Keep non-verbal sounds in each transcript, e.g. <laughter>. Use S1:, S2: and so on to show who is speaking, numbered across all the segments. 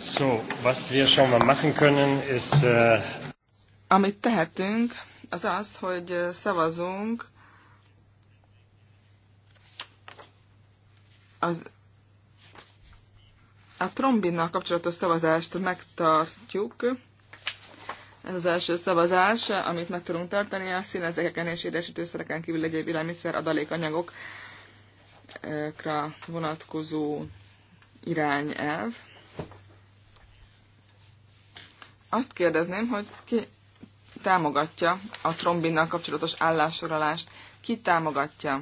S1: So, was wir schon mal machen können, ist... Uh...
S2: Amit tehetünk, az az, hogy szavazunk az a trombinnal kapcsolatos szavazást megtartjuk. Ez az első szavazás, amit meg tudunk tartani, a színezékeken és édesítőszereken kívül egyéb élelmiszer adalékanyagokra vonatkozó irányelv. Azt kérdezném, hogy ki támogatja a trombinnak kapcsolatos állásoralást? Ki támogatja?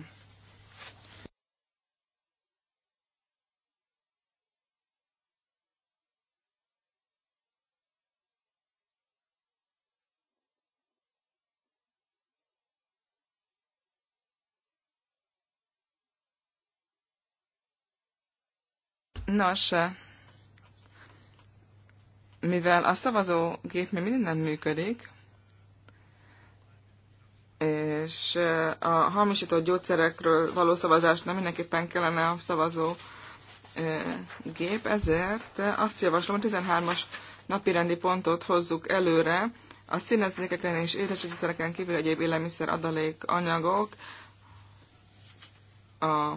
S2: Nos, eh, mivel a szavazógép még mindig nem működik, és eh, a hamisított gyógyszerekről való nem mindenképpen kellene a szavazó eh, gép, ezért azt javaslom, hogy 13-as napirendi pontot hozzuk előre, a színezékeken és édesítőszereken kívül egyéb élelmiszer adalék anyagok, a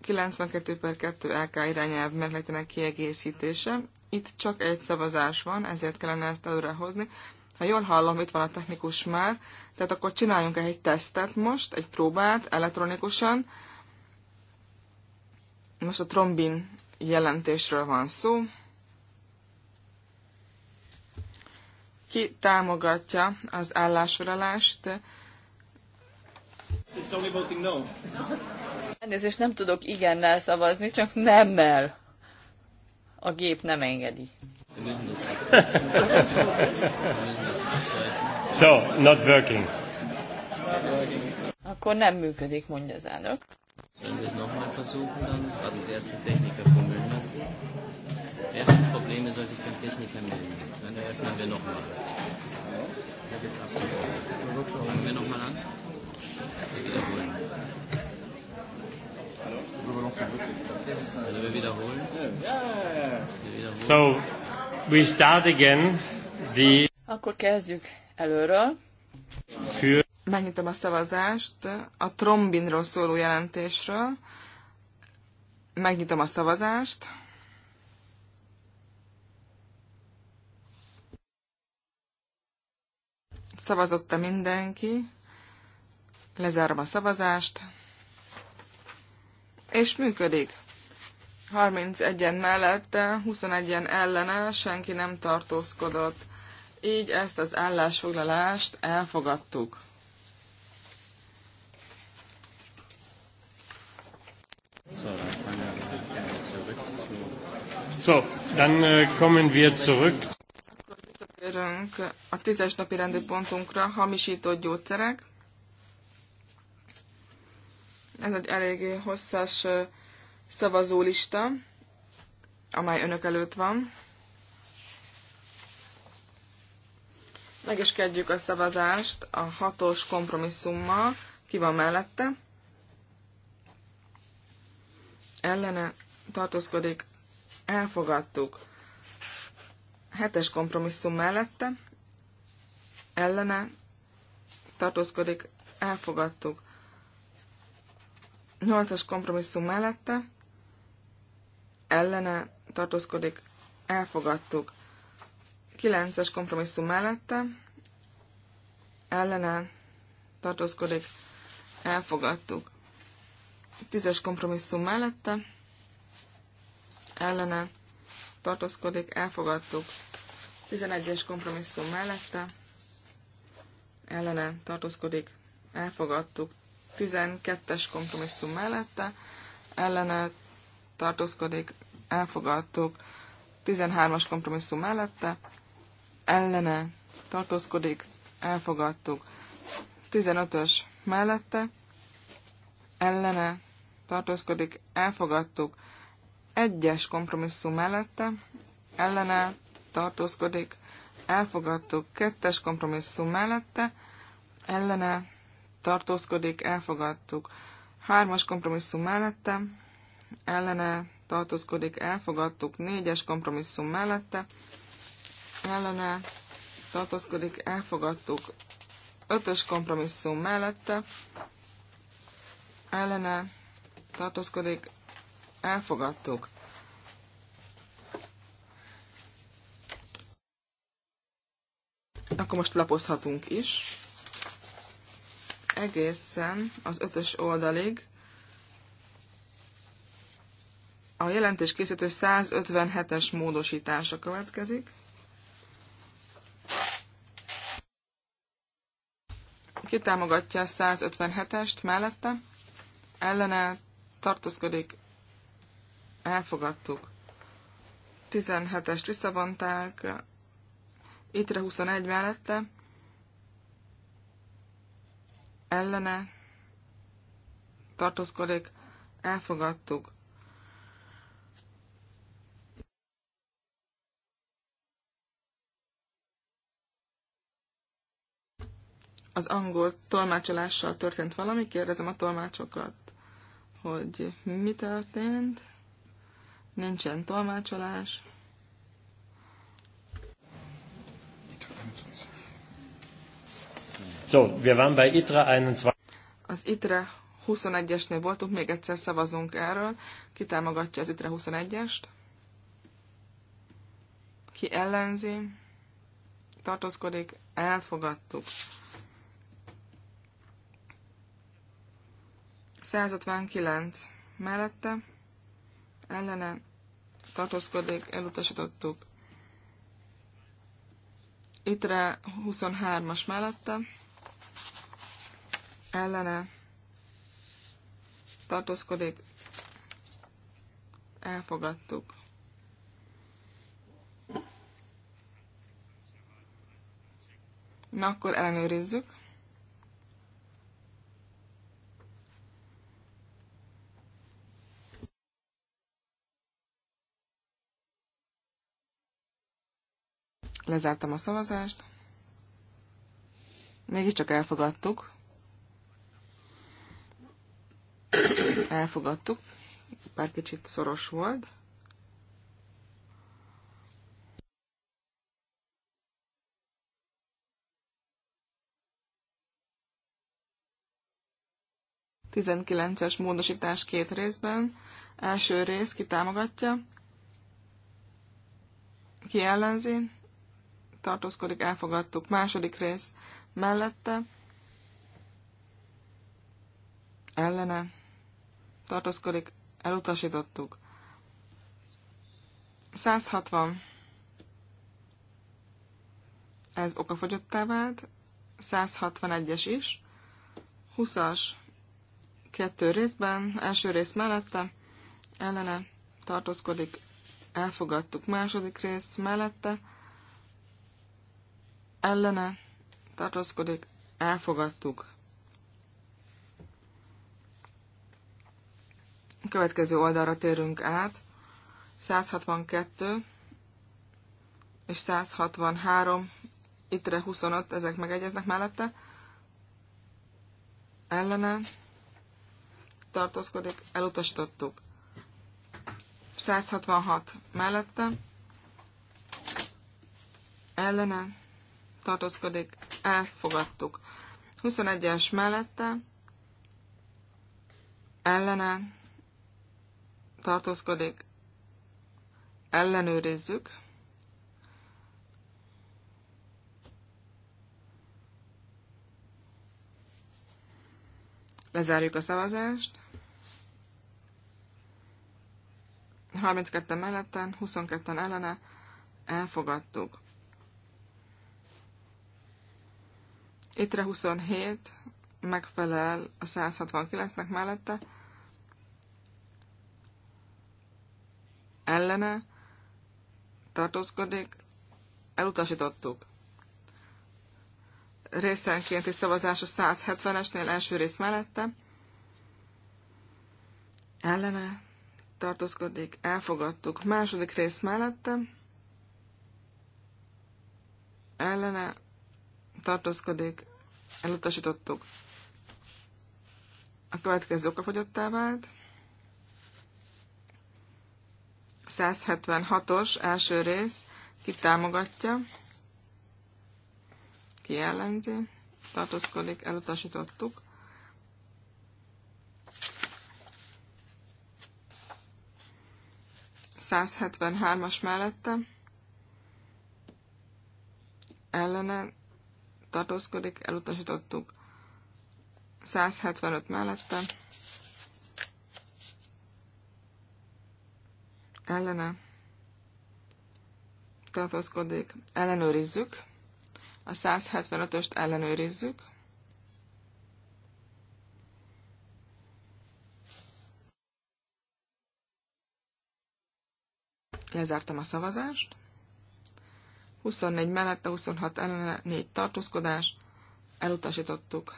S2: 92 per 2 LK irányelv mellettenek kiegészítése. Itt csak egy szavazás van, ezért kellene ezt előrehozni. Ha jól hallom, itt van a technikus már, tehát akkor csináljunk egy tesztet most, egy próbát elektronikusan. Most a trombin jelentésről van szó. Ki támogatja az állásfoglalást?
S3: It's only voting no.
S4: Elnézést, nem tudok igennel szavazni, csak nemmel. A gép nem engedi.
S1: <laughs> so, not working.
S4: Akkor nem működik, mondja az elnök.
S1: Sollen wir er
S5: wir wir nochmal an? Wir wiederholen.
S1: So, we start again the... Akkor
S4: kezdjük
S2: előről. Für... Megnyitom a szavazást a trombinról szóló jelentésről. Megnyitom a szavazást. Szavazott-e mindenki? Lezárom a szavazást és működik. 31-en mellette, 21-en ellene, senki nem tartózkodott. Így ezt az állásfoglalást elfogadtuk.
S1: So, dann äh, kommen wir zurück.
S2: Akkor a tízes napi rendi pontunkra, hamisított gyógyszerek. Ez egy elég hosszas szavazólista, amely önök előtt van. Meg is kezdjük a szavazást a hatos kompromisszummal. Ki van mellette? Ellene tartózkodik. Elfogadtuk. Hetes kompromisszum mellette. Ellene tartózkodik. Elfogadtuk. Nyolcas kompromisszum mellette ellene tartózkodik, elfogadtuk. Kilences kompromisszum mellette ellene tartózkodik, elfogadtuk. Tízes kompromisszum mellette ellene tartózkodik, elfogadtuk. Tizenegyes kompromisszum mellette ellene tartózkodik, elfogadtuk. 12-es kompromisszum mellette, ellene tartózkodik, elfogadtuk. 13-as kompromisszum mellette, ellene tartózkodik, elfogadtuk. 15-ös mellette, ellene tartózkodik, elfogadtuk. 1-es kompromisszum mellette, ellene tartózkodik, elfogadtuk. 2-es kompromisszum mellette, ellene tartózkodik, elfogadtuk. Hármas kompromisszum mellette, ellene tartózkodik, elfogadtuk. Négyes kompromisszum mellette, ellene tartózkodik, elfogadtuk. Ötös kompromisszum mellette, ellene tartózkodik, elfogadtuk. Akkor most lapozhatunk is egészen az ötös oldalig. A jelentés készítő 157-es módosítása következik. Ki támogatja 157-est mellette? Ellene tartózkodik. Elfogadtuk. 17-est visszavonták. Ittre 21 mellette ellene tartózkodik, elfogadtuk. Az angol tolmácsolással történt valami, kérdezem a tolmácsokat, hogy mi történt. Nincsen tolmácsolás.
S1: So, wir waren bei ITRA 21. E
S2: az ITRA 21-esnél e voltunk, még egyszer szavazunk erről. Ki támogatja az ITRA 21-est? E Ki ellenzi? Tartózkodik? Elfogadtuk. 159 mellette, ellene tartózkodik, elutasítottuk. Itre 23-as mellette, ellene tartózkodik, elfogadtuk. Na, akkor ellenőrizzük. Lezártam a szavazást. Mégiscsak elfogadtuk elfogadtuk, bár kicsit szoros volt. Tizenkilences módosítás két részben. Első rész ki támogatja, ki ellenzi, tartózkodik, elfogadtuk. Második rész mellette, ellene, tartózkodik, elutasítottuk. 160. Ez okafogyottá vált. 161-es is. 20-as. Kettő részben. Első rész mellette. Ellene tartózkodik. Elfogadtuk. Második rész mellette. Ellene tartózkodik. Elfogadtuk. következő oldalra térünk át. 162 és 163, ittre 25, ezek megegyeznek mellette. Ellene tartózkodik, elutasítottuk. 166 mellette. Ellene tartózkodik, elfogadtuk. 21-es mellette. Ellene tartózkodik, ellenőrizzük. Lezárjuk a szavazást. 32 melletten, 22 ellene elfogadtuk. Ittre 27 megfelel a 169-nek mellette, ellene tartózkodik, elutasítottuk. Részenkénti szavazás a 170-esnél első rész mellette, ellene tartózkodik, elfogadtuk. Második rész mellette, ellene tartózkodik, elutasítottuk. A következő okafogyottá vált. 176-os első rész, ki támogatja, ki ellenzi, tartózkodik, elutasítottuk. as mellette ellene tartózkodik, elutasítottuk. 175 mellette ellene tartózkodik, ellenőrizzük. A 175-öst ellenőrizzük. Lezártam a szavazást. 24 mellette, 26 ellene, 4 tartózkodás. Elutasítottuk.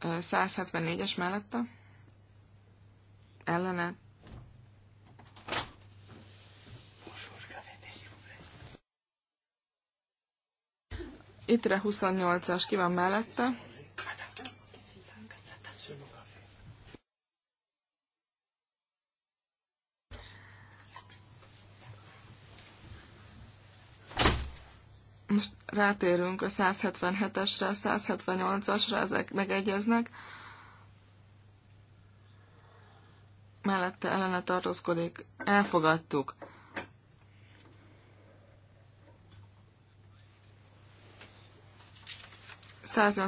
S2: 174-es mellette. Ellene. Itre 28-as ki van mellette rátérünk a 177-esre, a 178-asra, ezek megegyeznek. Mellette ellene tartózkodik. Elfogadtuk.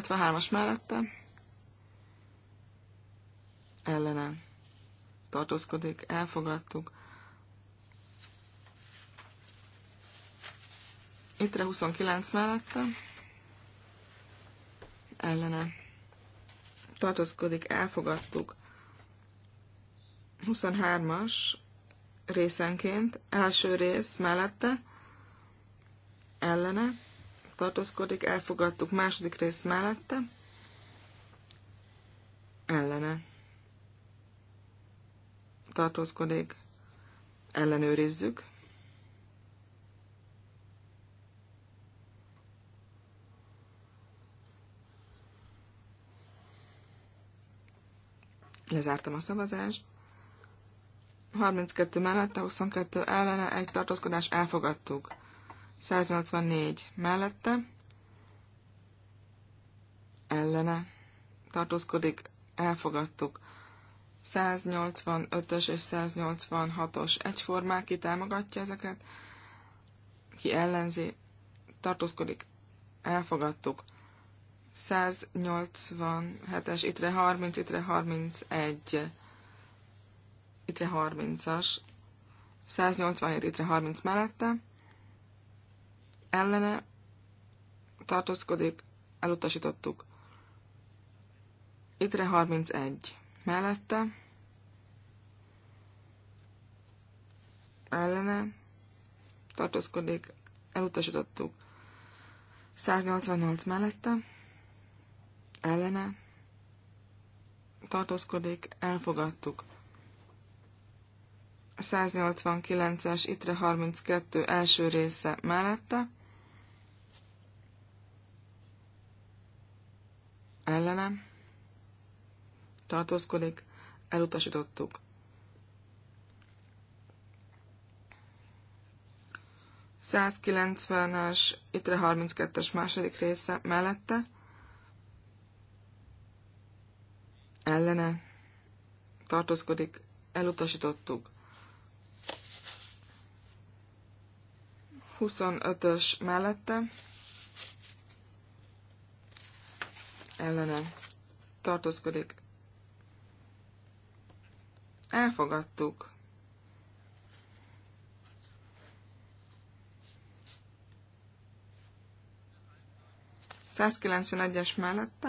S2: as mellette ellene tartózkodik. Elfogadtuk. Ittre 29 mellette ellene Tartozkodik, elfogadtuk. 23-as részenként, első rész mellette, ellene, Tartozkodik, elfogadtuk, második rész mellette, ellene, tartózkodik, ellenőrizzük. Lezártam a szavazást. 32 mellette, 22 ellene, egy tartózkodás elfogadtuk. 184 mellette, ellene tartózkodik, elfogadtuk. 185-ös és 186-os egyformák, ki támogatja ezeket, ki ellenzi, tartózkodik, elfogadtuk. 187-es, itre 30, itre 31, itre 30-as, 187, itre 30 mellette, ellene tartózkodik, elutasítottuk. Itre 31 mellette, ellene tartózkodik, elutasítottuk. 188 mellette, ellene tartózkodik, elfogadtuk. 189-es itre 32 első része mellette, ellene tartózkodik, elutasítottuk. 190-es, itre 32-es második része mellette, ellene tartózkodik, elutasítottuk. 25-ös mellette ellene tartózkodik. Elfogadtuk. Százkilencvenegyes mellette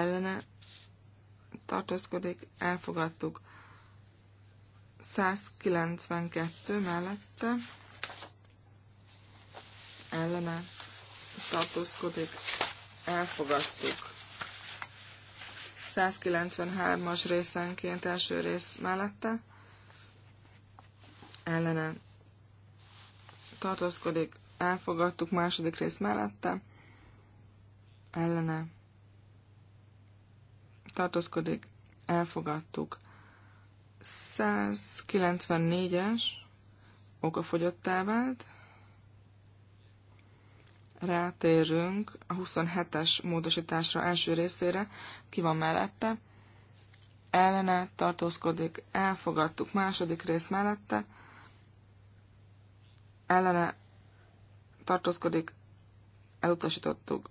S2: ellene tartózkodik, elfogadtuk. 192 mellette ellene tartózkodik, elfogadtuk. 193-as részenként első rész mellette ellene tartózkodik, elfogadtuk második rész mellette ellene tartózkodik, elfogadtuk. 194-es okafogyottá vált. Rátérünk a 27-es módosításra első részére, ki van mellette. Ellene tartózkodik, elfogadtuk második rész mellette. Ellene tartózkodik, elutasítottuk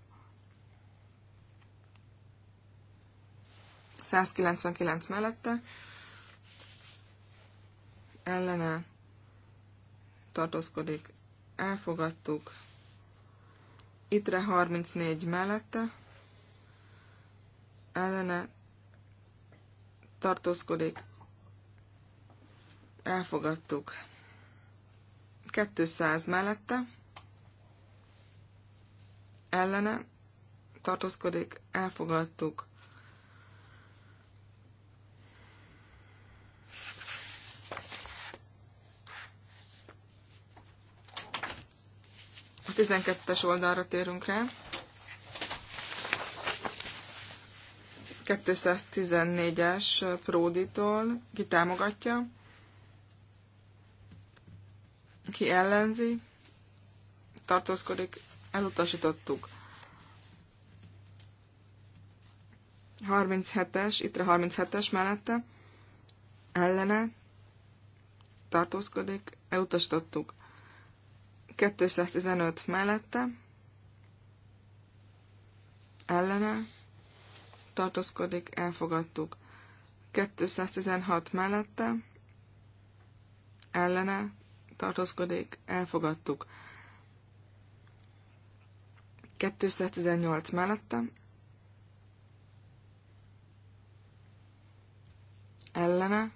S2: 199 mellette ellene tartózkodik, elfogadtuk. Itre 34 mellette ellene tartózkodik, elfogadtuk. 200 mellette ellene tartózkodik, elfogadtuk. 12-es oldalra térünk rá. 214-es Pródi-tól ki támogatja, ki ellenzi, tartózkodik, elutasítottuk. 37-es, ittre 37-es mellette, ellene, tartózkodik, elutasítottuk. 215 mellette ellene tartózkodik, elfogadtuk. 216 mellette ellene tartózkodik, elfogadtuk. 218 mellette ellene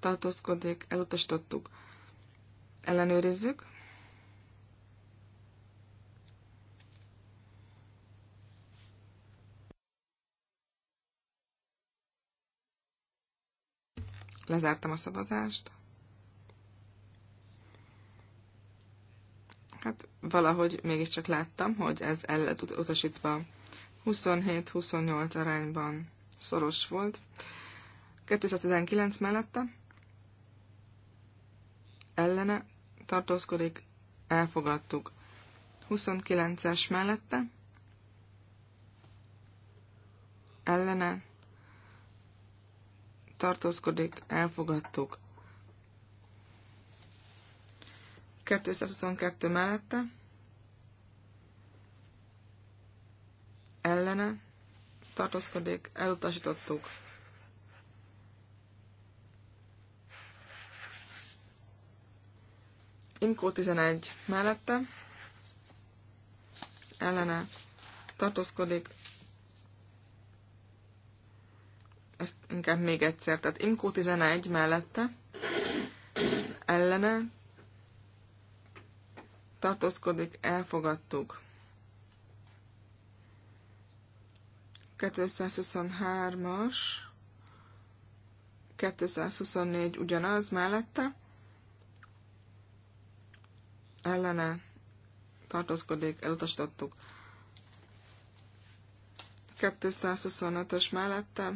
S2: tartózkodik, elutasítottuk. Ellenőrizzük. Lezártam a szavazást. Hát valahogy mégiscsak láttam, hogy ez el lett utasítva 27-28 arányban szoros volt. 219 mellette ellene tartózkodik, elfogadtuk. 29-es mellette ellene tartózkodik, elfogadtuk. 222 mellette, ellene, tartózkodik, elutasítottuk. Imkó 11 mellette, ellene, tartózkodik, ezt inkább még egyszer, tehát Imkó 11 mellette, ellene, tartózkodik, elfogadtuk. 223-as, 224 ugyanaz mellette, ellene tartózkodik, elutasítottuk. 225-ös mellette,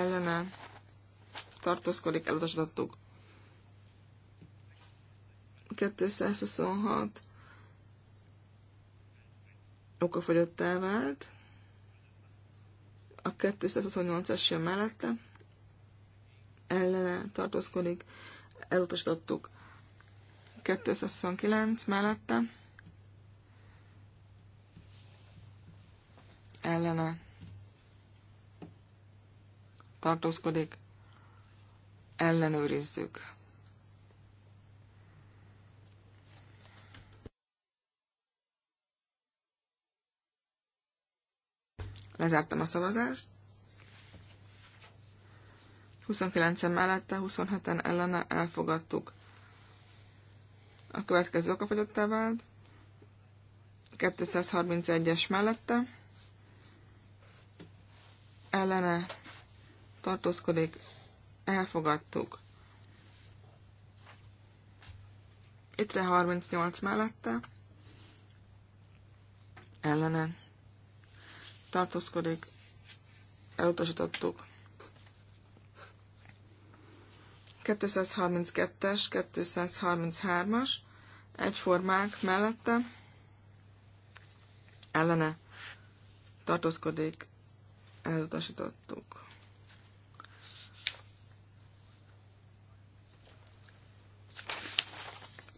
S2: ellene tartózkodik, elutasítottuk. 226 okafogyottá vált, a 228-as jön mellette, ellene tartózkodik, elutasítottuk. 229 mellette, ellene tartózkodik, ellenőrizzük. Lezártam a szavazást. 29-en mellette, 27-en ellene elfogadtuk. A következő okafogyottá vált. 231-es mellette. Ellene tartózkodik, elfogadtuk. Ittre 38 mellette, ellene tartózkodik, elutasítottuk. 232-es, 233-as, egyformák mellette, ellene tartózkodik, elutasítottuk.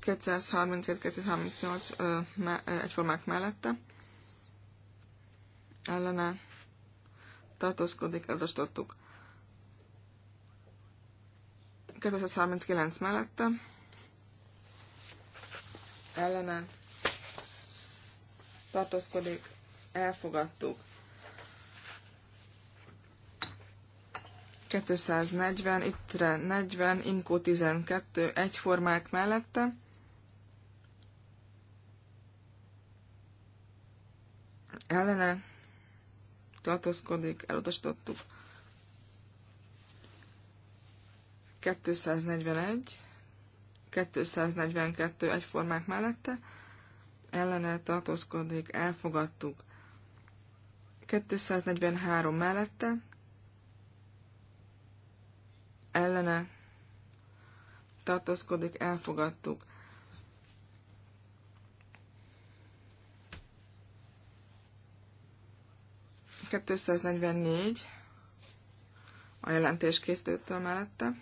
S2: 237 238 egyformák mellette ellene tartózkodik, elutasítottuk. 239 mellette ellene tartózkodik, elfogadtuk. 240, ittre 40, imkó 12, egyformák mellette ellene tartózkodik, elutasítottuk. 241, 242 egyformák mellette, ellene tartózkodik, elfogadtuk. 243 mellette, ellene tartózkodik, elfogadtuk. 244 a jelentés készítőtől mellette.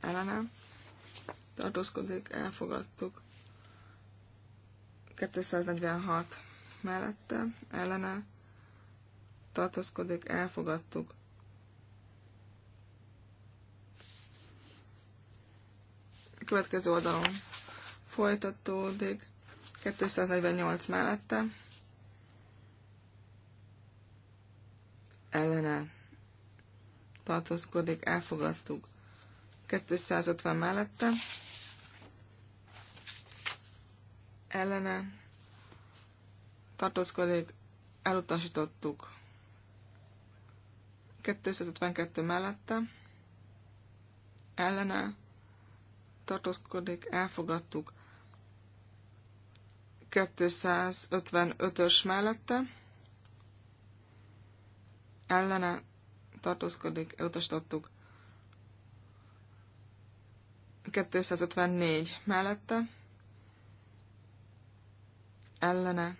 S2: Ellenem. Tartózkodik, elfogadtuk. 246 mellette, ellene. Tartózkodik, elfogadtuk. A következő oldalon folytatódik. 248 mellette ellene tartózkodik, elfogadtuk. 250 mellette ellene tartózkodik, elutasítottuk. 252 mellette ellene tartózkodik, elfogadtuk. 255-ös mellette ellene tartózkodik, elutasítottuk. 254 mellette, ellene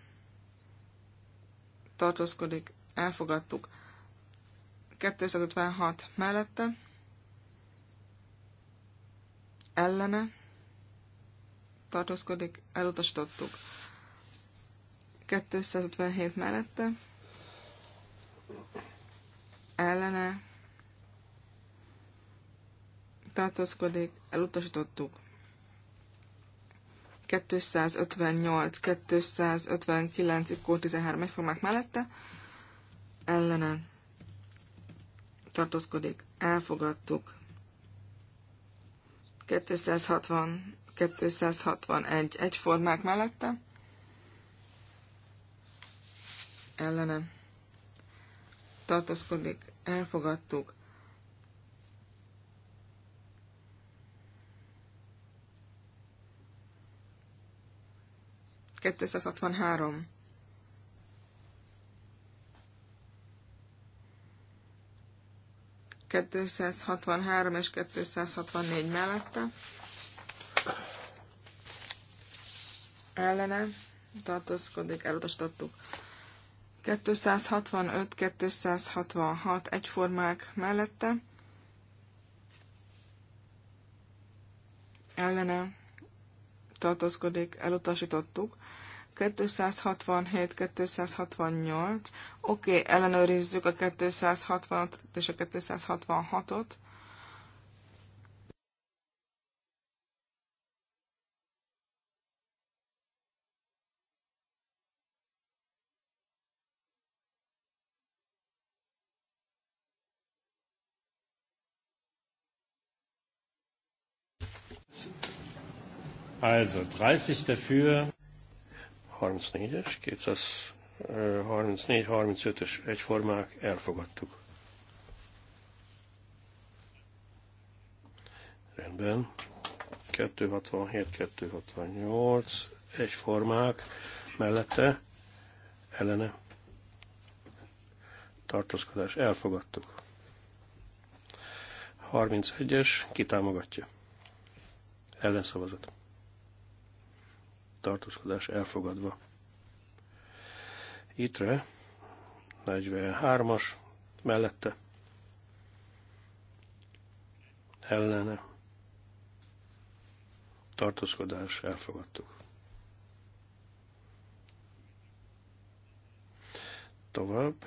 S2: tartózkodik, elfogadtuk. 256 mellette, ellene tartózkodik, elutasítottuk. 257 mellette, ellene tartózkodik, elutasítottuk. 258, 259, ikkó 13 egyformák mellette ellene tartózkodik, elfogadtuk. 260, 261 egyformák mellette ellene tartózkodik, elfogadtuk. Kettőszázhatvanhárom. Kettőszázhatvanhárom és kettőszázhatvannégy mellette. Ellene tartózkodik, elutasítottuk. 265-266 egyformák mellette, ellene tartózkodik, elutasítottuk. 267-268, oké, okay, ellenőrizzük a 260, ot és a 266-ot.
S1: Also 30 dafür. 34-es,
S3: 234-35-ös egyformák, elfogadtuk. Rendben. 267-268 egyformák mellette ellene tartózkodás elfogadtuk. 31-es kitámogatja. Ellenszavazat tartózkodás elfogadva. Itre 43-as mellette ellene tartózkodás elfogadtuk. Tovább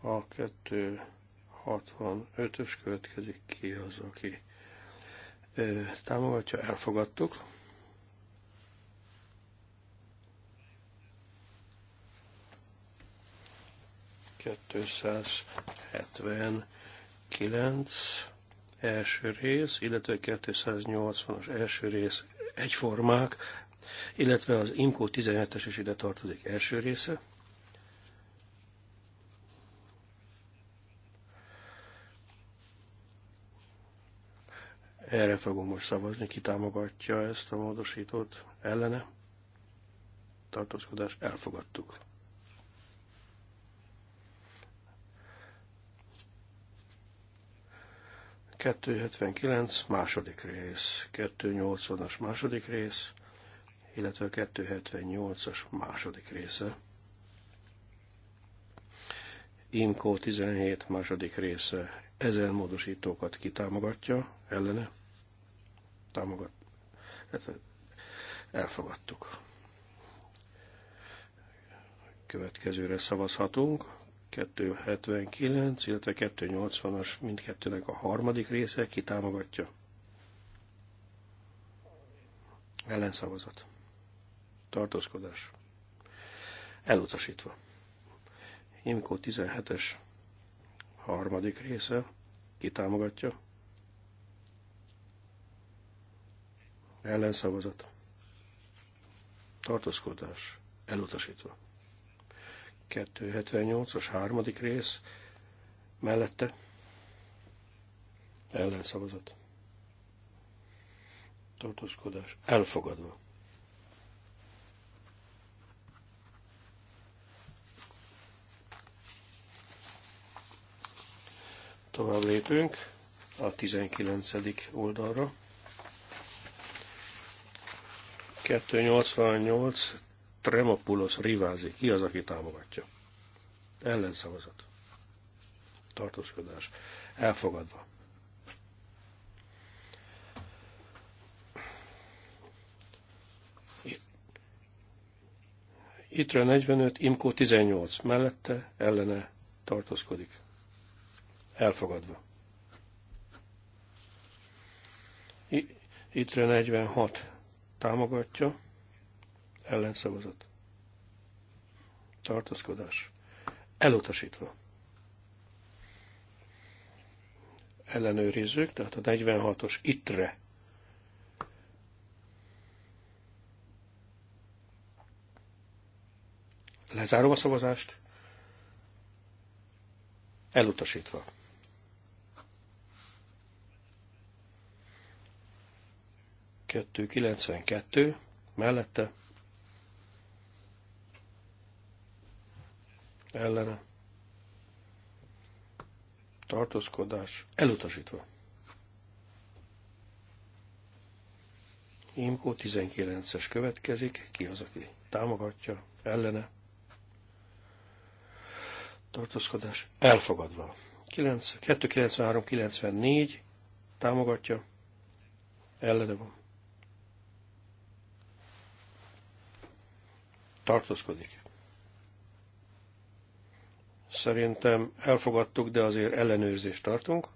S3: a 265-ös következik ki az, aki támogatja, elfogadtuk. ...279 első rész, illetve 280-as első rész egyformák, illetve az IMCO 17-es is ide tartozik első része. Erre fogom most szavazni, ki támogatja ezt a módosítót ellene. Tartózkodás elfogadtuk. ...279 második rész, 280-as második rész, illetve 278-as második része. Imkó 17 második része ezen módosítókat kitámogatja, ellene támogat. Elfogadtuk. Következőre szavazhatunk. 279, illetve 280-as mindkettőnek a harmadik része kitámogatja. Ellenszavazat. Tartózkodás. Elutasítva. Imkó 17-es harmadik része, ki támogatja, ellenszavazat, tartózkodás, elutasítva. 278-as harmadik rész, mellette, ellenszavazat, tartózkodás, elfogadva. Tovább lépünk a 19. oldalra. 288 Tremopulos Rivázi. Ki az, aki támogatja? Ellenszavazat. Tartózkodás. Elfogadva. Itre 45, Imkó 18 mellette, ellene tartózkodik elfogadva. Itre 46 támogatja, ellenszavazat. Tartózkodás. Elutasítva. Ellenőrizzük, tehát a 46-os itre Lezárom a szavazást. Elutasítva. 1292 mellette ellene tartózkodás elutasítva. Imkó 19-es következik, ki az, aki támogatja, ellene. Tartózkodás elfogadva. 293-94 támogatja, ellene van 293-94 tartózkodik. Szerintem elfogadtuk, de azért ellenőrzést tartunk.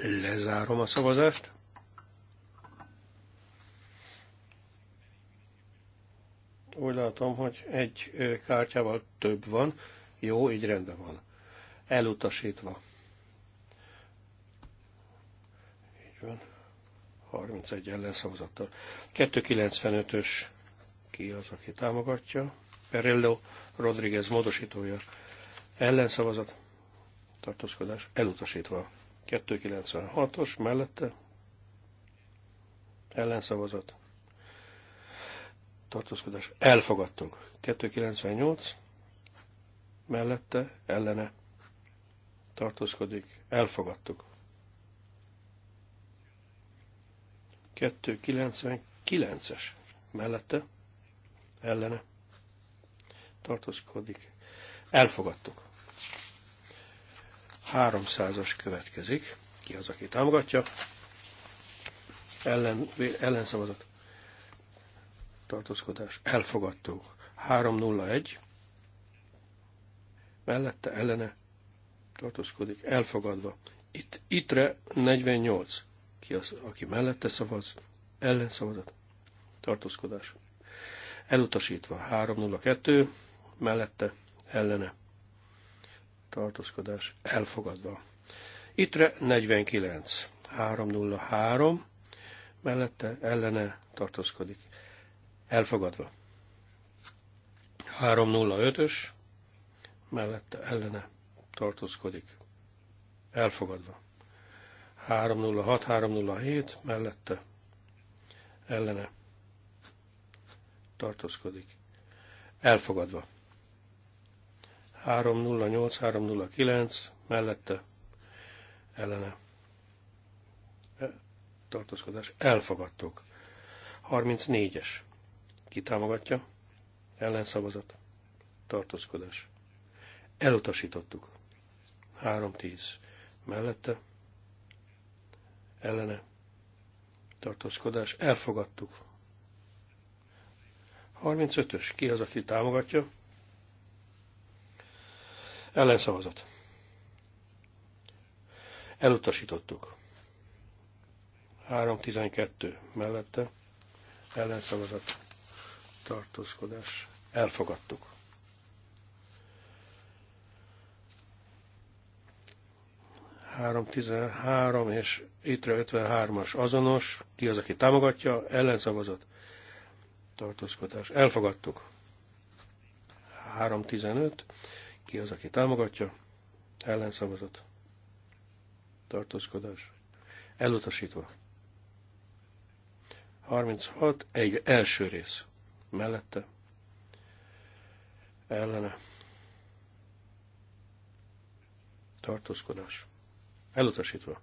S3: Lezárom a szavazást. Úgy látom, hogy egy kártyával több van. Jó, így rendben van. Elutasítva. van. 31 ellenszavazattal. 295-ös ki az, aki támogatja. Perello, Rodriguez módosítója. Ellenszavazat. Tartózkodás elutasítva. 296-os mellette. Ellenszavazat. Tartózkodás elfogadtuk. 298 mellette, ellene tartózkodik, elfogadtuk. 299-es mellette ellene tartózkodik. Elfogadtuk. 300-as következik. Ki az, aki támogatja? Ellen, ellenszavazat. Tartózkodás. Elfogadtuk. 301. Mellette ellene tartózkodik. Elfogadva. Itt, ittre 48 ki az, aki mellette szavaz, ellenszavazat, tartózkodás. Elutasítva 302, mellette, ellene, tartózkodás, elfogadva. Itre 49, 303, mellette, ellene, tartózkodik, elfogadva. 305-ös, mellette, ellene, tartózkodik, elfogadva. 306307 mellette ellene tartózkodik. Elfogadva. 308309 mellette ellene e, tartózkodás. Elfogadtuk. 34-es. Ki támogatja? Ellenszavazat. Tartózkodás. Elutasítottuk. 310 mellette ellene tartózkodás elfogadtuk. 35-ös, ki az, aki támogatja? Ellenszavazat. Elutasítottuk. 3.12 mellette ellenszavazat tartózkodás. Elfogadtuk. 313 és ITRE 53-as azonos. Ki az, aki támogatja? ellenszavazott, Tartózkodás. Elfogadtuk. 315. Ki az, aki támogatja? ellenszavazott, Tartózkodás. Elutasítva. 36. Egy első rész. Mellette. Ellene. Tartózkodás elutasítva.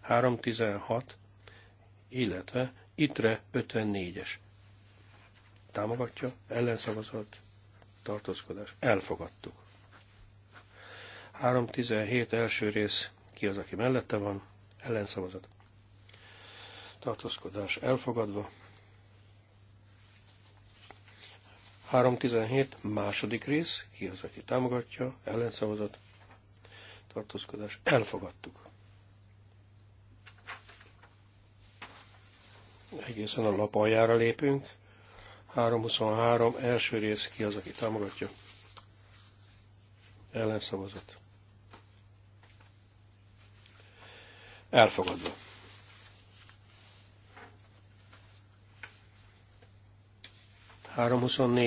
S3: 316, illetve ITRE 54-es. Támogatja, ellenszavazat, tartózkodás. Elfogadtuk. 317 első rész, ki az, aki mellette van, ellenszavazat. Tartózkodás elfogadva. 317 második rész, ki az, aki támogatja, ellenszavazat tartózkodás elfogadtuk. Egészen a lap aljára lépünk. 323 első rész ki az, aki támogatja. Ellenszavazat. Elfogadva.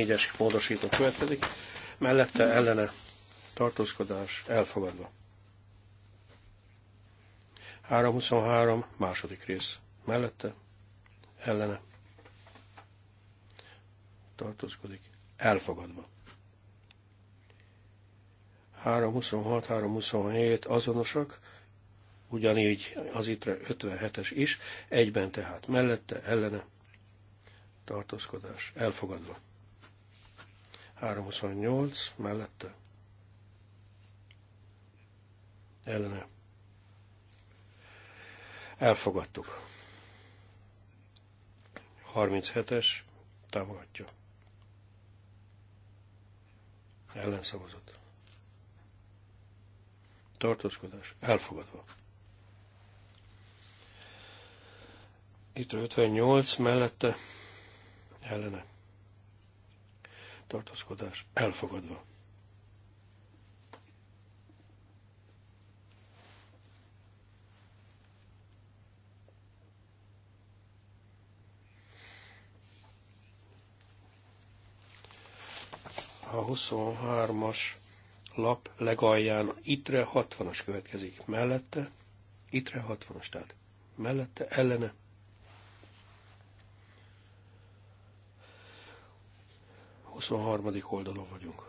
S3: es módosító következik, mellette ellene tartózkodás elfogadva. 323 második rész mellette, ellene tartózkodik, elfogadva. 326, 327 azonosak, ugyanígy az itre 57-es is, egyben tehát mellette, ellene tartózkodás, elfogadva. 328 mellette, ellene Elfogadtuk. 37-es támogatja. Ellenszavazott. Tartózkodás elfogadva. Itt 58 mellette ellene. Tartózkodás elfogadva. a 23-as lap legalján itre 60-as következik mellette, itre 60-as, tehát mellette, ellene. A harmadik oldalon vagyunk.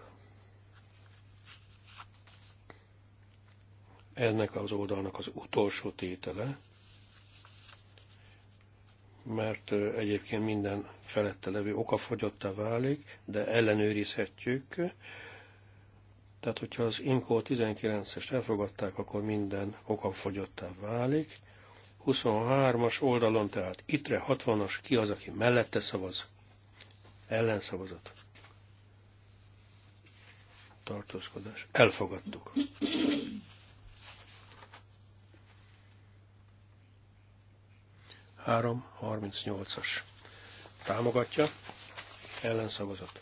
S3: Ennek az oldalnak az utolsó tétele, mert egyébként minden felette levő okafogyottá válik, de ellenőrizhetjük. Tehát, hogyha az IMCO 19-est elfogadták, akkor minden okafogyottá válik. 23-as oldalon, tehát itre 60-as, ki az, aki mellette szavaz? Ellenszavazat. Tartózkodás. Elfogadtuk. 338-as támogatja, ellenszavazott.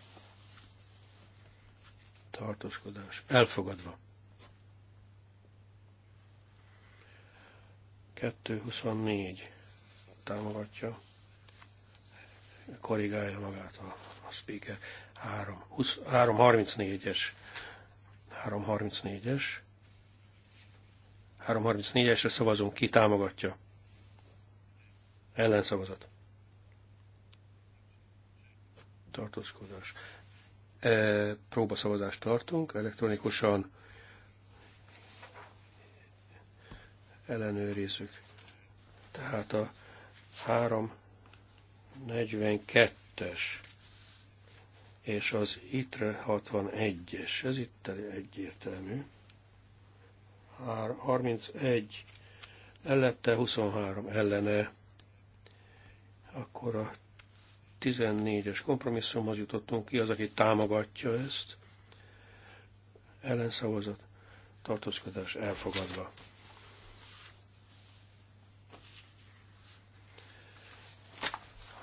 S3: tartózkodás, elfogadva. 224 támogatja, korrigálja magát a, a speaker. 334-es 334-es 334-esre szavazunk, ki támogatja Ellenszavazat. Tartózkodás. E, próbaszavazást tartunk elektronikusan. Ellenőrizzük. Tehát a 342-es és az ITRE 61-es. Ez itt egyértelmű. 31 ellette, 23 ellene akkor a 14-es kompromisszumhoz jutottunk ki, az, aki támogatja ezt, ellenszavazat, tartózkodás elfogadva.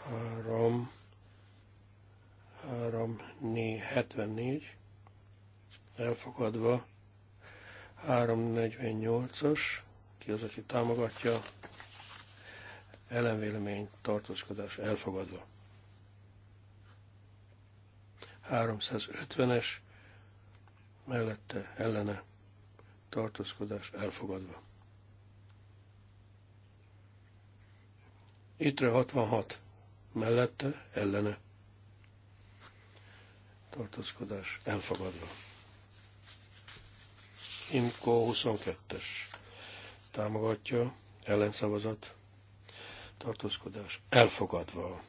S3: Három, három, né, 74, elfogadva, 348-as, ki az, aki támogatja, ellenvélemény, tartózkodás elfogadva. 350-es mellette ellene tartózkodás elfogadva. Ittre 66 mellette ellene tartózkodás elfogadva. Imko 22-es támogatja ellenszavazat tartózkodás elfogadva.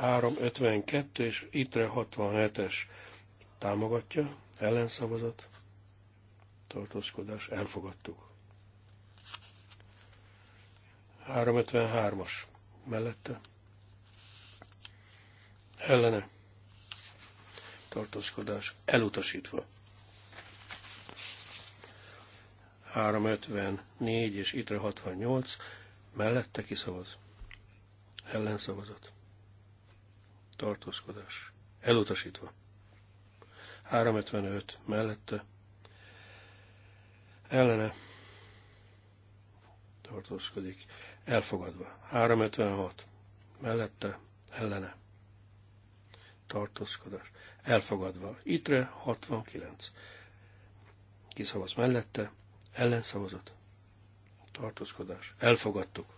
S3: 352 és ITRE 67-es támogatja, ellenszavazat, tartózkodás, elfogadtuk. 353-as mellette, ellene, tartózkodás, elutasítva. 354 és ITRE 68 Mellette szavaz? Ellenszavazat. Tartózkodás. Elutasítva. 355 mellette. Ellene. Tartózkodik. Elfogadva. 356 mellette. Ellene. Tartózkodás. Elfogadva. Itre 69. Kiszavaz mellette. Ellenszavazat tartózkodás, elfogadtuk.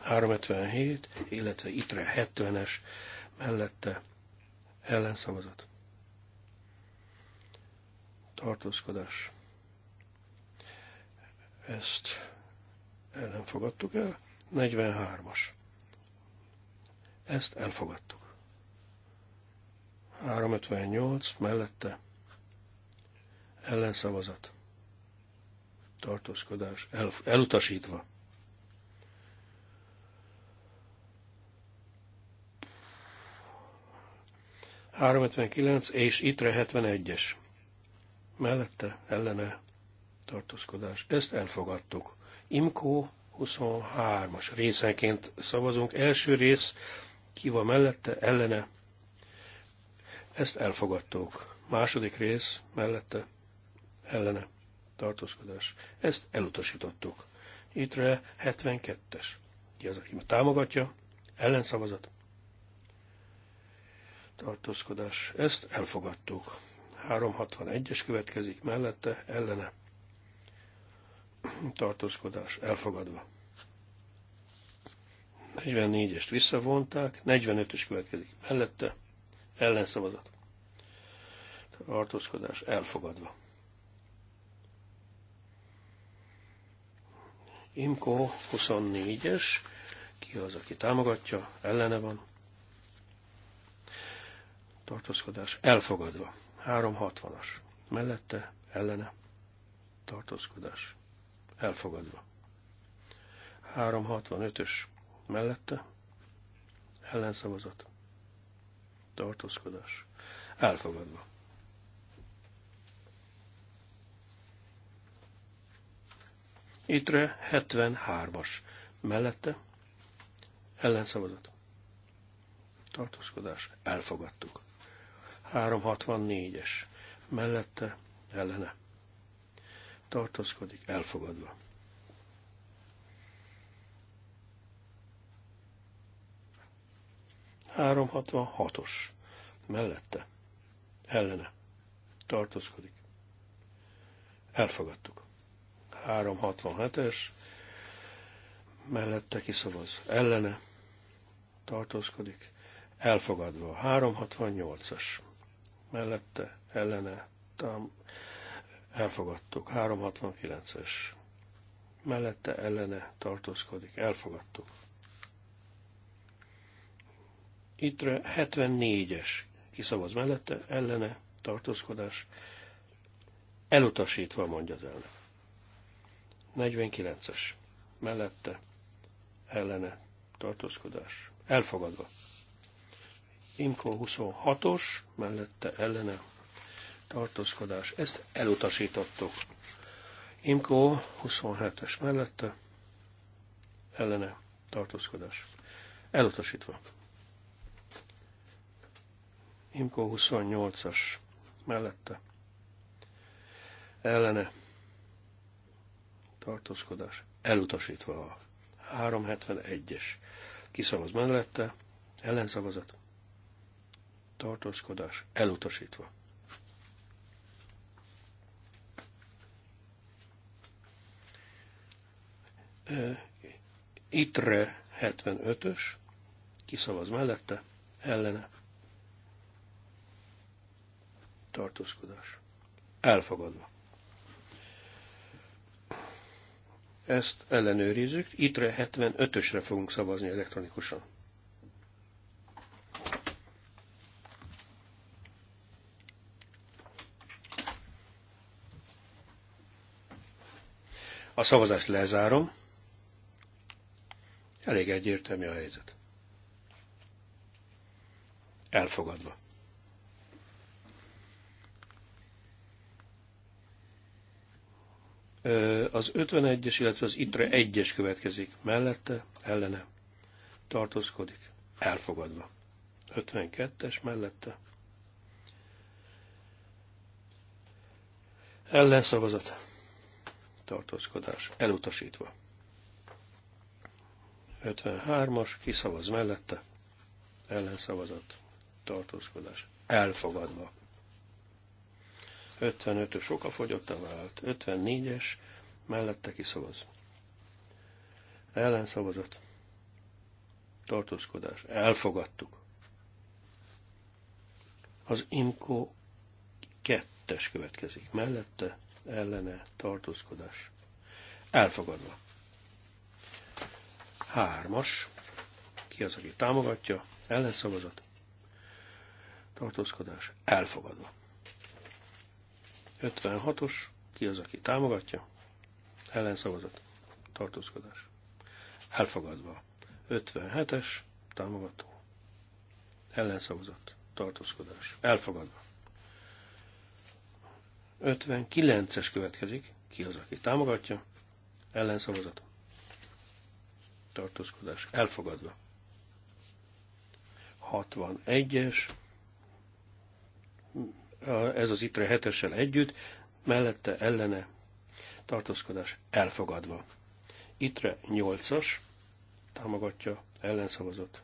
S3: 357, illetve itre 70-es mellette ellenszavazat. Tartózkodás. Ezt ellen fogadtuk el. 43-as. Ezt elfogadtuk. 358 mellette ellenszavazat tartózkodás el, elutasítva. kilenc és itre 71-es. Mellette ellene tartózkodás. Ezt elfogadtuk. Imkó 23-as részenként szavazunk. Első rész Kiva mellette, ellene. Ezt elfogadtuk. Második rész mellette, ellene tartózkodás. Ezt elutasítottuk. Ittre 72-es. Ki az, aki támogatja? Ellenszavazat. Tartózkodás. Ezt elfogadtuk. 361-es következik mellette, ellene. Tartózkodás. Elfogadva. 44-est visszavonták, 45-ös következik mellette, ellenszavazat. Tartózkodás elfogadva. Imko 24-es, ki az, aki támogatja, ellene van. Tartózkodás elfogadva. 360-as. Mellette, ellene. Tartózkodás elfogadva. 365-ös mellette ellenszavazat, tartózkodás, elfogadva. Itre 73-as. Mellette ellenszavazat. Tartózkodás. Elfogadtuk. 364-es. Mellette ellene. Tartózkodik. Elfogadva. os Mellette. Ellene. Tartózkodik. Elfogadtuk. 367-es, mellette kiszavaz ellene, tartózkodik, elfogadva. 368-as, mellette ellene, tám, elfogadtuk. 369-es, mellette ellene, tartózkodik, elfogadtuk. Ittre 74-es, kiszavaz mellette, ellene, tartózkodás, elutasítva mondja az elnök. 49-es mellette ellene tartózkodás elfogadva. Imko 26-os mellette ellene tartózkodás. Ezt elutasítottuk. Imko 27-es mellette ellene tartózkodás. Elutasítva. Imko 28-as mellette ellene tartózkodás elutasítva a 371-es kiszavaz mellette, ellenszavazat, tartózkodás elutasítva. Itre 75-ös, kiszavaz mellette, ellene, tartózkodás. Elfogadva. Ezt ellenőrizzük. Itre 75-ösre fogunk szavazni elektronikusan. A szavazást lezárom. Elég egyértelmű a helyzet. Elfogadva. Az 51-es, illetve az ITRE 1-es következik. Mellette, ellene tartózkodik. Elfogadva. 52-es mellette. Ellenszavazat. Tartózkodás. Elutasítva. 53-as. Kiszavaz mellette. Ellenszavazat. Tartózkodás. Elfogadva. 55-ös a vált, 54-es mellette kiszavaz. Ellenszavazat. Tartózkodás. Elfogadtuk. Az IMKO kettes következik. Mellette ellene tartózkodás. Elfogadva. Hármas. Ki az, aki támogatja? Ellenszavazat. Tartózkodás. Elfogadva. 56-os, ki az, aki támogatja? Ellenszavazat. Tartózkodás. Elfogadva. 57-es, támogató. Ellenszavazat. Tartózkodás. Elfogadva. 59-es következik. Ki az, aki támogatja? Ellenszavazat. Tartózkodás. Elfogadva. 61-es ez az ITRE 7 együtt, mellette ellene tartózkodás elfogadva. ITRE 8-as támogatja ellenszavazott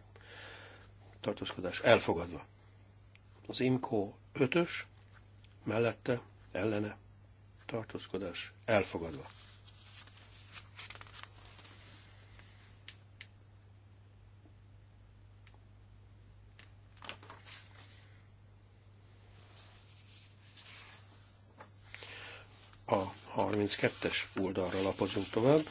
S3: tartózkodás elfogadva. Az Imko 5-ös mellette ellene tartózkodás elfogadva. 32-es oldalra lapozunk tovább.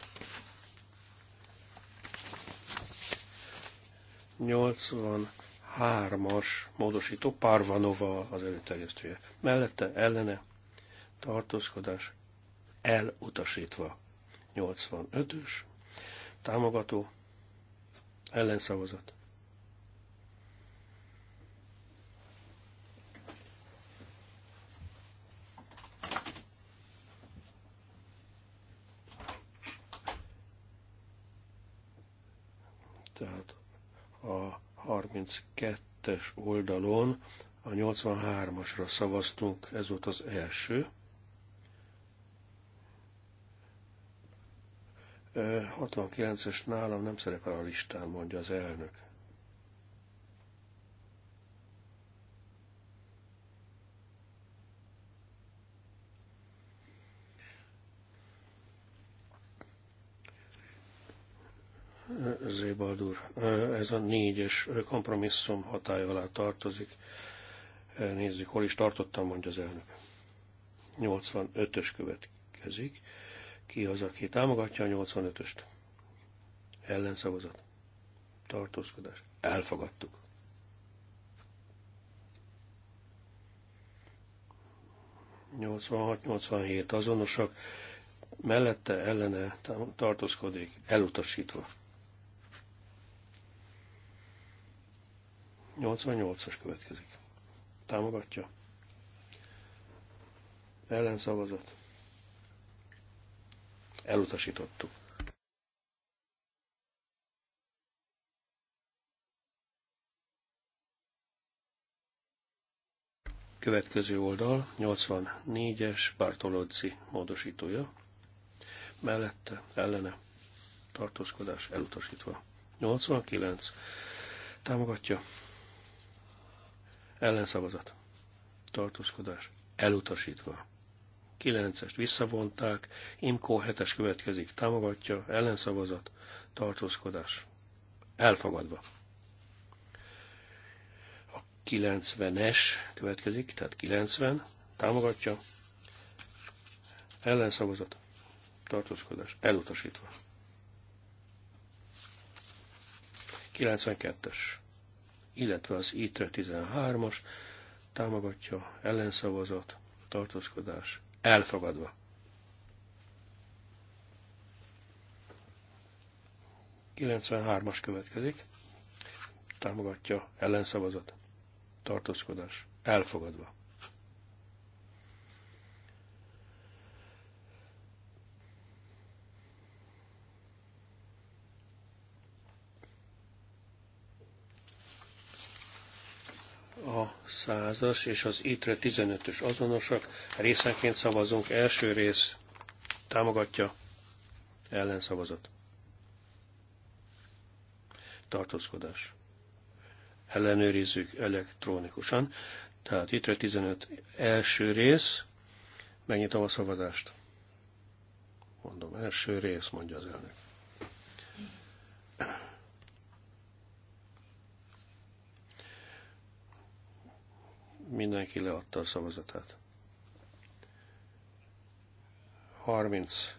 S3: 83-as módosító Parvanova az előterjesztője. Mellette ellene tartózkodás elutasítva. 85-ös támogató ellenszavazat 32-es oldalon a 83-asra szavaztunk, ez volt az első. 69-es nálam nem szerepel a listán, mondja az elnök. Zébald úr. Ez a négyes kompromisszum hatály alá tartozik. Nézzük, hol is tartottam, mondja az elnök. 85-ös következik. Ki az, aki támogatja a 85-öst? Ellenszavazat. Tartózkodás. Elfogadtuk. 86 azonosak, mellette ellene tartózkodik, elutasítva. 88-as következik. Támogatja. Ellenszavazat. Elutasítottuk. Következő oldal, 84-es Bartolozzi módosítója. Mellette, ellene, tartózkodás elutasítva. 89. Támogatja ellenszavazat, tartózkodás, elutasítva. 9-est visszavonták, Imkó 7-es következik, támogatja, ellenszavazat, tartózkodás, elfogadva. A 90-es következik, tehát 90, támogatja, ellenszavazat, tartózkodás, elutasítva. 92-es illetve az ITRE 13-as támogatja ellenszavazat, tartózkodás elfogadva. 93 as következik, támogatja ellenszavazat, tartózkodás elfogadva. a százas és az ITRE 15-ös azonosak. Részenként szavazunk. Első rész támogatja, ellenszavazat. Tartózkodás. Ellenőrizzük elektronikusan. Tehát ITRE 15 első rész. Megnyitom a szavazást. Mondom, első rész, mondja az elnök. Mindenki leadta a szavazatát. 30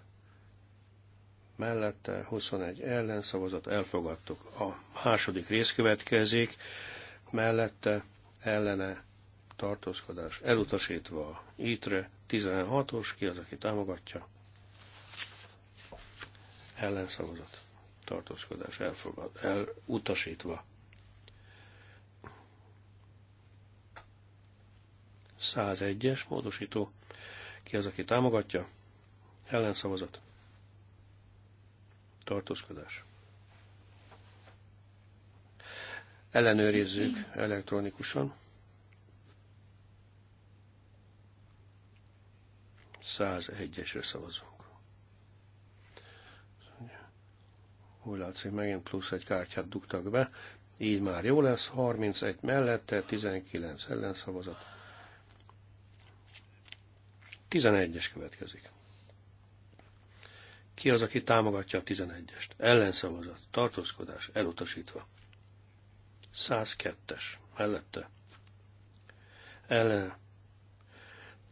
S3: mellette, 21 ellen szavazat elfogadtuk. A második rész következik, mellette, ellene, tartózkodás elutasítva. Ítre 16-os, ki az, aki támogatja? Ellenszavazat, tartózkodás elfogad, elutasítva. 101-es módosító. Ki az, aki támogatja? Ellenszavazat. Tartózkodás. Ellenőrizzük elektronikusan. 101-esre szavazunk. Úgy látszik, megint plusz egy kártyát dugtak be. Így már jó lesz. 31 mellette, 19 ellenszavazat 11-es következik. Ki az, aki támogatja a 11-est? Ellenszavazat, tartózkodás, elutasítva. 102-es, mellette. Ellen,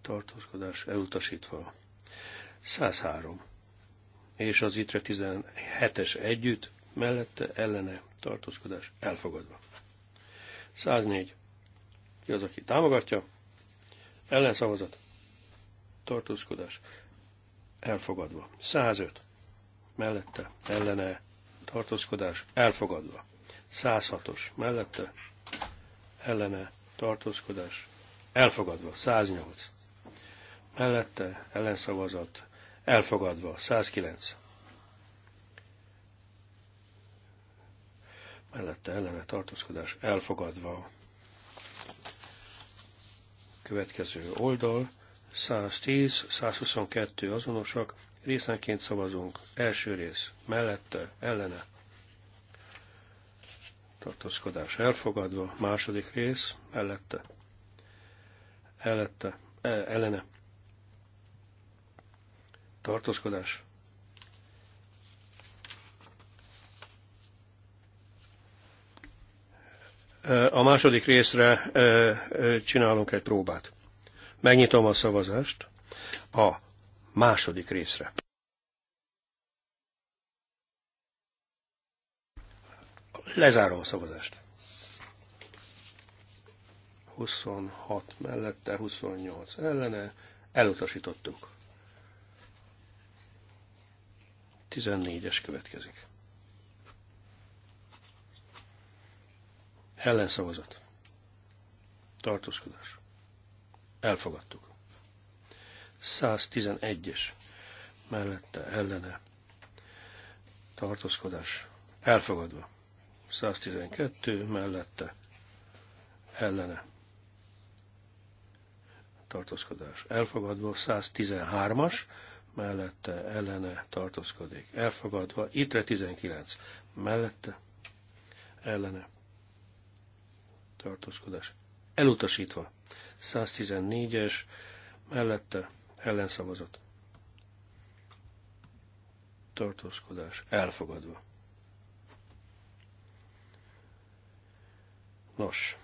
S3: tartózkodás, elutasítva. 103. És az ittre 17-es együtt, mellette, ellene, tartózkodás, elfogadva. 104. Ki az, aki támogatja? Ellenszavazat, tartózkodás elfogadva. 105 mellette ellene tartózkodás elfogadva. 106-os mellette ellene tartózkodás elfogadva. 108 mellette ellenszavazat elfogadva. 109 mellette ellene tartózkodás elfogadva. Következő oldal 110, 122 azonosak, részenként szavazunk. Első rész, mellette, ellene. Tartózkodás elfogadva, második rész, mellette, ellette, e, ellene. Tartózkodás e, A második részre e, csinálunk egy próbát. Megnyitom a szavazást a második részre. Lezárom a szavazást. 26 mellette, 28 ellene, elutasítottuk. 14-es következik. Ellenszavazat. Tartózkodás. Elfogadtuk. 111-es mellette ellene tartózkodás elfogadva. 112 mellette ellene tartózkodás elfogadva. 113-as mellette ellene tartózkodik elfogadva. Itre 19 mellette ellene tartózkodás elutasítva. 114-es mellette ellenszavazat. Tartózkodás elfogadva. Nos,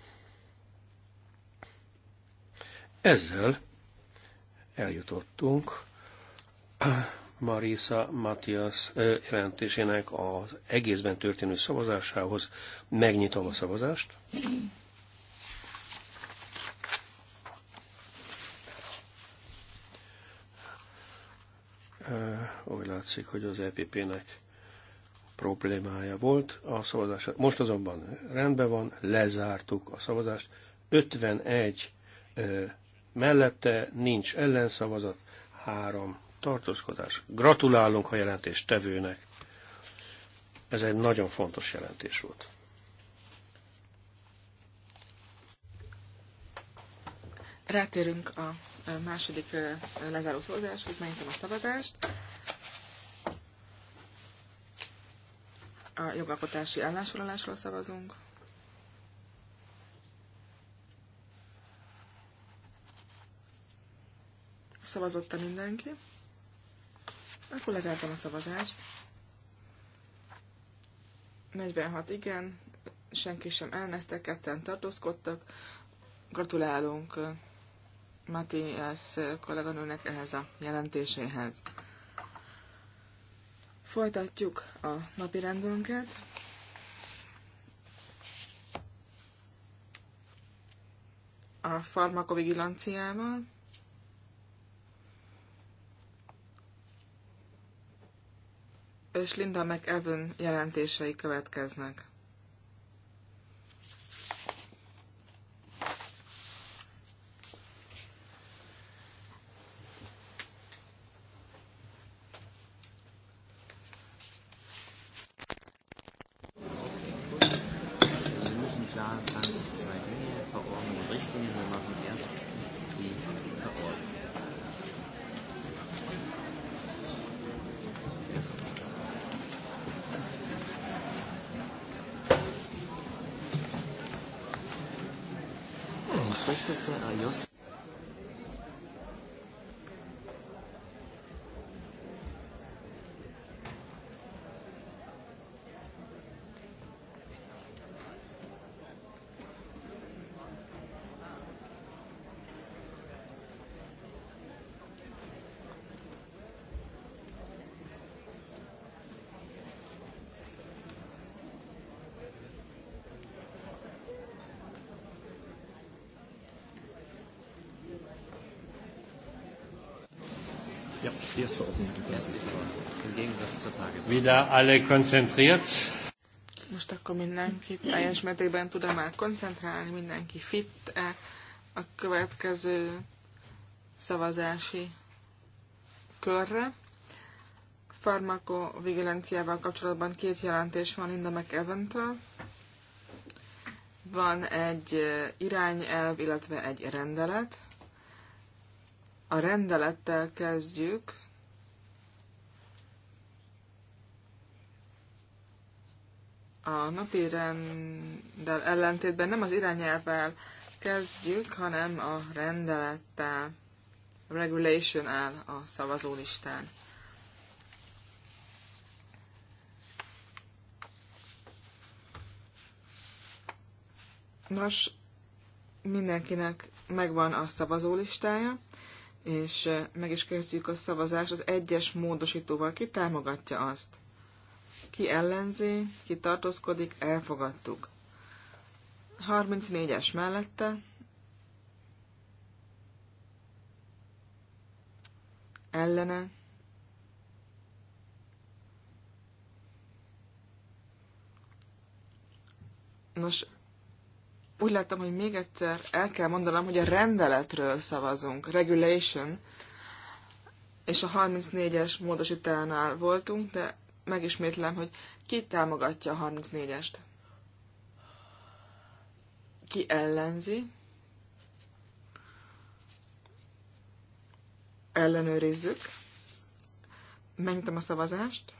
S3: ezzel eljutottunk Marisa Matias jelentésének az egészben történő szavazásához. Megnyitom a szavazást. úgy látszik, hogy az EPP-nek problémája volt a szavazás. Most azonban rendben van, lezártuk a szavazást. 51 mellette nincs ellenszavazat, három tartózkodás. Gratulálunk a tevőnek. Ez egy nagyon fontos jelentés volt.
S2: Rátérünk a második lezáró szózáshoz, megintem a szavazást. A jogalkotási állásolásról szavazunk. Szavazotta mindenki. Akkor lezártam a szavazást. 46 igen, senki sem elneztek, ketten tartózkodtak. Gratulálunk Matthias kolléganőnek ehhez a jelentéséhez. Folytatjuk a napi rendünket. A farmakovigilanciával. És Linda McEwan jelentései következnek.
S1: wieder alle konzentriert.
S2: Most akkor mindenki teljes mértékben tud -e már koncentrálni, mindenki fit-e a következő szavazási körre. Farmakovigilenciával kapcsolatban két jelentés van Linda McEventől. Van egy irányelv, illetve egy rendelet. A rendelettel kezdjük. a napi rendel ellentétben nem az irányelvvel kezdjük, hanem a rendelettel. Regulation áll a szavazólistán. Nos, mindenkinek megvan a szavazólistája, és meg is kezdjük a szavazást az egyes módosítóval. Ki támogatja azt? ki ellenzi, ki tartózkodik, elfogadtuk. 34-es mellette, ellene, Nos, úgy láttam, hogy még egyszer el kell mondanom, hogy a rendeletről szavazunk, regulation, és a 34-es módosítánál voltunk, de megismétlem, hogy ki támogatja a 34-est? Ki ellenzi? Ellenőrizzük. Megnyitom a szavazást.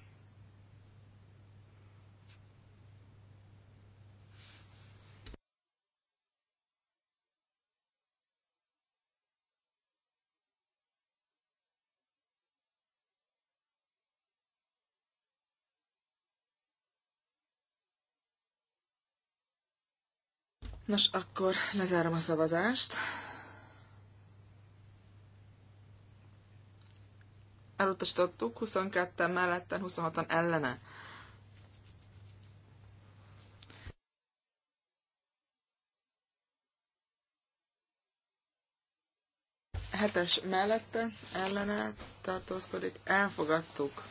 S2: Nos, akkor lezárom a szavazást. Elutasítottuk 22-en melletten, 26-an ellene. Hetes mellette, ellene tartózkodik, elfogadtuk.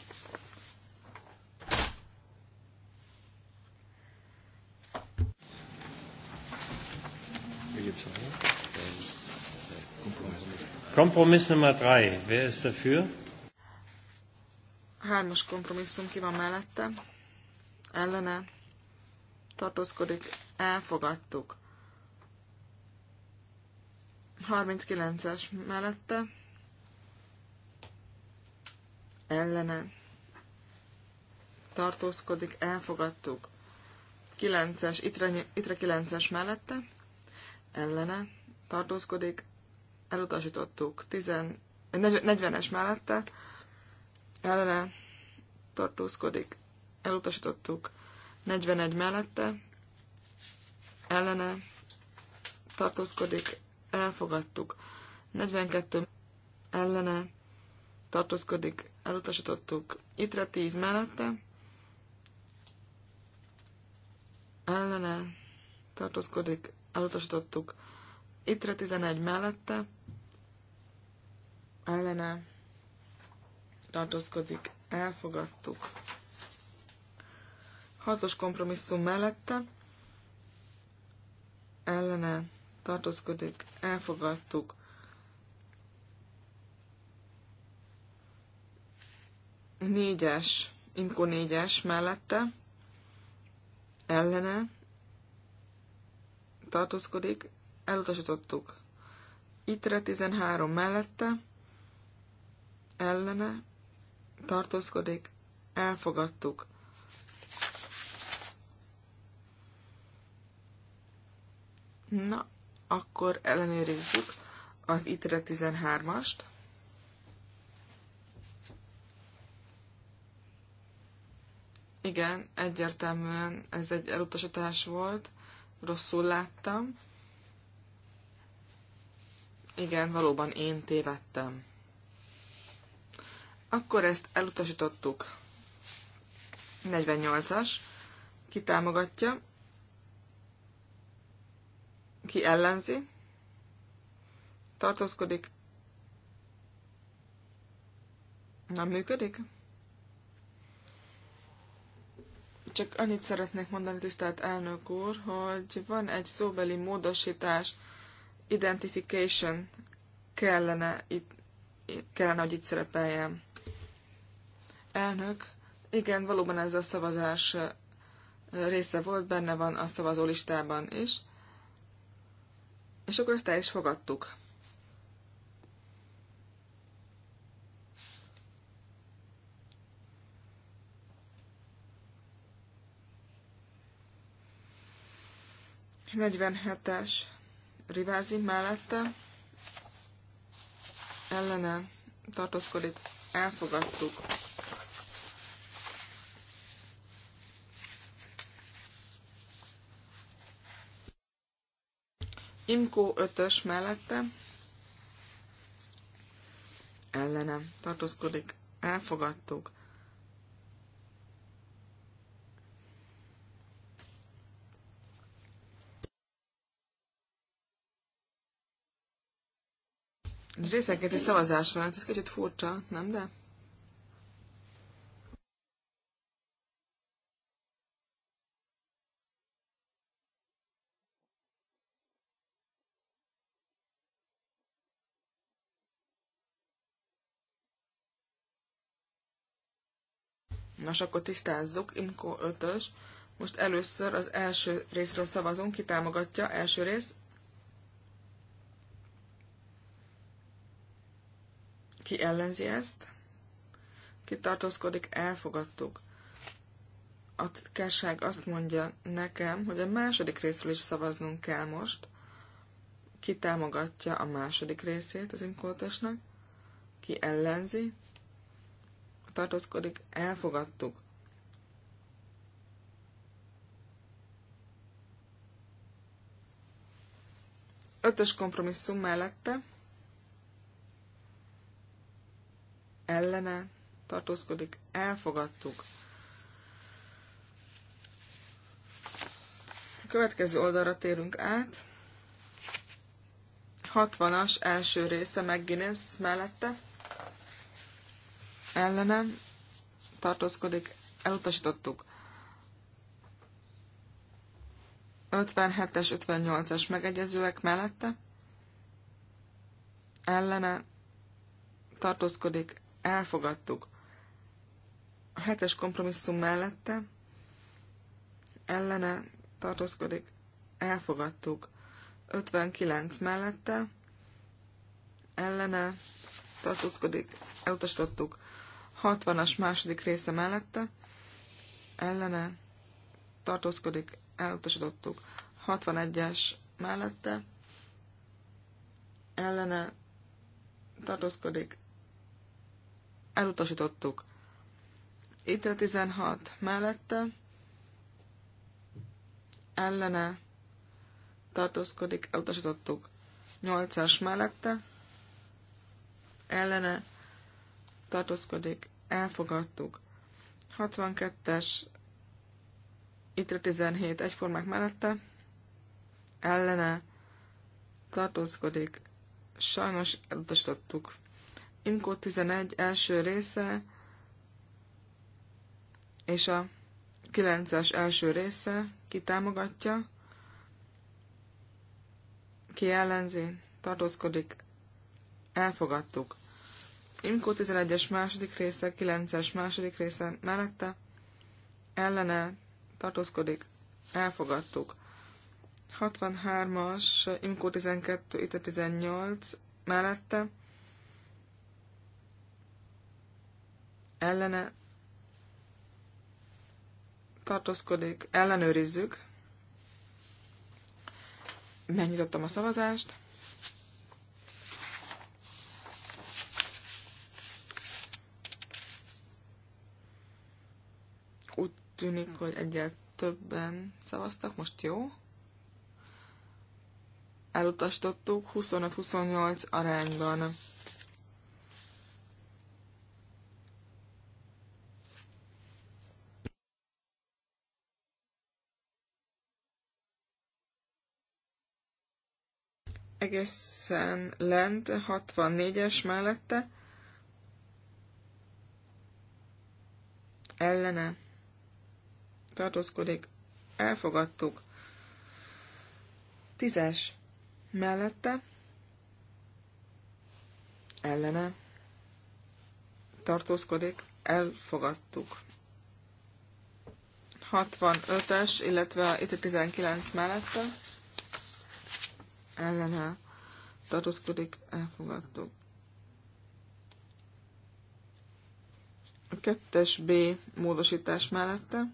S1: Kompromiss Nummer 3. Wer ist dafür?
S2: Hármas kompromisszum ki van mellette. Ellene. Tartózkodik. Elfogadtuk. 39-es mellette. Ellene. Tartózkodik. Elfogadtuk. 9-es. Itre, itre 9-es mellette ellene tartózkodik, elutasítottuk 40-es mellette, ellene tartózkodik, elutasítottuk 41 mellette, ellene tartózkodik, elfogadtuk 42 ellene tartózkodik, elutasítottuk itre 10 mellette, ellene tartózkodik, elutasítottuk. Ittre 11 mellette ellene tartózkodik, elfogadtuk. Hatos kompromisszum mellette ellene tartózkodik, elfogadtuk. Négyes, Imko négyes mellette ellene tartózkodik, elutasítottuk. Ittre 13 mellette, ellene, tartózkodik, elfogadtuk. Na, akkor ellenőrizzük az ITRE 13-ast. Igen, egyértelműen ez egy elutasítás volt rosszul láttam. Igen, valóban én tévedtem. Akkor ezt elutasítottuk. 48-as. Ki támogatja? Ki ellenzi? Tartózkodik? Nem működik? Csak annyit szeretnék mondani, tisztelt elnök úr, hogy van egy szóbeli módosítás, identification kellene, itt, kellene, hogy itt szerepeljen. Elnök, igen, valóban ez a szavazás része volt, benne van a szavazólistában is. És akkor ezt el is fogadtuk. 47-es Rivázi mellette ellene tartózkodik, elfogadtuk. Imkó 5-ös mellette ellene tartózkodik, elfogadtuk. egy szavazás van, ez kicsit furcsa, nem de? Nos, akkor tisztázzuk, Imko 5-ös. Most először az első részről szavazunk, ki támogatja, első rész, Ki ellenzi ezt? Ki tartózkodik? Elfogadtuk. A titkárság azt mondja nekem, hogy a második részről is szavaznunk kell most. Ki támogatja a második részét az inkótesnak? Ki ellenzi? Tartózkodik? Elfogadtuk. ötös kompromisszum mellette ellene tartózkodik, elfogadtuk. A következő oldalra térünk át. 60-as első része McGuinness mellette ellenem tartózkodik, elutasítottuk. 57-es, 58-as megegyezőek mellette ellene tartózkodik, elfogadtuk. A hetes kompromisszum mellette ellene tartózkodik, elfogadtuk. 59 mellette ellene tartózkodik, elutasítottuk. 60-as második része mellette ellene tartózkodik, elutasítottuk. 61-es mellette ellene tartózkodik, elutasítottuk. Étre 16 mellette ellene tartózkodik, elutasítottuk. 8-as mellette ellene tartózkodik, elfogadtuk. 62-es Itre 17 egyformák mellette ellene tartózkodik, sajnos elutasítottuk. Imkó 11 első része és a 9-es első része ki támogatja, ki ellenzi, tartózkodik, elfogadtuk. Imkó 11-es második része, 9-es második része mellette, ellene, tartózkodik, elfogadtuk. 63-as, Imkó 12, itt a 18 mellette, ellene tartózkodik, ellenőrizzük. Megnyitottam a szavazást. Úgy tűnik, hogy egyel többen szavaztak, most jó. Elutasítottuk 25-28 arányban. egészen lent, 64-es mellette. Ellene. Tartózkodik. Elfogadtuk. 10-es mellette. Ellene. Tartózkodik. Elfogadtuk. 65-es, illetve itt a 19 mellette ellene tartózkodik, elfogadtuk. A kettes B módosítás mellette.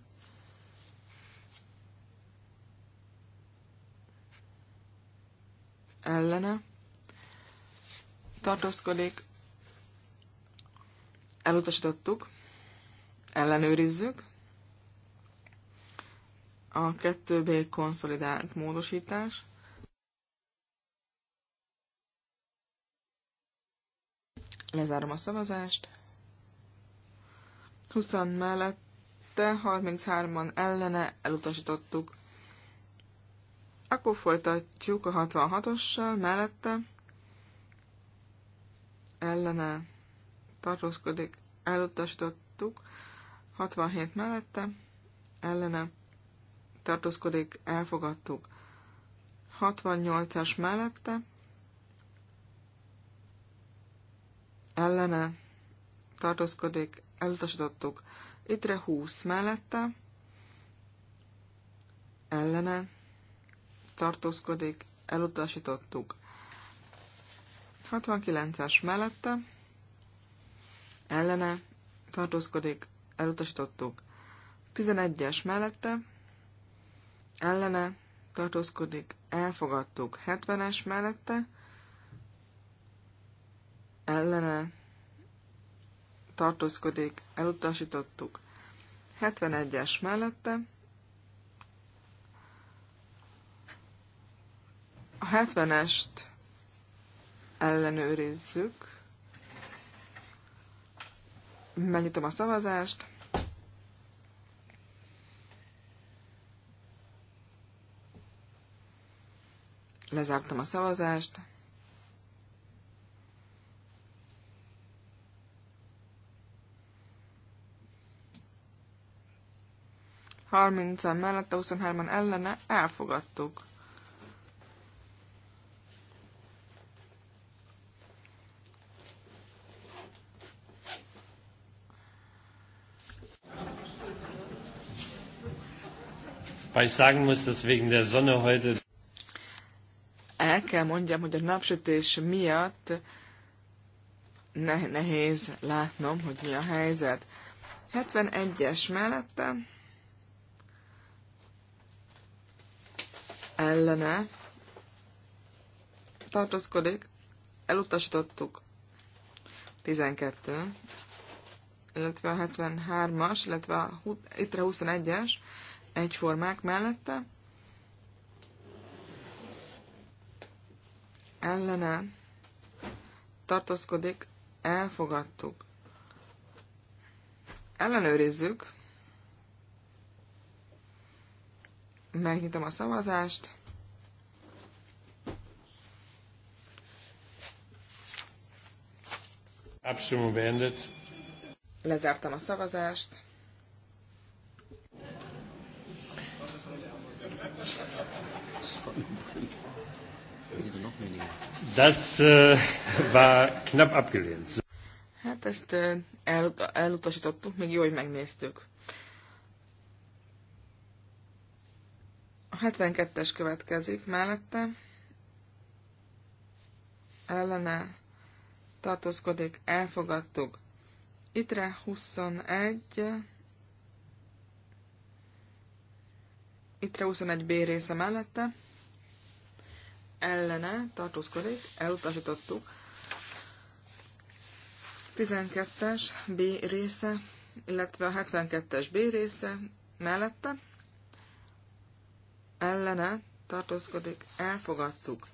S2: Ellene. Tartózkodik. Elutasítottuk. Ellenőrizzük. A 2B konszolidált módosítás. Lezárom a szavazást. 20 mellette, 33-an ellene elutasítottuk. Akkor folytatjuk a 66-ossal mellette. Ellene tartózkodik, elutasítottuk. 67 mellette, ellene tartózkodik, elfogadtuk. 68-as mellette, ellene tartózkodik, elutasítottuk. Itre 20 mellette, ellene tartózkodik, elutasítottuk. 69-es mellette, ellene tartózkodik, elutasítottuk. 11-es mellette, ellene tartózkodik, elfogadtuk. 70-es mellette, ellene tartózkodik, elutasítottuk. 71-es mellette. A 70-est ellenőrizzük. Megnyitom a szavazást. Lezártam a szavazást. 30-an mellette, 23-an ellene elfogadtuk.
S1: Weil ich sagen muss, dass wegen der Sonne heute
S2: el kell mondjam, hogy a napsütés miatt ne- nehéz látnom, hogy mi a helyzet. 71-es mellette ellene tartózkodik, elutasítottuk 12, illetve a 73-as, illetve a ittre 21-es egyformák mellette, ellene tartózkodik, elfogadtuk. Ellenőrizzük Megnyitom a szavazást.
S1: Abszolút beendet.
S2: Lezártam a szavazást.
S1: Das äh, war knapp abgelehnt.
S2: Hát ezt äh, elut elutasítottuk, még jó, hogy megnéztük. 72-es következik mellette. Ellene tartózkodik, elfogadtuk. Itre 21. Itre 21 B része mellette. Ellene tartózkodik, elutasítottuk. 12-es B része, illetve a 72-es B része mellette ellene tartózkodik, elfogadtuk.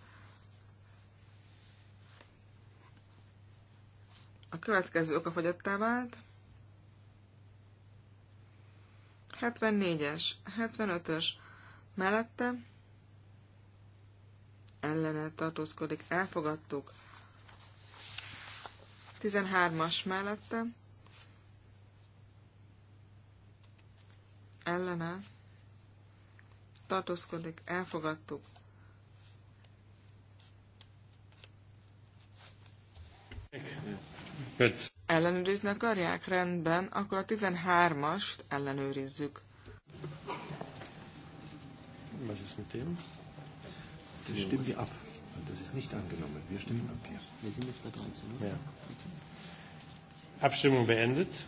S2: A következő oka fogyottá vált. 74-es, 75-ös mellette ellene tartózkodik, elfogadtuk. 13-as mellette ellene tartózkodik, elfogadtuk. Ellenőrizni akarják? Rendben, akkor a 13-ast ellenőrizzük.
S3: Was ist mit dem? Das stimmen wir ab. Das ist nicht angenommen. Wir stimmen ab hier. Wir sind jetzt bei 13, oder? Ja.
S1: Abstimmung beendet.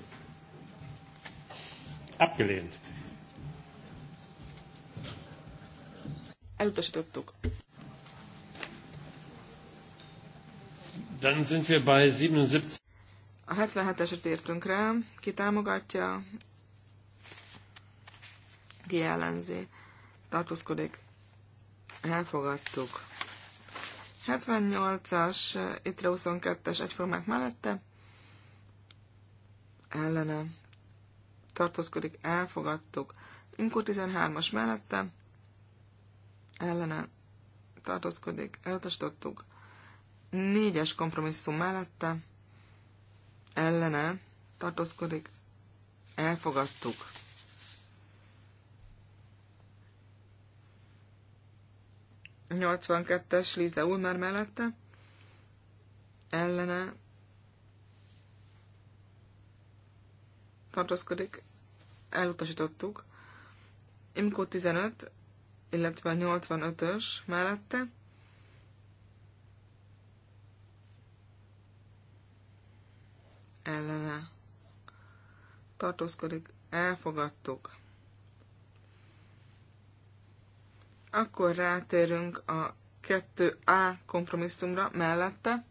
S1: Abgelehnt.
S2: Elutasítottuk.
S1: Dann sind wir bei 77.
S2: A 77-eset értünk rá. Ki támogatja? Ki ellenzi? Tartózkodik. Elfogadtuk. 78-as, a 22-es egyformák mellette. Ellene. Tartózkodik. Elfogadtuk. Inkó 13-as mellette ellene tartózkodik, elutasítottuk. Négyes kompromisszum mellette ellene tartózkodik, elfogadtuk. Nyolcvankettes Lize Ulmer mellette ellene tartózkodik, elutasítottuk. Imkó 15 illetve a 85-ös mellette. Ellene. Tartózkodik. Elfogadtuk. Akkor rátérünk a 2A kompromisszumra mellette.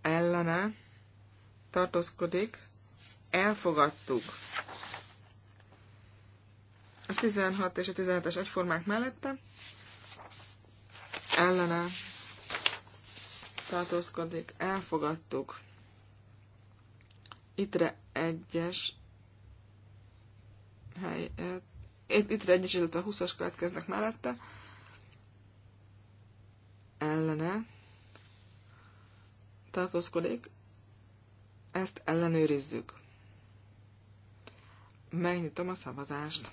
S2: Ellene. Tartózkodik. Elfogadtuk. A 16 és a 17-es egyformák mellette ellene tartózkodik, elfogadtuk. Ittre egyes helyet. Itre egyes, illetve a 20-as következnek mellette. Ellene tartózkodik, ezt ellenőrizzük. Megnyitom a szavazást.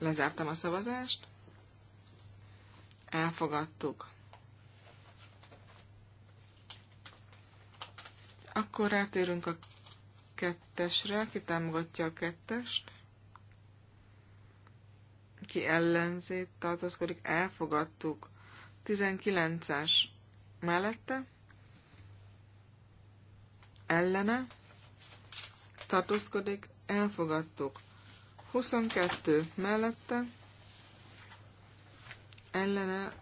S2: Lezártam a szavazást. Elfogadtuk. Akkor rátérünk a kettesre. Ki támogatja a kettest? Ki ellenzét tartozkodik, Elfogadtuk. 19-es mellette. Ellene tartózkodik? Elfogadtuk. 22 mellette ellene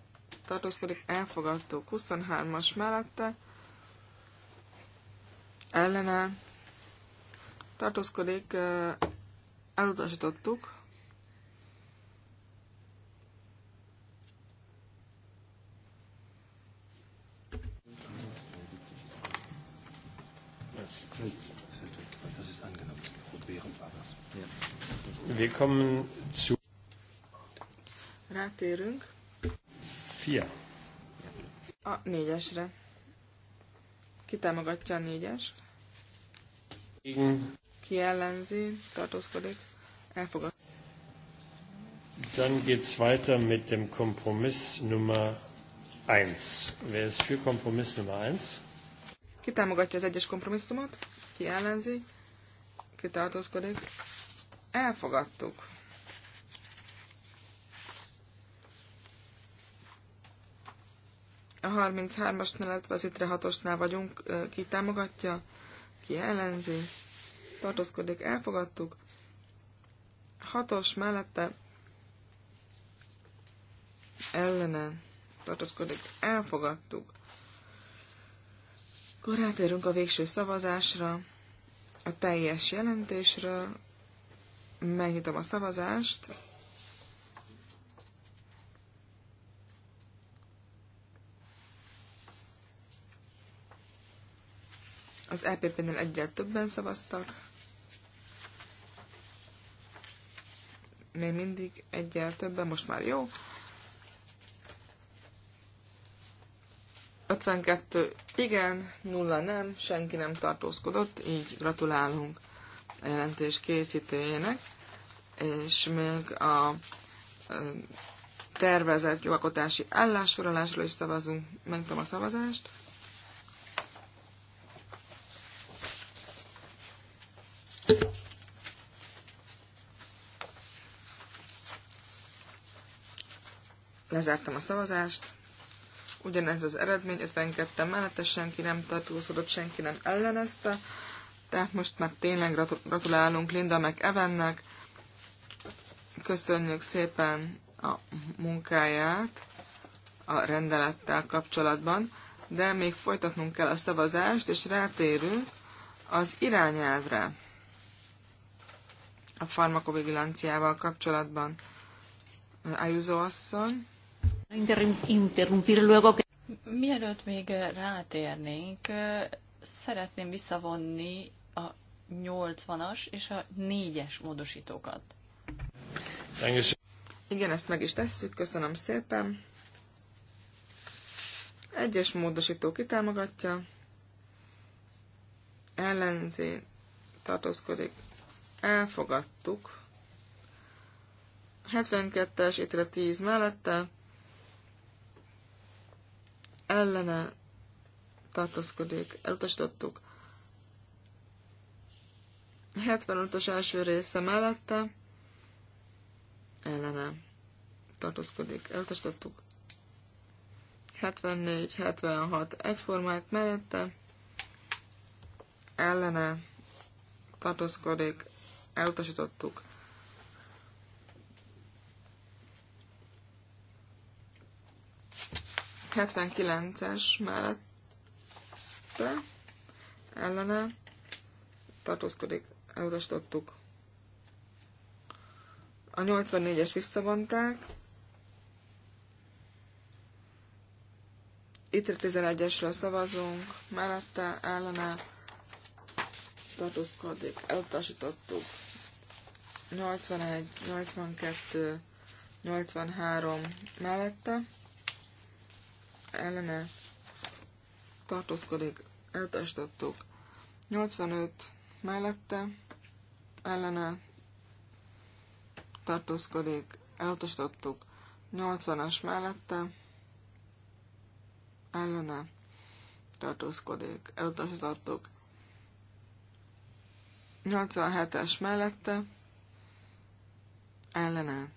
S2: tartózkodik, elfogadtuk. 23-as mellette ellene tartózkodik, elutasítottuk.
S5: Thank you.
S1: Wir kommen zu
S2: Rátérünk. Fia. A négyesre. Ki támogatja a négyes. Igen. Ki ellenzi, tartózkodik, elfogad.
S1: Dann geht's weiter mit dem Kompromiss Nummer 1. Wer ist für Kompromiss Nummer 1?
S2: Ki támogatja az egyes kompromisszumot? Ki ellenzi? Ki tartózkodik? Elfogadtuk. A 33-asnál, illetve az 6-osnál vagyunk. Ki támogatja? Ki ellenzi? Tartózkodik. Elfogadtuk. 6-os mellette ellene tartózkodik. Elfogadtuk. Akkor rátérünk a végső szavazásra, a teljes jelentésről, Megnyitom a szavazást. Az EPP-nél egyel többen szavaztak. Még mindig egyel többen, most már jó. 52 igen, nulla nem, senki nem tartózkodott, így gratulálunk a jelentés készítőjének, és még a tervezett jogalkotási állásfoglalásról is szavazunk. Mentem a szavazást. Lezártam a szavazást. Ugyanez az eredmény, 52 mellette senki nem tartózkodott, senki nem ellenezte. Tehát most már tényleg gratulálunk Linda meg Evennek. Köszönjük szépen a munkáját a rendelettel kapcsolatban, de még folytatnunk kell a szavazást, és rátérünk az irányelvre a farmakovigilanciával kapcsolatban. Ayuso asszony.
S4: Mielőtt még rátérnénk, szeretném visszavonni a 80-as és a 4-es módosítókat.
S2: Igen, ezt meg is tesszük. Köszönöm szépen. Egyes módosító kitámogatja. Ellenzé tartózkodik. Elfogadtuk. 72-es, itt a 10 mellette. Ellene tartózkodik. Elutasítottuk. 75-ös első része mellette ellene tartózkodik. Eltestettük. 74-76 egyformák mellette ellene tartózkodik. Elutasítottuk. es mellette ellene tartózkodik elutasítottuk. A 84-es visszavonták. Itt 11-esről szavazunk, mellette ellene tartózkodik, elutasítottuk. 81, 82, 83 mellette ellene tartózkodik, elutasítottuk. 85, mellette ellene tartózkodik, elutasítottuk 80-as mellette ellene tartózkodik, elutasítottuk 87-es mellette ellene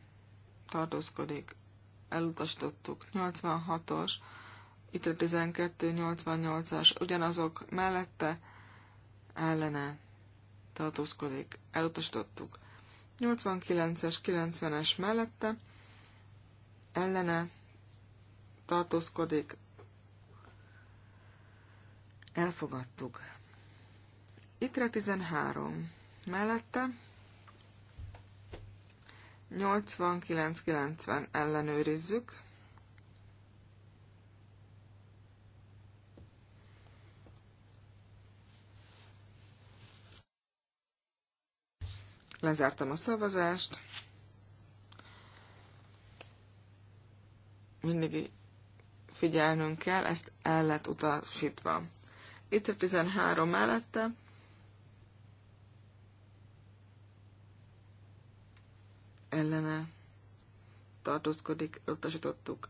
S2: tartózkodik, elutasítottuk 86-os, itt a 12-88-as, ugyanazok mellette ellene tartózkodik, elutasítottuk. 89-es, 90-es mellette, ellene tartózkodik, elfogadtuk. Itre 13 mellette, 89-90 ellenőrizzük, Lezártam a szavazást. Mindig figyelnünk kell, ezt el lett utasítva. Itt a 13 mellette. Ellene tartózkodik, utasítottuk.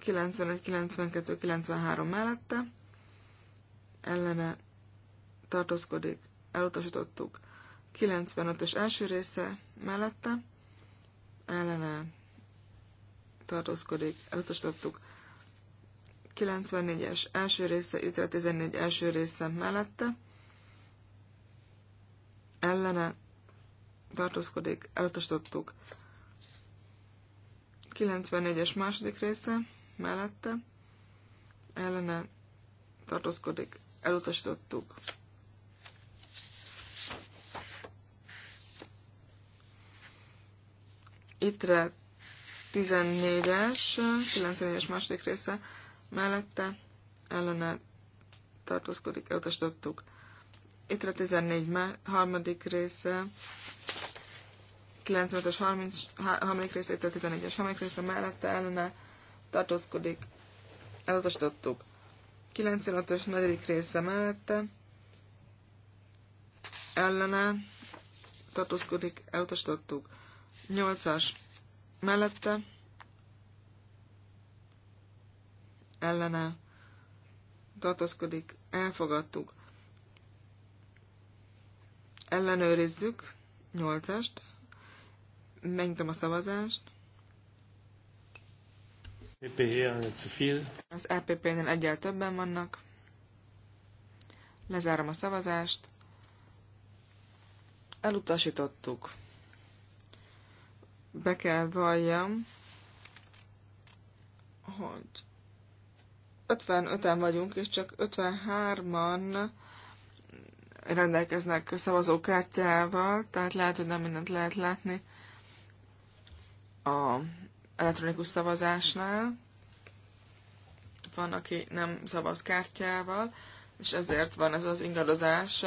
S2: 91, 92, 93 mellette. Ellene tartózkodik, elutasítottuk. 95-ös első része mellette ellene tartózkodik, elutasítottuk. 94-es első része, ITRE 14 első része mellette ellene tartózkodik, elutasítottuk. 94-es második része mellette ellene tartózkodik, elutasítottuk. Ittre 14-es, 94-es második része mellette ellene tartózkodik, elutasítottuk. Ittre 14 harmadik része, 95 es harmadik része, Ittre 14-es harmadik része mellette ellene tartózkodik, elutasítottuk. 95-ös negyedik része mellette ellene tartózkodik, elutasítottuk. Nyolcas mellette ellene Tartozkodik. elfogadtuk. Ellenőrizzük Nyolcast. megnyitom a szavazást.
S1: E
S2: Az EPP-nél egyel többen vannak. Lezárom a szavazást. Elutasítottuk be kell valljam, hogy 55-en vagyunk, és csak 53-an rendelkeznek szavazókártyával, tehát lehet, hogy nem mindent lehet látni a elektronikus szavazásnál. Van, aki nem szavaz kártyával, és ezért van ez az ingadozás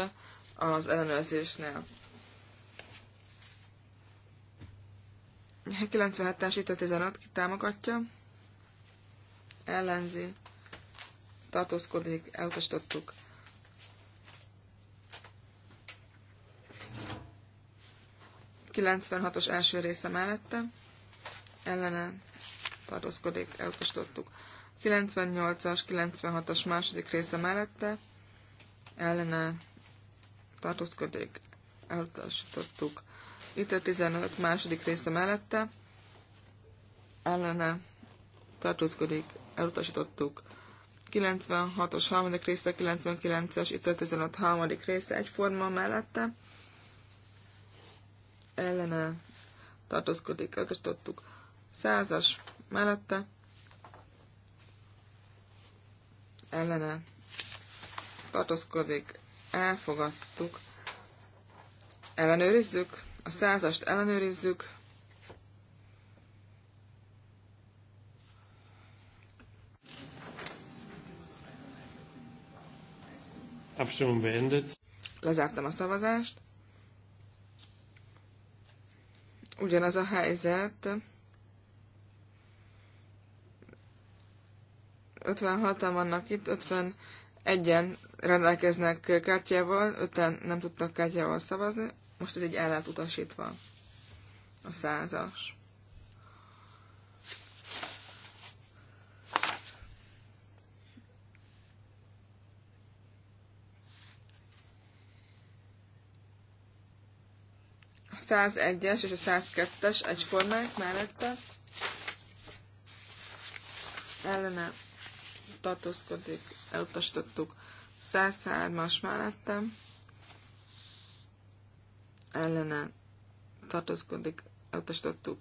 S2: az ellenőrzésnél. 97-es 15 ki támogatja, ellenzi, tartózkodik, elutasítottuk. os első része mellette, ellene tartózkodik, elutasítottuk. 98-as, 96-as második része mellette, ellene tartózkodik, elutasítottuk. Itt a 15 második része mellette ellene tartózkodik, elutasítottuk. 96-os harmadik része, 99-es, itt a 15 harmadik része egyforma mellette ellene tartózkodik, elutasítottuk. 100-as mellette ellene tartózkodik, elfogadtuk. Ellenőrizzük. A százast ellenőrizzük.
S1: Abstimmung beendet.
S2: Lezártam a szavazást. Ugyanaz a helyzet. 56-an vannak itt, 51-en rendelkeznek kártyával, 5-en nem tudtak kártyával szavazni, most ez egy el lett utasítva. A százas. A 101-es és a 102-es egyformák mellette ellene tartózkodik, elutasítottuk 103-as mellettem ellene tartózkodik, elutasítottuk.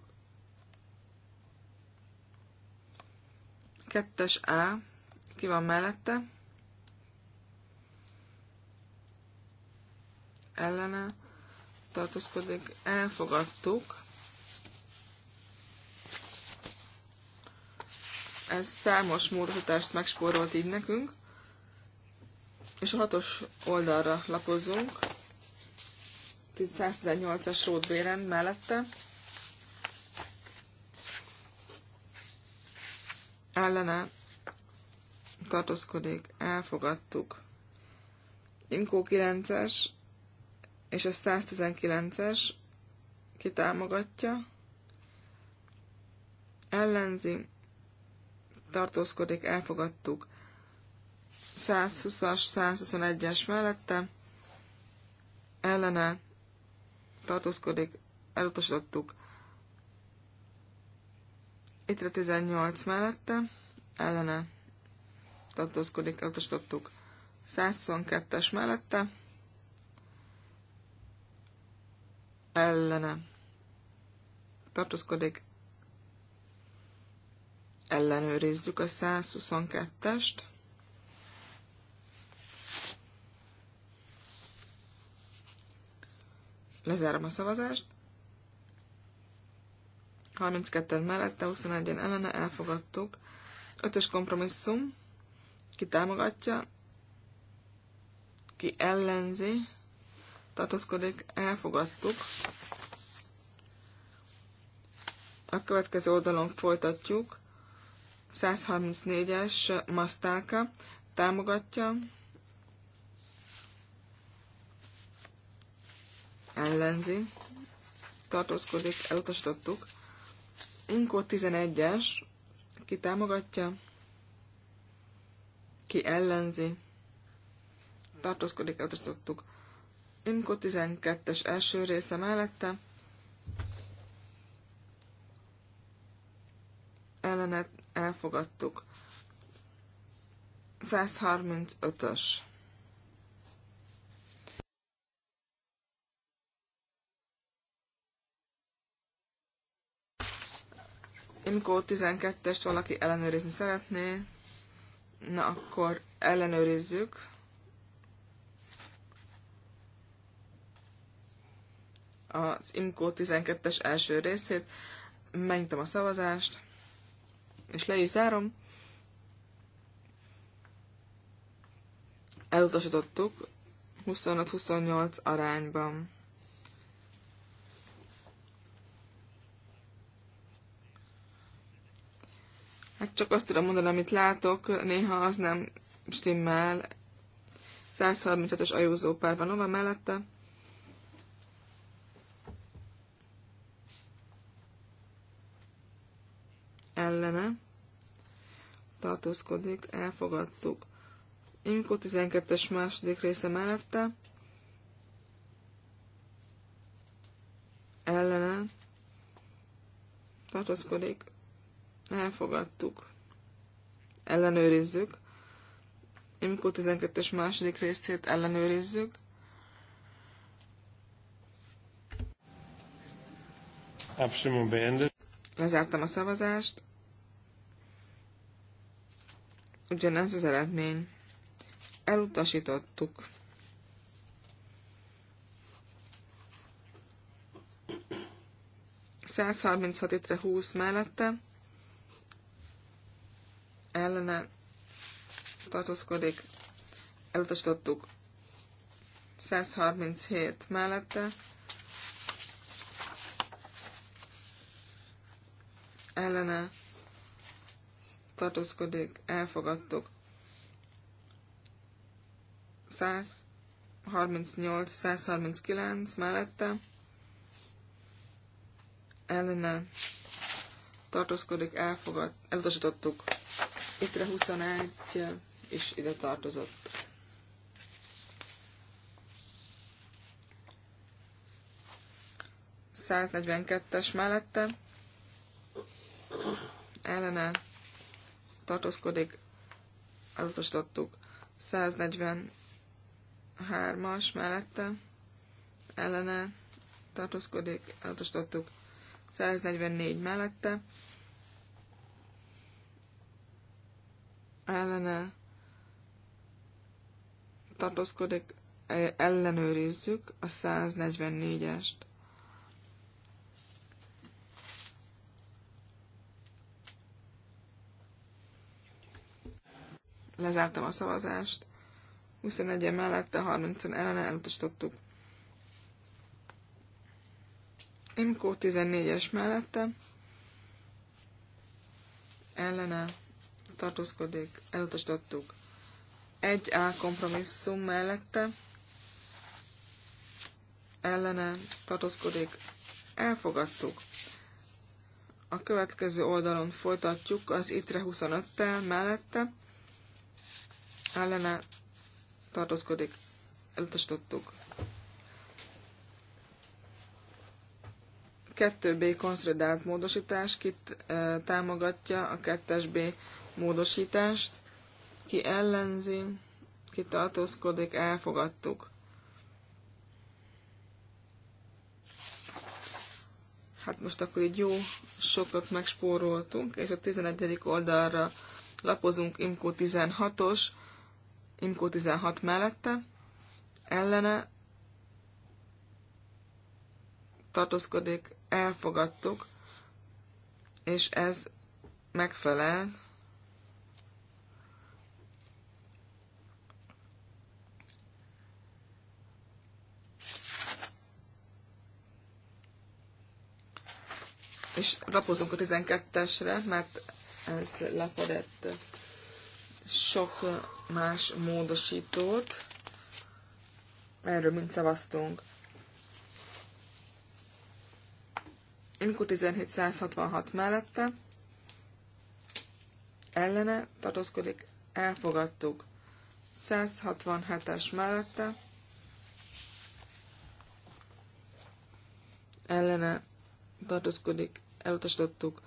S2: Kettes A, ki van mellette, ellene tartózkodik, elfogadtuk. Ez számos módosítást megspórolt így nekünk, és a hatos oldalra lapozunk. 118-as Ród Béren mellette. Ellene tartózkodik, elfogadtuk. Imkó 9-es és a 119-es kitámogatja, ellenzi, tartózkodik, elfogadtuk. 120-as, 121-es mellette, ellene tartózkodik, elutasítottuk. Itre 18 mellette, ellene tartózkodik, elutasítottuk. 122-es mellette, ellene tartózkodik, ellenőrizzük a 122-est. Lezárom a szavazást. 32-en mellette, 21-en ellene elfogadtuk. Ötös kompromisszum. Ki támogatja, ki ellenzi, tartózkodik, elfogadtuk. A következő oldalon folytatjuk. 134-es masztáka támogatja, ellenzi, tartózkodik, elutasítottuk. Inkó 11-es, ki támogatja, ki ellenzi, tartózkodik, elutasítottuk. Inkó 12-es első része mellette ellenet elfogadtuk. 135-ös Imkó 12-est valaki ellenőrizni szeretné, na akkor ellenőrizzük. Az Imkó 12-es első részét, megnyitom a szavazást, és le is zárom. Elutasítottuk 25-28 arányban. Hát csak azt tudom mondani, amit látok, néha az nem stimmel. 135-ös ajózó van Nova mellette. Ellene. Tartózkodik, elfogadtuk. Imko 12-es második része mellette. Ellene. Tartózkodik, elfogadtuk, ellenőrizzük. Imkó 12-es második részét ellenőrizzük. Lezártam a szavazást. Ugyanez az eredmény. Elutasítottuk. Százharminchat itre 20 mellette ellene tartózkodik, elutasítottuk 137 mellette, ellene tartózkodik, elfogadtuk 138-139 mellette, ellene tartózkodik, elfogad, elutasítottuk Ittre 21 és ide tartozott. es mellette ellene tartózkodik, elutasítottuk 143-as mellette ellene tartózkodik, elutasítottuk 144 mellette ellene tartózkodik, e, ellenőrizzük a 144-est. Lezártam a szavazást. 21 en mellette, 30-en ellene elutasítottuk. Imkó 14-es mellette. Ellene tartózkodik, elutasítottuk. egy a kompromisszum mellette ellene tartózkodik, elfogadtuk. A következő oldalon folytatjuk az ITRE 25-tel mellette ellene tartózkodik, elutasítottuk. 2B konszolidált módosítás kit e, támogatja, a 2B módosítást, ki ellenzi, ki tartózkodik, elfogadtuk. Hát most akkor így jó sokat megspóroltunk, és a 11. oldalra lapozunk Imkó 16-os, Imkó 16 mellette, ellene tartózkodik, elfogadtuk, és ez megfelel és lapozunk a 12-esre, mert ez lepedett sok más módosítót. Erről mind szavaztunk. Imkó 1766 mellette ellene tartózkodik, elfogadtuk. 167-es mellette ellene tartózkodik, elutasítottuk.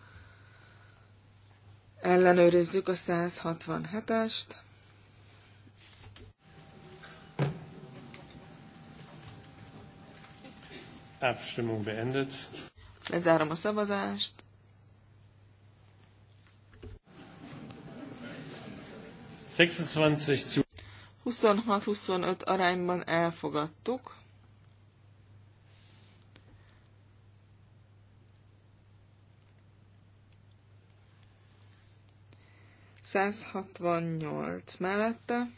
S2: Ellenőrizzük a 167-est.
S1: Abstimmung beendet.
S2: Lezárom a szavazást.
S1: zu
S2: 26-25 arányban elfogadtuk. 168 mellette.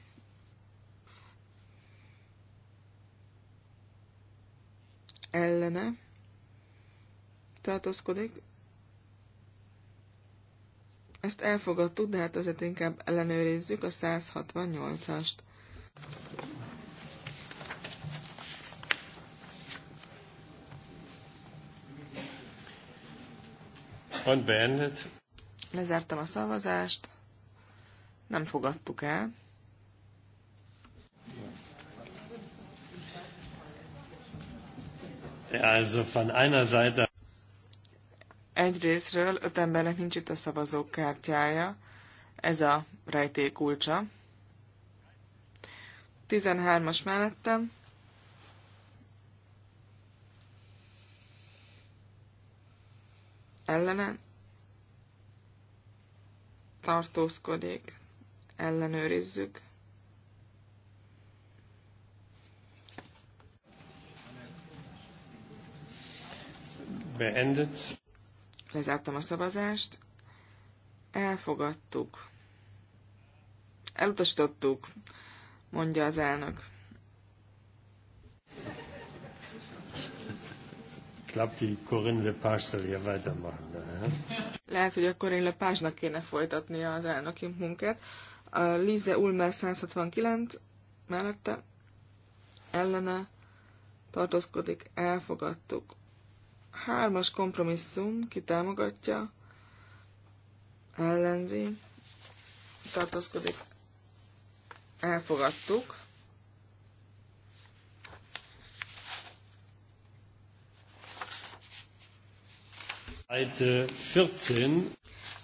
S2: Ellene tartózkodik. Ezt elfogadtuk, de hát azért inkább ellenőrizzük a 168-ast.
S1: beendet.
S2: Lezártam a szavazást nem fogadtuk
S1: el. Also von einer Seite.
S2: Egyrésztről öt embernek nincs itt a szavazók kártyája, ez a rejték kulcsa. 13-as mellettem. Ellene tartózkodik ellenőrizzük. Beendet. Lezártam a szavazást. Elfogadtuk. Elutasítottuk, mondja az elnök. Corinne Lehet, hogy a Corinne lepage kéne folytatnia az elnöki munkát. A Lize Ulmer 169 mellette ellene tartózkodik, elfogadtuk. Hármas kompromisszum, ki támogatja, ellenzi, tartózkodik, elfogadtuk.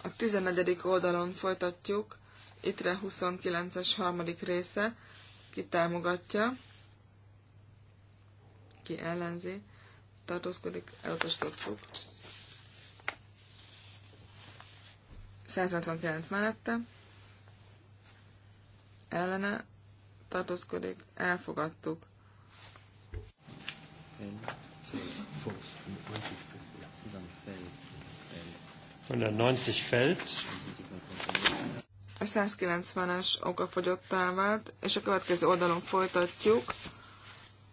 S2: A 14. oldalon folytatjuk Itre 29-es harmadik része, ki támogatja, ki ellenzi, tartózkodik, elutasítottuk. 189 mellette, ellene, tartózkodik, elfogadtuk.
S5: False.
S1: 190 fällt.
S2: A 190-es okafogyottá vált, és a következő oldalon folytatjuk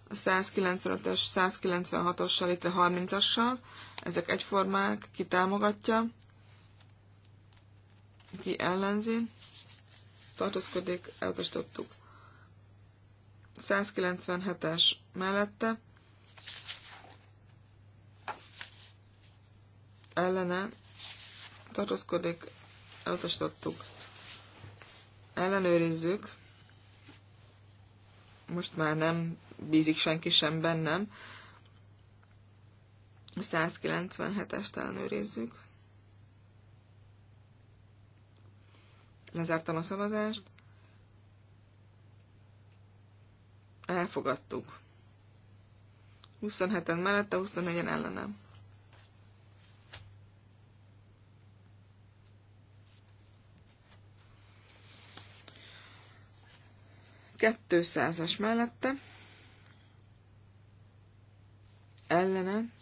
S2: a 195-ös, 196-ossal, itt a 30-assal. Ezek egyformák, ki támogatja, ki ellenzi, tartózkodik, elutasítottuk. 197-es mellette, ellene tartózkodik, elutasítottuk ellenőrizzük. Most már nem bízik senki sem bennem. 197-est ellenőrizzük. Lezártam a szavazást. Elfogadtuk. 27-en mellette, 24-en ellenem. 200-as mellette ellene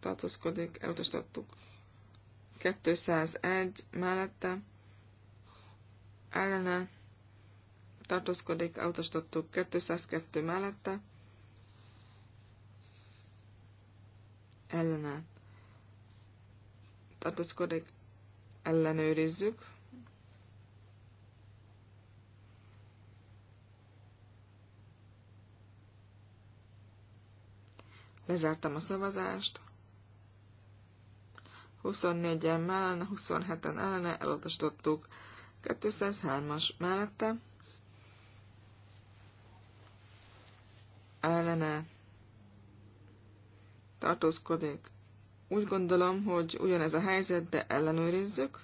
S2: tartózkodik, elutasítottuk. 201 mellette ellene tartózkodik, elutasítottuk. 202 mellette ellene tartózkodik, ellenőrizzük. Lezártam a szavazást. 24-en mellene, 27-en ellene elutasítottuk. 203-as mellette. Ellene tartózkodik. Úgy gondolom, hogy ugyanez a helyzet, de ellenőrizzük.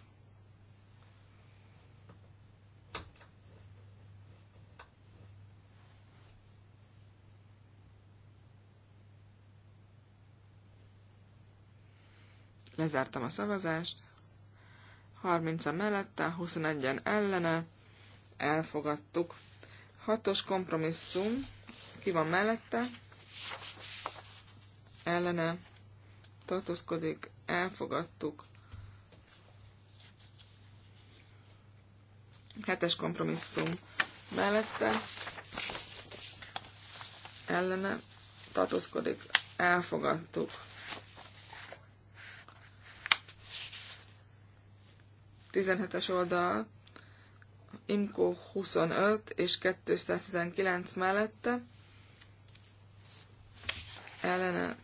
S2: Lezártam a szavazást. 30 mellette, 21-en ellene. Elfogadtuk. Hatos kompromisszum. Ki van mellette? Ellene. Tartózkodik. Elfogadtuk. Hetes kompromisszum mellette. Ellene. Tartózkodik. Elfogadtuk. 17-es oldal, Imco 25 és 219 mellette, ellene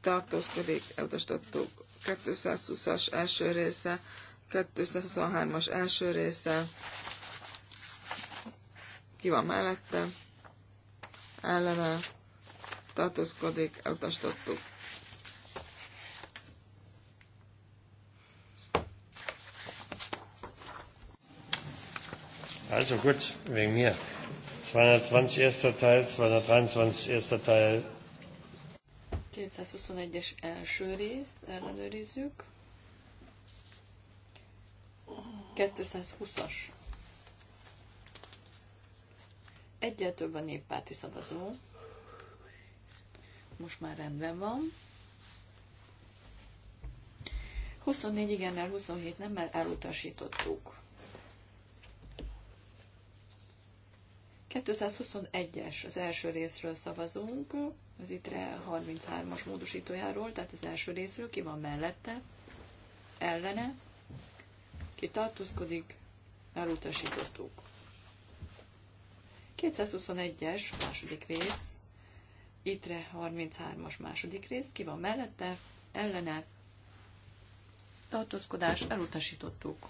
S2: tartózkodik, elutasítottuk 220-as első része, 223-as első része, ki van mellette, ellene tartózkodik, elutasítottuk
S1: Also gut, wegen mir. 220 erster Teil, 223 erster Teil.
S4: 221-es első részt ellenőrizzük. 220-as. Egyel több a néppárti szavazó. Most már rendben van. 24 igennel, 27 nem, mert elutasítottuk. 221-es az első részről szavazunk, az ITRE 33-as módosítójáról, tehát az első részről ki van mellette, ellene, ki tartózkodik, elutasítottuk. 221-es második rész, ITRE 33-as második rész, ki van mellette, ellene, tartózkodás, elutasítottuk.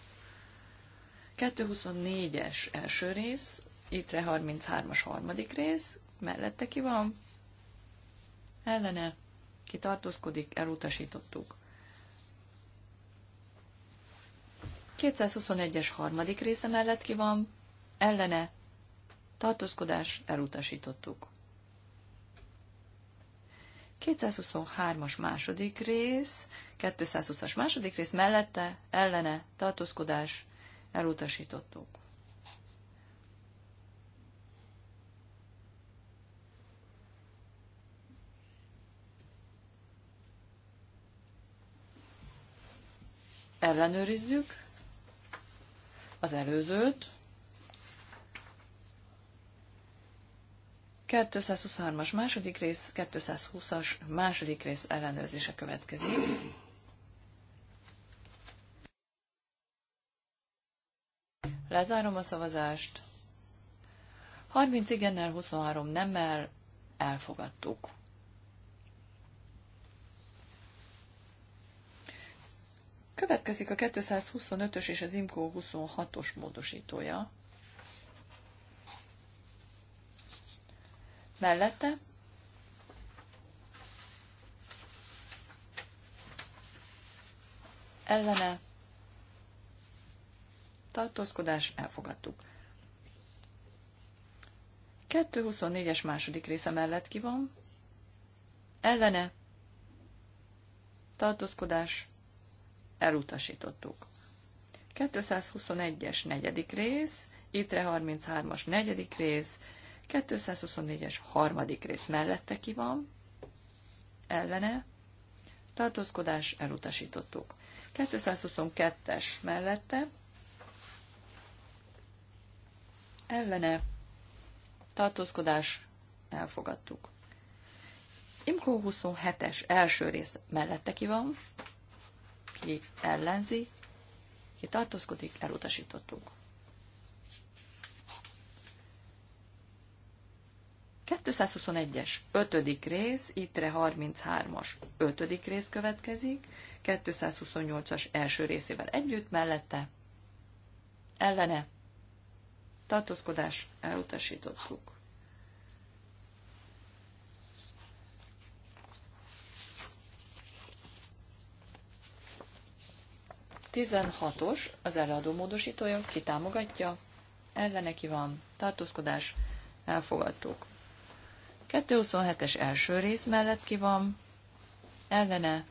S4: 224-es első rész, ITRE 33-as harmadik rész, mellette ki van, ellene, ki tartózkodik, elutasítottuk. 221-es harmadik része mellett ki van, ellene, tartózkodás, elutasítottuk. 223-as második rész, 220-as második rész mellette, ellene, tartózkodás, elutasítottuk. ellenőrizzük az előzőt. 223-as második rész, 220-as második rész ellenőrzése következik. Lezárom a szavazást. 30 igennel, 23 nemmel elfogadtuk. Következik a 225-ös és az IMCO 26-os módosítója. Mellette ellene tartózkodás elfogadtuk. 224-es második része mellett ki van, ellene tartózkodás elutasítottuk. 221-es negyedik rész, ITRE 33-as negyedik rész, 224-es harmadik rész mellette ki van, ellene, tartózkodás elutasítottuk. 222-es mellette, ellene, tartózkodás elfogadtuk. Imkó 27-es első rész mellette ki van, aki ellenzi, aki tartózkodik, elutasítottuk. 221-es 5. rész, ittre 33-as 5. rész következik, 228-as első részével együtt, mellette, ellene, tartózkodás, elutasítottuk. 16-os, az eladó módosítója, ki támogatja, ellene ki van, tartózkodás, elfogadtuk. 227-es első rész mellett ki van, ellene,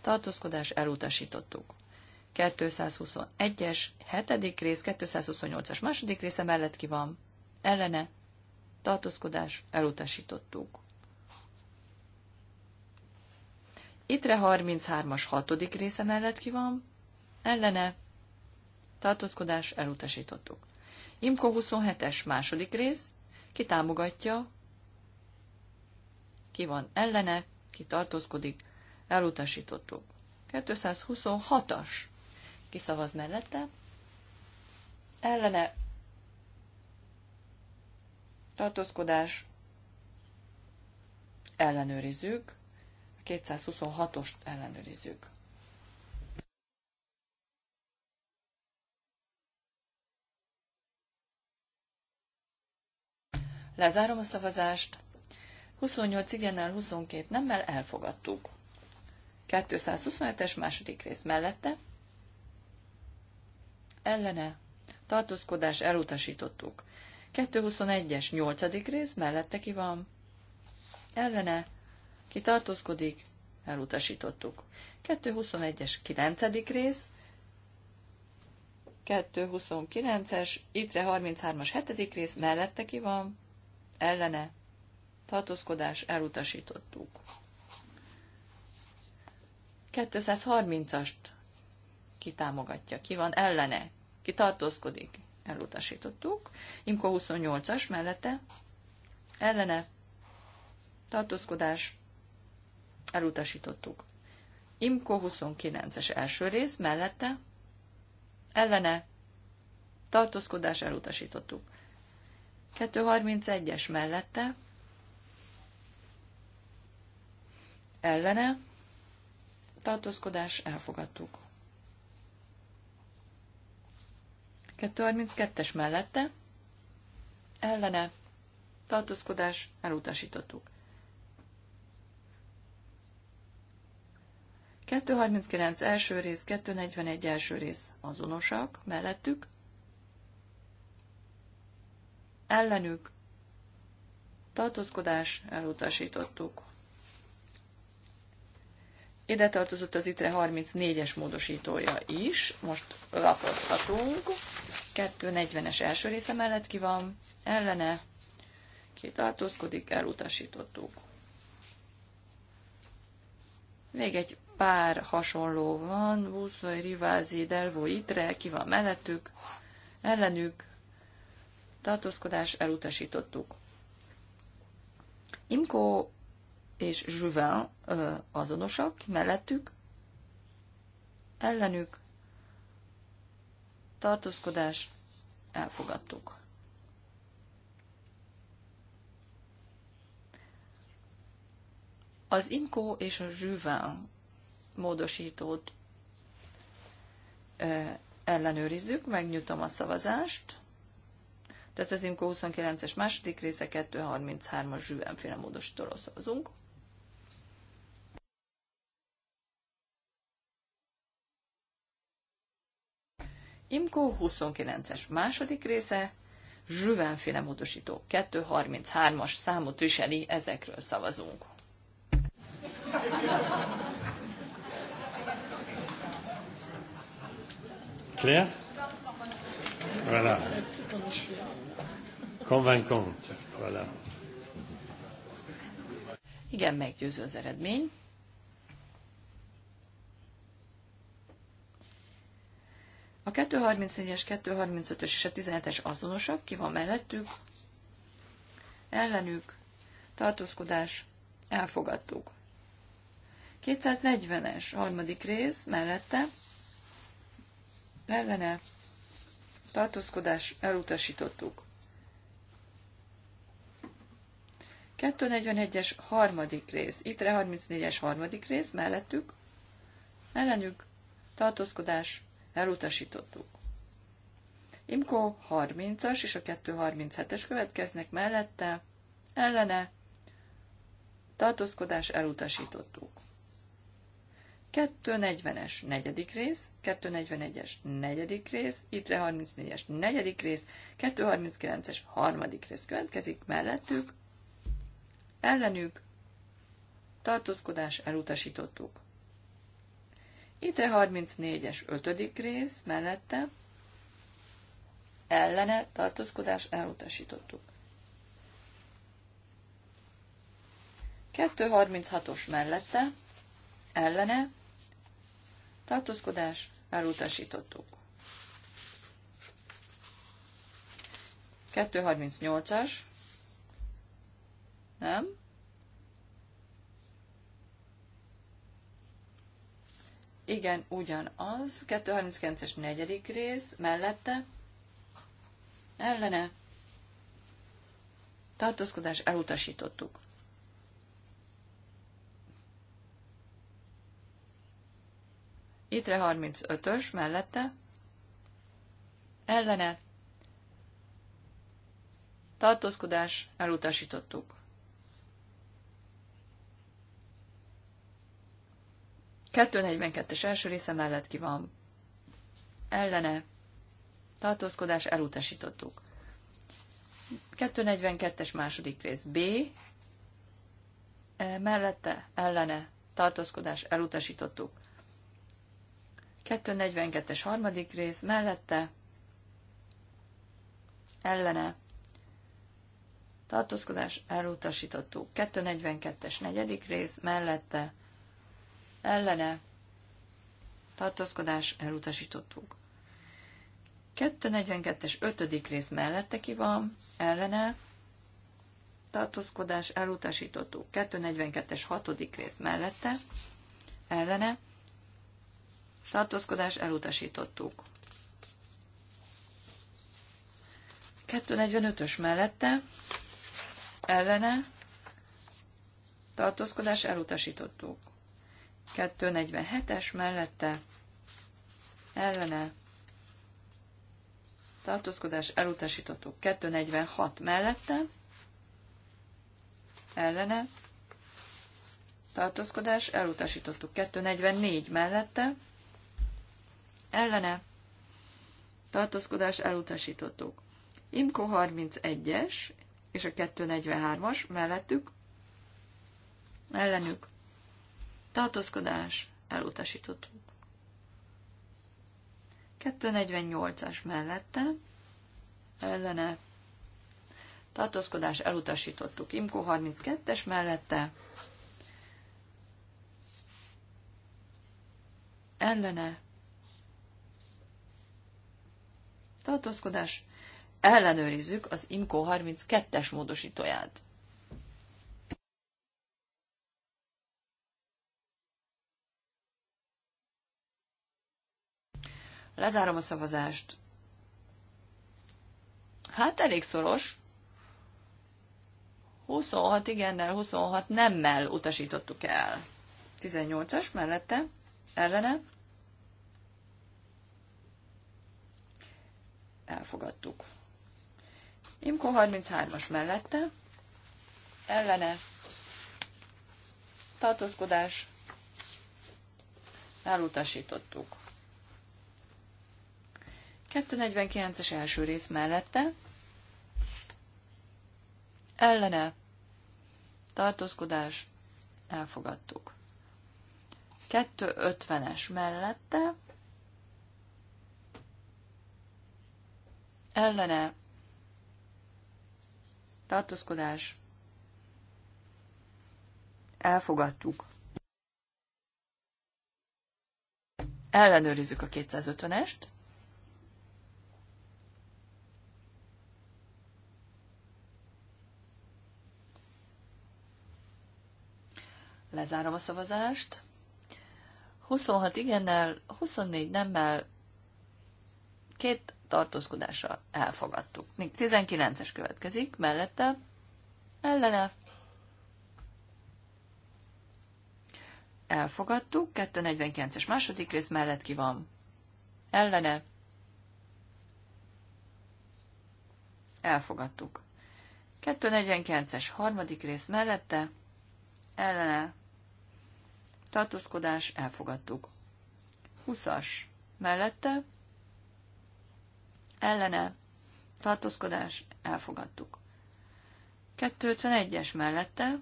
S4: tartózkodás, elutasítottuk. 221-es, 7. rész, 228-as második része mellett ki van, ellene, tartózkodás, elutasítottuk. Itre 33-as hatodik része mellett ki van, ellene tartózkodás elutasítottuk. Imko 27-es második rész, ki támogatja, ki van ellene, ki tartózkodik, elutasítottuk. 226-as kiszavaz mellette, ellene tartózkodás, ellenőrizzük, 226-ost ellenőrizzük. Lezárom a szavazást. 28 igennel, 22 nemmel elfogadtuk. 227-es második rész mellette. Ellene. Tartózkodás elutasítottuk. 221-es nyolcadik rész mellette ki van. Ellene ki tartózkodik, elutasítottuk. 221-es 9. rész, 229-es, ittre 33-as 7. rész, mellette ki van, ellene, tartózkodás, elutasítottuk. 230-ast kitámogatja, ki van ellene, ki tartózkodik, elutasítottuk. Imko 28-as mellette, ellene, tartózkodás, elutasítottuk. Imko 29-es első rész, mellette, ellene, tartózkodás elutasítottuk. 231-es mellette, ellene, tartózkodás elfogadtuk. 232-es mellette, ellene, tartózkodás elutasítottuk. 239 első rész, 241 első rész azonosak mellettük, ellenük tartózkodás elutasítottuk. Ide tartozott az ITRE 34-es módosítója is, most lapozhatunk. 240-es első része mellett ki van, ellene, ki tartózkodik, elutasítottuk. Még egy pár hasonló van, Buszai, Rivázi, Delvo, Itre, ki van mellettük, ellenük, tartózkodás elutasítottuk. Imko és Juven azonosak, mellettük, ellenük, tartózkodás elfogadtuk. Az Imko és a Juven módosítót ellenőrizzük, megnyitom a szavazást. Tehát az INKO 29-es második része 233-as zsűvenféle módosítóról szavazunk. Imko 29-es második része zsüvenféle módosító 233-as számot viseli, ezekről szavazunk. clair Voilà.
S1: Convaincante. Voilà.
S4: Igen, meggyőző az eredmény. A 234-es, 235-ös és a 17-es azonosak, ki van mellettük, ellenük, tartózkodás, elfogadtuk. 240-es, harmadik rész, mellette, ellene tartózkodás elutasítottuk. 241-es harmadik rész, ITRE 34-es harmadik rész, mellettük, ellenük tartózkodás elutasítottuk. Imko 30-as és a 237-es következnek mellette, ellene tartózkodás elutasítottuk. 240-es negyedik rész, 241-es negyedik rész, ITRE 34-es negyedik rész, 239-es harmadik rész következik, mellettük, ellenük, tartózkodás elutasítottuk. ITRE 34-es ötödik rész, mellette, ellene, tartózkodás elutasítottuk. 236-os mellette, ellene, tartózkodás, elutasítottuk. 238-as, nem? Igen, ugyanaz. 239-es negyedik rész, mellette, ellene, tartózkodás, elutasítottuk. Itre 35-ös mellette, ellene, tartózkodás, elutasítottuk. es első része mellett ki van. Ellene, tartózkodás, elutasítottuk. 242-es második rész B, e, mellette, ellene, tartózkodás, elutasítottuk. 242-es harmadik rész mellette ellene tartózkodás elutasítottuk. 242-es negyedik rész mellette ellene tartózkodás elutasítottuk. 242-es ötödik rész mellette ki van, ellene tartózkodás elutasítottuk. 242-es hatodik rész mellette ellene tartózkodás elutasítottuk. 245-ös mellette ellene tartózkodás elutasítottuk. 247-es mellette ellene tartózkodás elutasítottuk. 246 mellette ellene tartózkodás elutasítottuk. 244 mellette ellene tartózkodás elutasítottuk. Imko 31-es és a 243-as mellettük ellenük tartózkodás elutasítottuk. 248-as mellette ellene tartózkodás elutasítottuk. Imko 32-es mellette ellene tartózkodás, ellenőrizzük az IMCO 32-es módosítóját. Lezárom a szavazást. Hát elég szoros. 26 igennel, 26 nemmel utasítottuk el. 18-as mellette, ellene, elfogadtuk. Imko 33-as mellette, ellene, tartózkodás, elutasítottuk. 249-es első rész mellette, ellene, tartózkodás, elfogadtuk. 250-es mellette, ellene tartózkodás elfogadtuk. Ellenőrizzük a 250-est. Lezárom a szavazást. 26 igennel, 24 nemmel, két tartózkodással elfogadtuk. Még 19-es következik, mellette ellene elfogadtuk, 249-es második rész mellett ki van ellene elfogadtuk. 249-es harmadik rész mellette ellene tartózkodás elfogadtuk. 20-as mellette ellene, tartózkodás, elfogadtuk. 251-es mellette,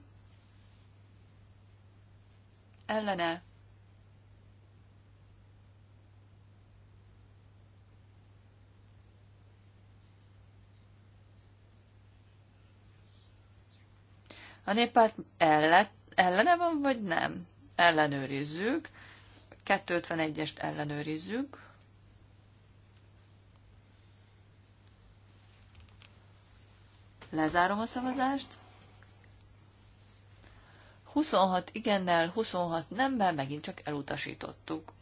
S4: ellene, A néppárt ellene van, vagy nem? Ellenőrizzük. 251-est ellenőrizzük. Lezárom a szavazást. 26 igennel, 26 nemmel megint csak elutasítottuk.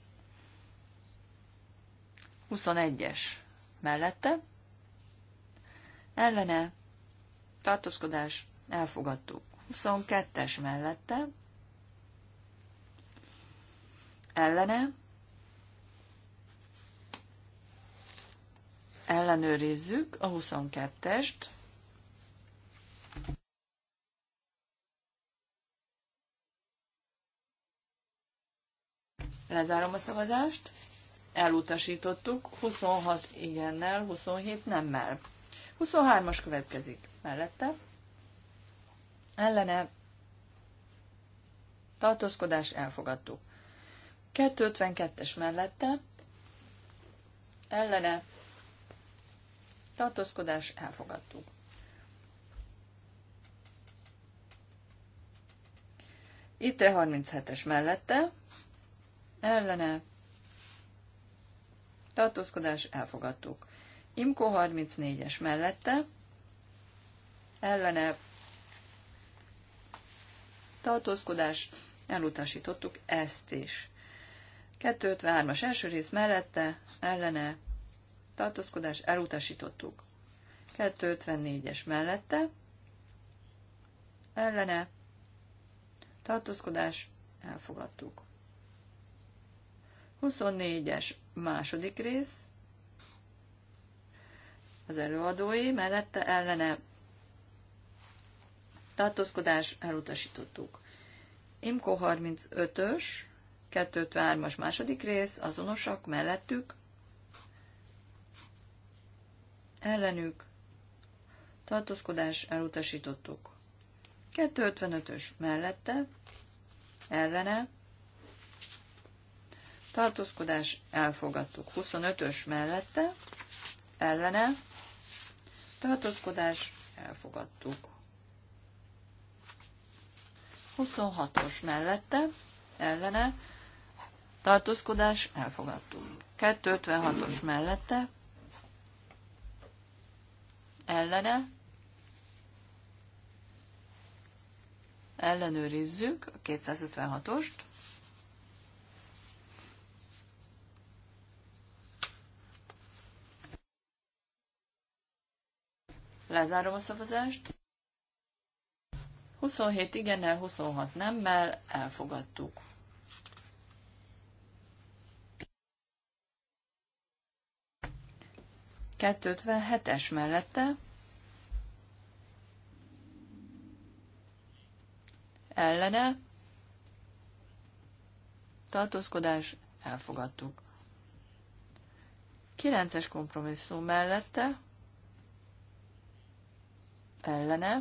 S4: 21-es mellette. Ellene tartózkodás elfogadtuk. 22-es mellette. Ellene ellenőrizzük a 22-est. Lezárom a szavazást. Elutasítottuk 26 igennel, 27 nemmel. 23-as következik mellette. Ellene tartózkodás elfogadtuk. 252-es mellette ellene tartózkodás elfogadtuk. Itt 37-es mellette ellene, tartózkodás, elfogadtuk. Imko 34-es mellette, ellene, tartózkodás, elutasítottuk ezt is. 253-as első rész mellette, ellene, tartózkodás, elutasítottuk. 254-es mellette, ellene, tartózkodás, elfogadtuk. 24-es második rész, az előadói, mellette ellene tartózkodás elutasítottuk. Imko 35-ös, 253-as második rész, azonosak mellettük, ellenük tartózkodás elutasítottuk. 255-ös mellette, ellene, tartózkodás elfogadtuk. 25-ös mellette, ellene, tartózkodás elfogadtuk. 26-os mellette, ellene, tartózkodás elfogadtuk. 256-os mellette, ellene, ellenőrizzük a 256-ost, Lezárom a szavazást. 27 igennel, 26 nemmel elfogadtuk. hetes mellette ellene tartózkodás elfogadtuk. 9-es kompromisszum mellette ellene.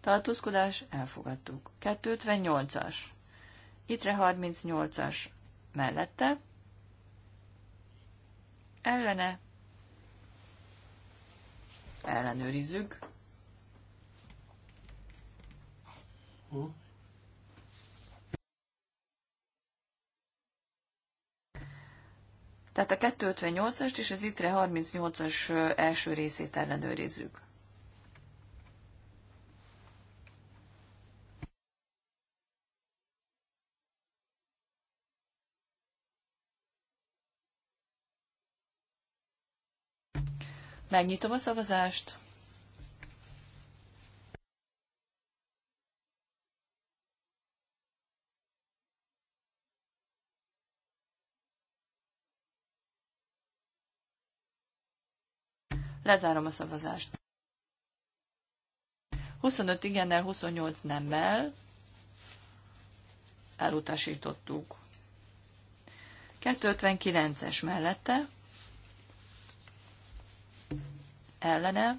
S4: Tartózkodás, elfogadtuk. 258-as. Itre 38-as mellette. Ellene. Ellenőrizzük. Huh? Hm? Tehát a 258-ast és az ITRE 38-as első részét ellenőrizzük. Megnyitom a szavazást. Lezárom a szavazást. 25 igennel, 28 nemmel elutasítottuk. 259-es mellette ellene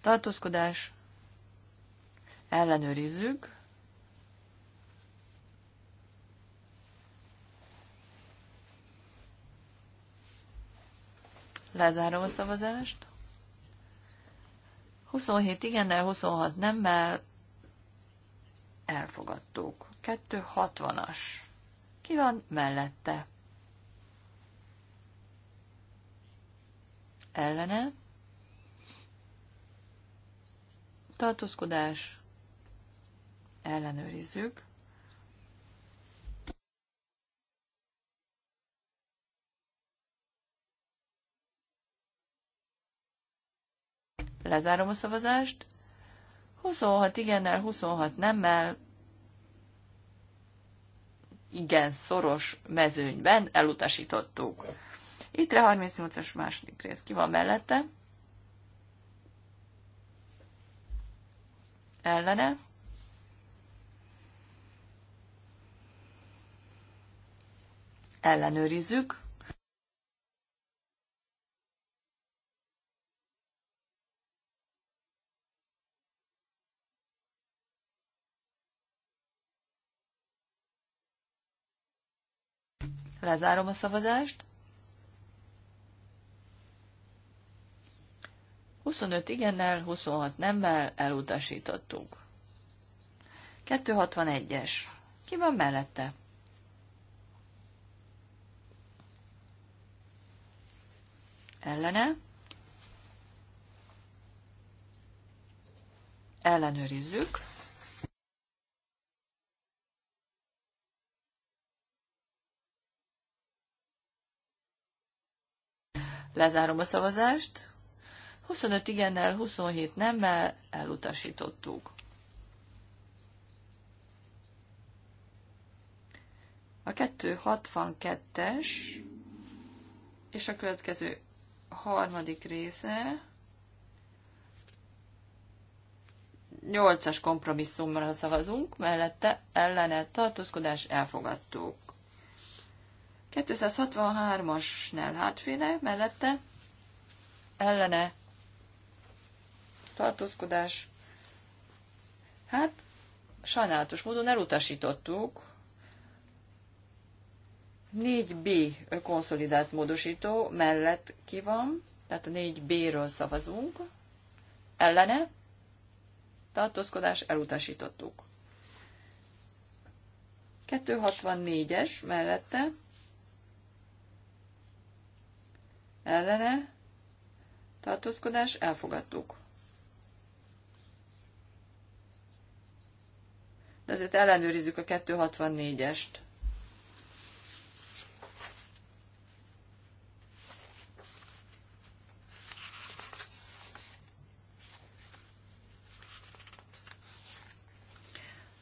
S4: tartózkodás ellenőrizzük. Lezárom a szavazást. 27 igennel, 26 nemmel elfogadtuk. 260-as. Ki van mellette? Ellene. Tartózkodás. Ellenőrizzük. Lezárom a szavazást. 26 igennel, 26 nemmel, igen szoros mezőnyben elutasítottuk. Ittre 38-as második rész. Ki van mellette? Ellene. Ellenőrizzük. Lezárom a szavazást. 25 igennel, 26 nemmel elutasítottuk. 261-es. Ki van mellette? Ellene. Ellenőrizzük. Lezárom a szavazást. 25 igennel, 27 nemmel elutasítottuk. A 262-es és a következő harmadik része 8-as kompromisszumra szavazunk, mellette ellene tartózkodás elfogadtuk. 263-as Snell hátféle mellette ellene tartózkodás. Hát, sajnálatos módon elutasítottuk. 4B konszolidált módosító mellett ki van, tehát a 4B-ről szavazunk. Ellene tartózkodás elutasítottuk. 264-es mellette ellene, tartózkodás, elfogadtuk. De azért ellenőrizzük a 264-est.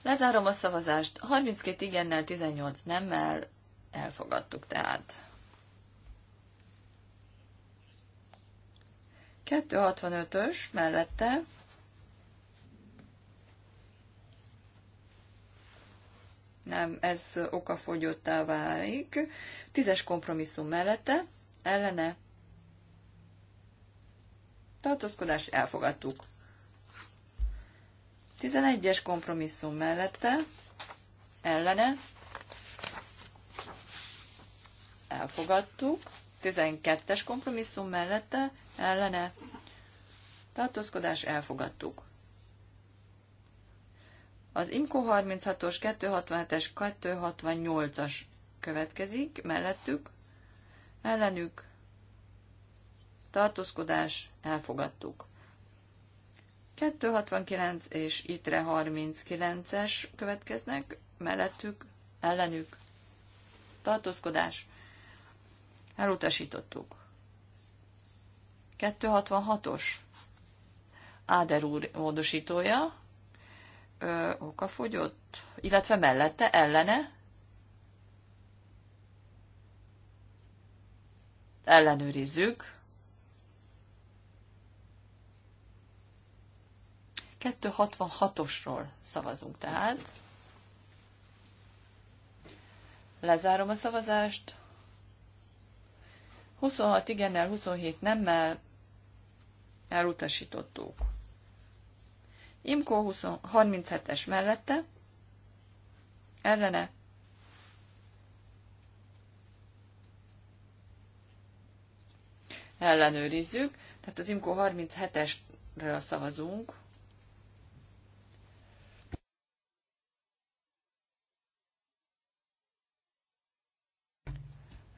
S4: Lezárom a szavazást. 32 igennel, 18 nemmel elfogadtuk tehát. 265-ös mellette nem, ez okafogyottá válik. Tízes kompromisszum mellette, ellene tartózkodás elfogadtuk. 11-es kompromisszum mellette, ellene elfogadtuk. 12-es kompromisszum mellette, ellene tartózkodás elfogadtuk. Az IMCO 36-os, 267-es, 268-as következik, mellettük, ellenük tartózkodás elfogadtuk. 269 és ITRE 39-es következnek, mellettük, ellenük, tartózkodás, elutasítottuk. 266-os Áder úr módosítója, ö, okafogyott, illetve mellette, ellene, ellenőrizzük, 266-osról szavazunk tehát. Lezárom a szavazást. 26 igennel, 27 nemmel elutasítottuk. Imko 37-es mellette, ellene ellenőrizzük, tehát az Imko 37-esről szavazunk.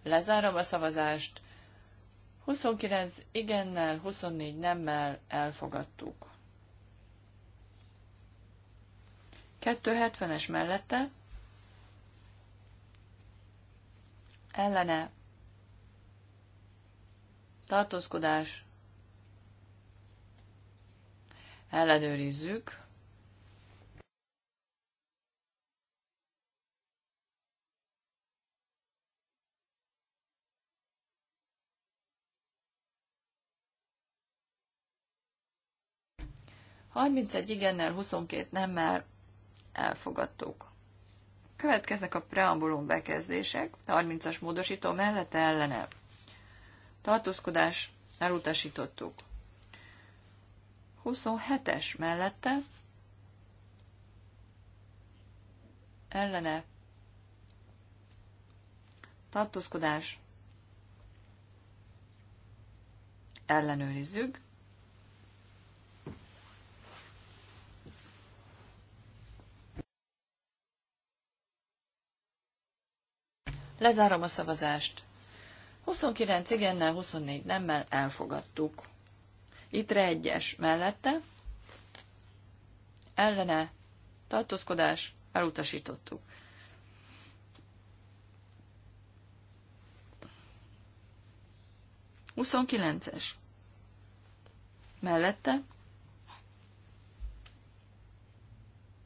S4: Lezárom a szavazást, 29 igennel, 24 nemmel elfogadtuk. 270-es mellette ellene tartózkodás ellenőrizzük. 31 igennel, 22 nemmel elfogadtuk. Következnek a preambulum bekezdések, 30-as módosító mellette ellene. Tartózkodás elutasítottuk. 27-es mellette ellene tartózkodás ellenőrizzük. Lezárom a szavazást. 29 igennel, 24 nemmel elfogadtuk. Itre egyes mellette, ellene, tartózkodás, elutasítottuk. Huszonkilences. Mellette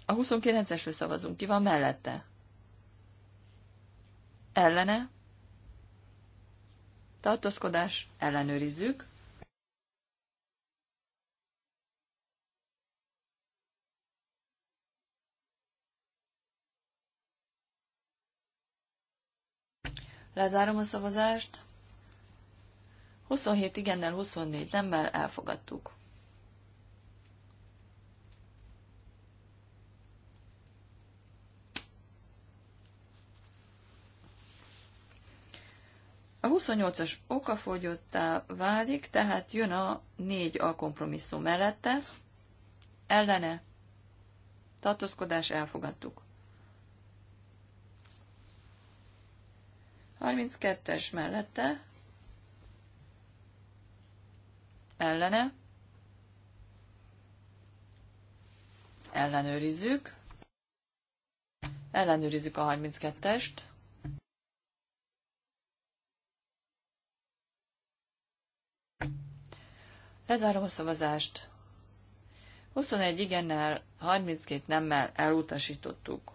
S4: a 29 szavazunk. Ki van mellette? ellene, tartózkodás, ellenőrizzük. Lezárom a szavazást. 27 igennel, 24 nemmel elfogadtuk. A 28-as okafogyottá válik, tehát jön a 4A kompromisszum mellette, ellene, tartózkodás elfogadtuk. 32-es mellette, ellene, ellenőrizzük, ellenőrizzük a 32-est, Lezárom a szavazást. 21 igennel, 32 nemmel elutasítottuk.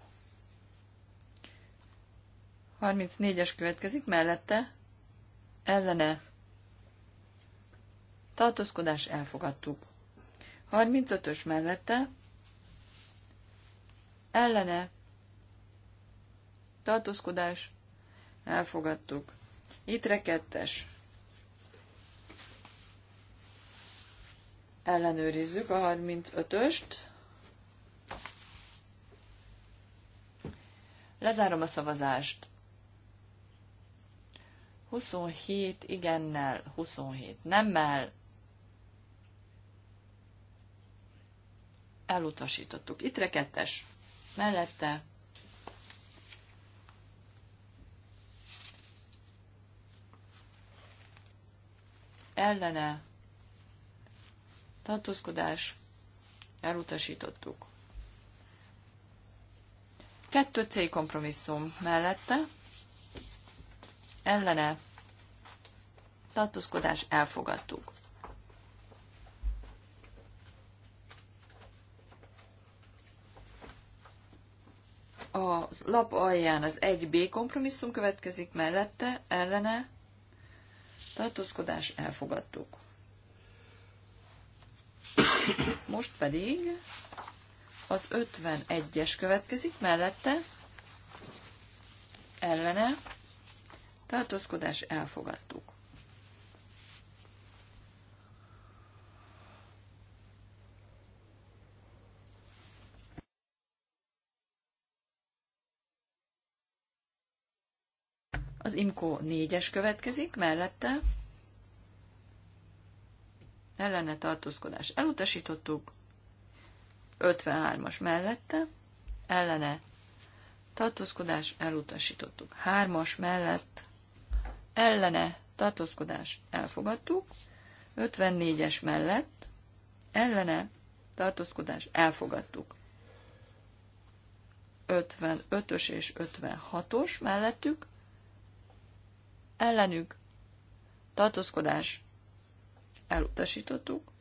S4: 34-es következik mellette, ellene, tartózkodás elfogadtuk. 35-ös mellette, ellene, tartózkodás elfogadtuk. Itre kettes ellenőrizzük a 35-öst. Lezárom a szavazást. 27 igennel, 27 nemmel. Elutasítottuk. Itt rekettes Mellette. Ellene tartózkodás, elutasítottuk. Kettő c kompromisszum mellette, ellene, tartózkodás, elfogadtuk. a lap alján az 1B kompromisszum következik mellette, ellene, tartózkodás, elfogadtuk. Most pedig az 51-es következik, mellette ellene tartózkodás elfogadtuk. Az IMKO 4-es következik, mellette ellene tartózkodás elutasítottuk, 53-as mellette, ellene tartózkodás elutasítottuk. 3-as mellett ellene tartózkodás elfogadtuk, 54-es mellett ellene tartózkodás elfogadtuk. 55-ös és 56-os mellettük ellenük tartózkodás elutasítottuk.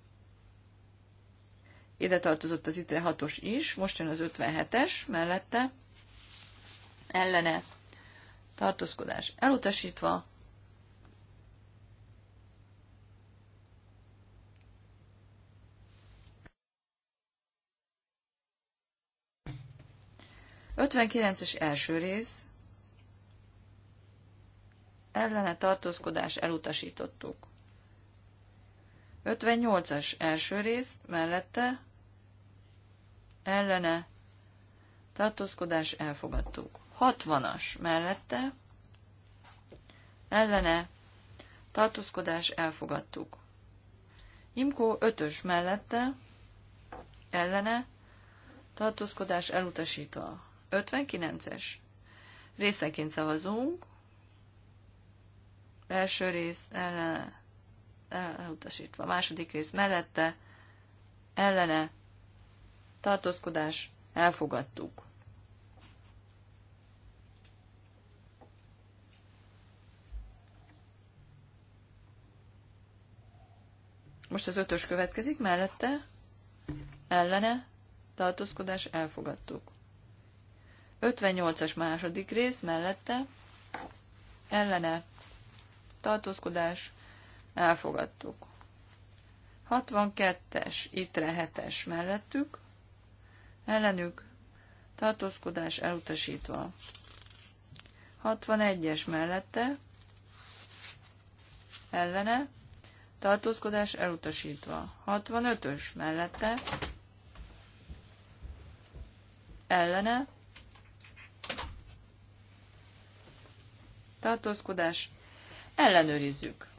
S4: Ide tartozott az ITRE 6-os is, most jön az 57-es mellette, ellene tartózkodás elutasítva, Ötvenkilences első rész, ellene tartózkodás elutasítottuk. 58-as első rész mellette ellene tartózkodás elfogadtuk. 60-as mellette ellene tartózkodás elfogadtuk. Imkó 5-ös mellette ellene tartózkodás elutasítva. 59-es részeként szavazunk. Első rész ellene elutasítva. Második rész mellette, ellene, tartózkodás, elfogadtuk. Most az ötös következik, mellette, ellene, tartózkodás, elfogadtuk. 58-as második rész, mellette, ellene, tartózkodás, elfogadtuk. 62-es, itre 7-es mellettük, ellenük tartózkodás elutasítva. 61-es mellette, ellene, tartózkodás elutasítva. 65-ös mellette, ellene, tartózkodás, ellenőrizzük.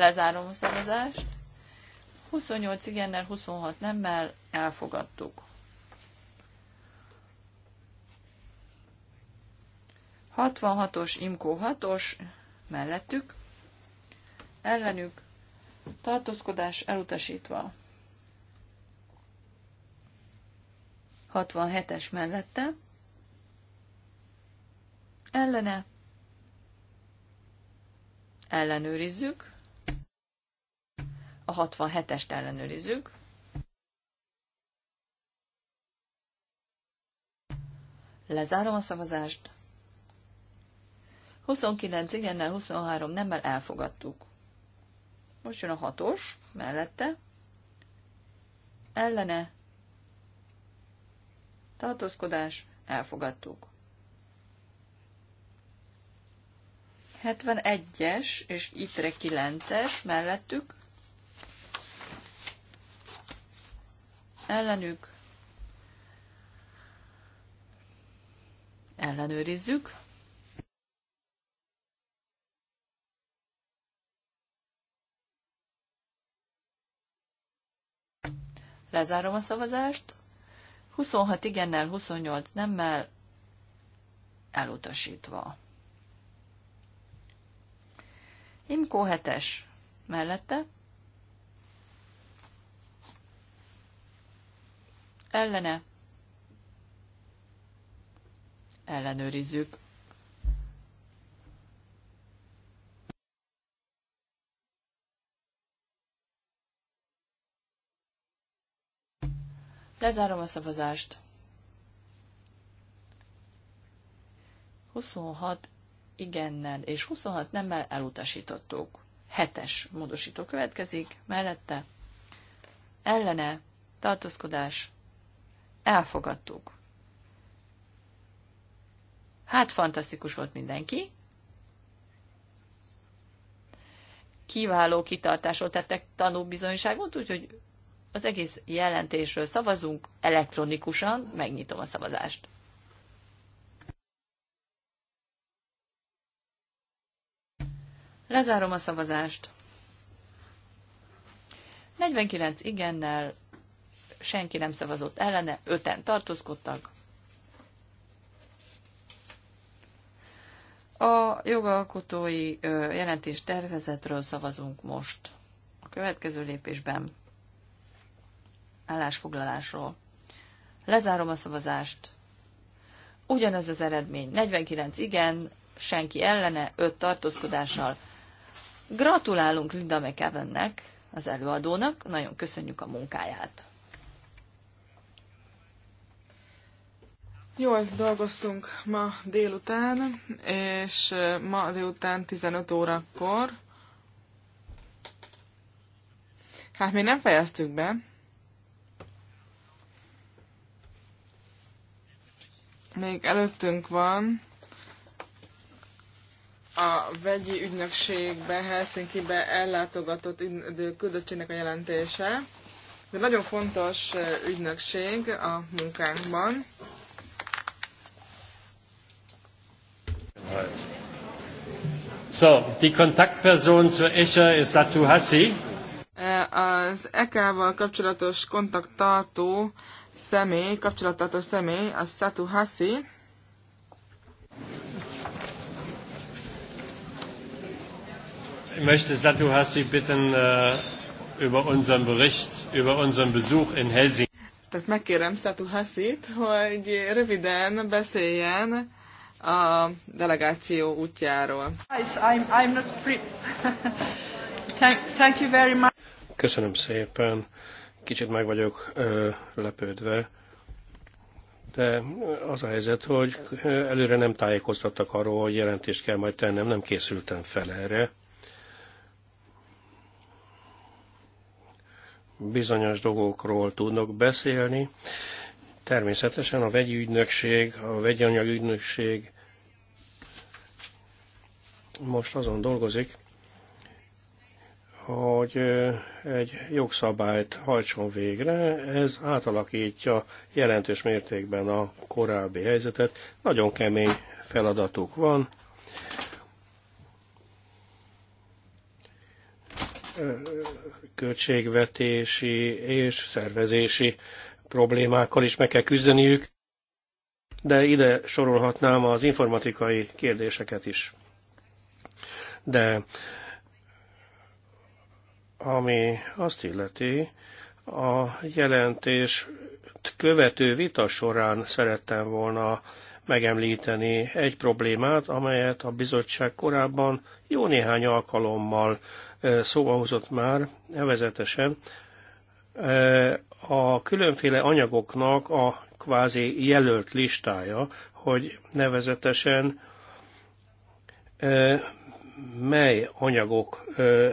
S4: Lezárom a szavazást. 28 igennel, 26 nemmel elfogadtuk. 66-os, Imkó 6-os mellettük, ellenük tartózkodás elutasítva. 67-es mellette, ellene ellenőrizzük, a 67-est ellenőrizzük. Lezárom a szavazást. 29 igennel, 23 nemmel elfogadtuk. Most jön a hatos, mellette. Ellene. Tartózkodás, elfogadtuk. 71-es és ittre 9-es mellettük. ellenük. Ellenőrizzük. Lezárom a szavazást. 26 igennel, 28 nemmel elutasítva. Imkó 7-es mellette ellene ellenőrizzük. Lezárom a szavazást. 26 igennel és 26 nemmel elutasítottuk. Hetes módosító következik, mellette ellene tartózkodás Elfogadtuk. Hát fantasztikus volt mindenki. Kiváló kitartásról tettek tanúbizonyságot, úgyhogy az egész jelentésről szavazunk elektronikusan, megnyitom a szavazást. Lezárom a szavazást. 49 igennel, senki nem szavazott ellene, öten tartózkodtak. A jogalkotói jelentés tervezetről szavazunk most. A következő lépésben állásfoglalásról. Lezárom a szavazást. Ugyanez az eredmény. 49 igen, senki ellene, 5 tartózkodással. Gratulálunk Linda McEvennek, az előadónak, nagyon köszönjük a munkáját.
S2: Jól dolgoztunk ma délután, és ma délután 15 órakor. Hát még nem fejeztük be. Még előttünk van a vegyi ügynökségbe, Helsinki-be ellátogatott küldöttségnek a jelentése. De nagyon fontos ügynökség a munkánkban.
S1: Right. So, die Kontaktperson zu Escher ist Satu Hassi.
S2: E, az EK-val kapcsolatos kontakttartó személy, kapcsolattartó személy, az Satu Hassi.
S1: Ich möchte Satu Hassi bitten, uh, über unseren Bericht, über unseren Besuch in Helsinki.
S2: Tehát megkérem Satu Hassit, hogy röviden beszéljen a delegáció útjáról. <laughs>
S3: Köszönöm szépen. Kicsit meg vagyok ö, lepődve, de az a helyzet, hogy előre nem tájékoztattak arról, hogy jelentést kell majd tennem, nem készültem fel erre. Bizonyos dolgokról tudnak beszélni, Természetesen a vegyi ügynökség, a vegyi ügynökség most azon dolgozik, hogy egy jogszabályt hajtson végre, ez átalakítja jelentős mértékben a korábbi helyzetet. Nagyon kemény feladatuk van. Költségvetési és szervezési problémákkal is meg kell küzdeniük, de ide sorolhatnám az informatikai kérdéseket is. De ami azt illeti, a jelentés követő vita során szerettem volna megemlíteni egy problémát, amelyet a bizottság korábban jó néhány alkalommal szóba hozott már, nevezetesen Eh, a különféle anyagoknak a kvázi jelölt listája, hogy nevezetesen eh, mely anyagok eh,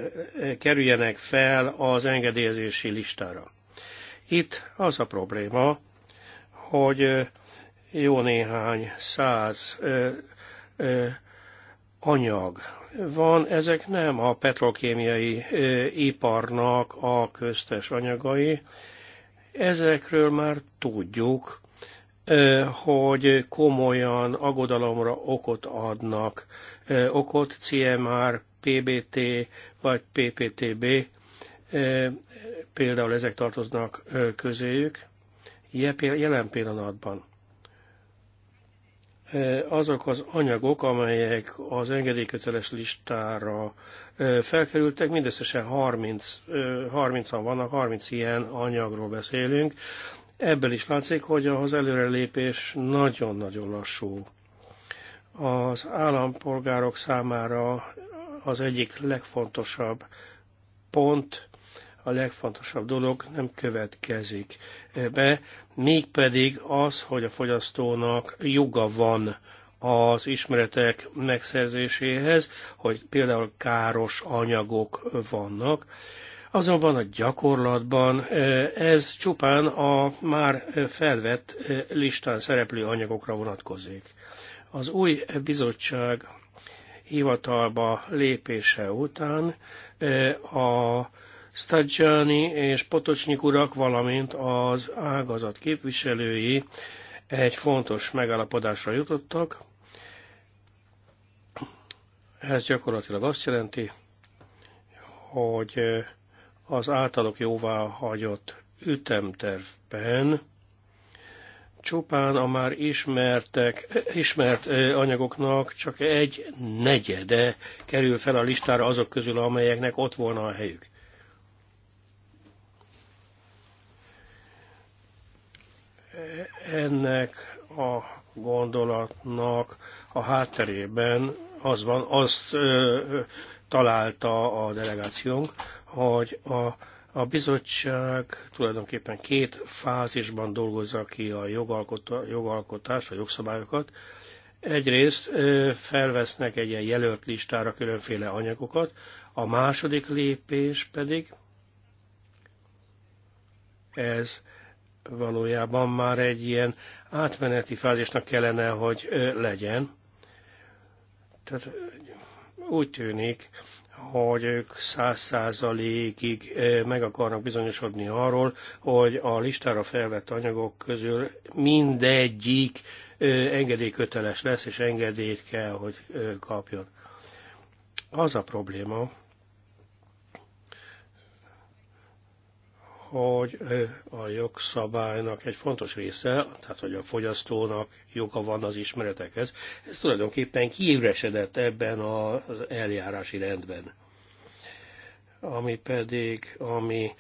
S3: kerüljenek fel az engedélyezési listára. Itt az a probléma, hogy jó néhány száz anyag van, ezek nem a petrokémiai iparnak a köztes anyagai. Ezekről már tudjuk, hogy komolyan agodalomra okot adnak. Okot CMR, PBT vagy PPTB, például ezek tartoznak közéjük jelen pillanatban. E, azok az anyagok, amelyek az engedélyköteles listára e, felkerültek, mindösszesen 30, 30-an e, vannak, 30 ilyen anyagról beszélünk. Ebből is látszik, hogy az előrelépés nagyon-nagyon lassú. Az állampolgárok számára az egyik legfontosabb pont a legfontosabb dolog nem következik be, mégpedig az, hogy a fogyasztónak joga van az ismeretek megszerzéséhez, hogy például káros anyagok vannak. Azonban a gyakorlatban e, ez csupán a már felvett e, listán szereplő anyagokra vonatkozik. Az új bizottság hivatalba lépése után e, a Stadjani és Potocsnyik urak, valamint az ágazat képviselői egy fontos megállapodásra jutottak. Ez gyakorlatilag azt jelenti, hogy az általok jóvá hagyott ütemtervben csupán a már ismertek, ismert anyagoknak csak egy negyede kerül fel a listára azok közül, amelyeknek ott volna a helyük. ennek a gondolatnak a hátterében az van, azt ö, találta a delegációnk, hogy a, a bizottság tulajdonképpen két fázisban dolgozza ki a jogalkota, jogalkotás a jogszabályokat. Egyrészt ö, felvesznek egy ilyen jelölt listára különféle anyagokat, a második lépés pedig ez valójában már egy ilyen átmeneti fázisnak kellene, hogy legyen. Tehát úgy tűnik, hogy ők száz százalékig meg akarnak bizonyosodni arról, hogy a listára felvett anyagok közül mindegyik engedélyköteles lesz, és engedélyt kell, hogy kapjon. Az a probléma, hogy a jogszabálynak egy fontos része, tehát hogy a fogyasztónak joga van az ismeretekhez, ez tulajdonképpen kiüresedett ebben az eljárási rendben. Ami pedig, ami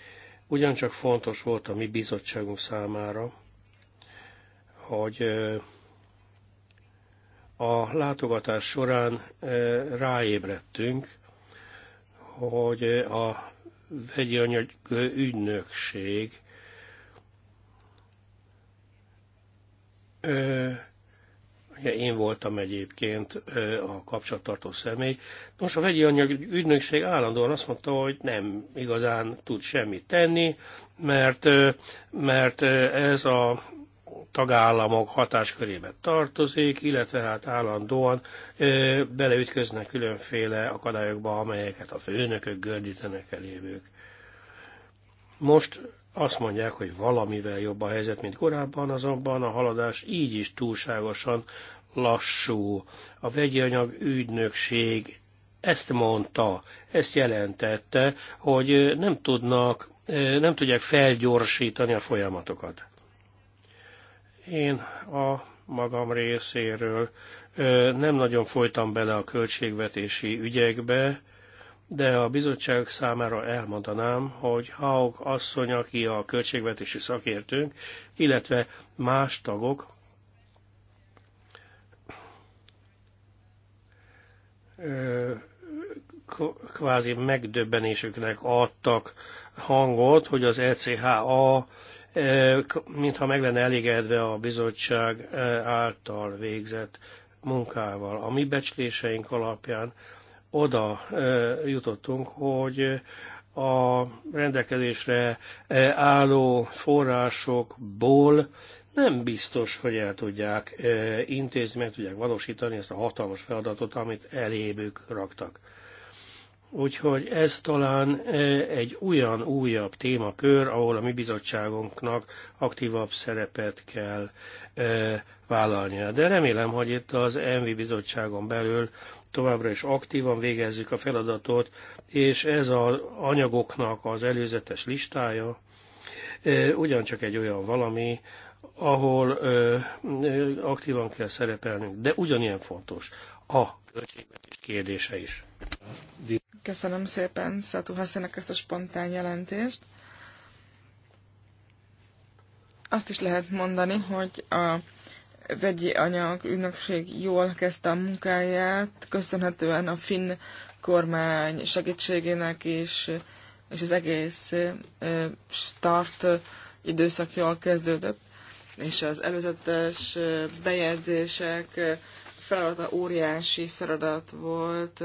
S3: ugyancsak fontos volt a mi bizottságunk számára, hogy a látogatás során ráébredtünk, hogy a vegyi anyag ügynökség ugye én voltam egyébként a kapcsolattartó személy. Nos, a vegyi anyag ügynökség állandóan azt mondta, hogy nem igazán tud semmit tenni, mert, mert ez a tagállamok hatáskörébe tartozik, illetve hát állandóan ö, beleütköznek különféle akadályokba, amelyeket a főnökök gördítenek elévők. Most azt mondják, hogy valamivel jobb a helyzet, mint korábban, azonban a haladás így is túlságosan lassú. A vegyi anyag ügynökség ezt mondta, ezt jelentette, hogy nem tudnak, nem tudják felgyorsítani a folyamatokat. Én a magam részéről nem nagyon folytam bele a költségvetési ügyekbe, de a bizottság számára elmondanám, hogy Haug asszony, aki a költségvetési szakértőnk, illetve más tagok, kvázi megdöbbenésüknek adtak hangot, hogy az ECHA mintha meg lenne elégedve a bizottság által végzett munkával. A mi becsléseink alapján oda jutottunk, hogy a rendelkezésre álló forrásokból nem biztos, hogy el tudják intézni, meg tudják valósítani ezt a hatalmas feladatot, amit elébük raktak. Úgyhogy ez talán e, egy olyan újabb témakör, ahol a mi bizottságunknak aktívabb szerepet kell e, vállalnia. De remélem, hogy itt az ENVI bizottságon belül továbbra is aktívan végezzük a feladatot, és ez az anyagoknak az előzetes listája e, ugyancsak egy olyan valami, ahol aktívan kell szerepelnünk, de ugyanilyen fontos a költségvetés kérdése is. Köszönöm szépen Szatú Haszének ezt a spontán
S2: jelentést. Azt is lehet mondani, hogy a vegyi anyag ügynökség jól kezdte a munkáját, köszönhetően a finn kormány segítségének is, és az egész start időszak jól kezdődött, és az előzetes bejegyzések feladata óriási feladat volt,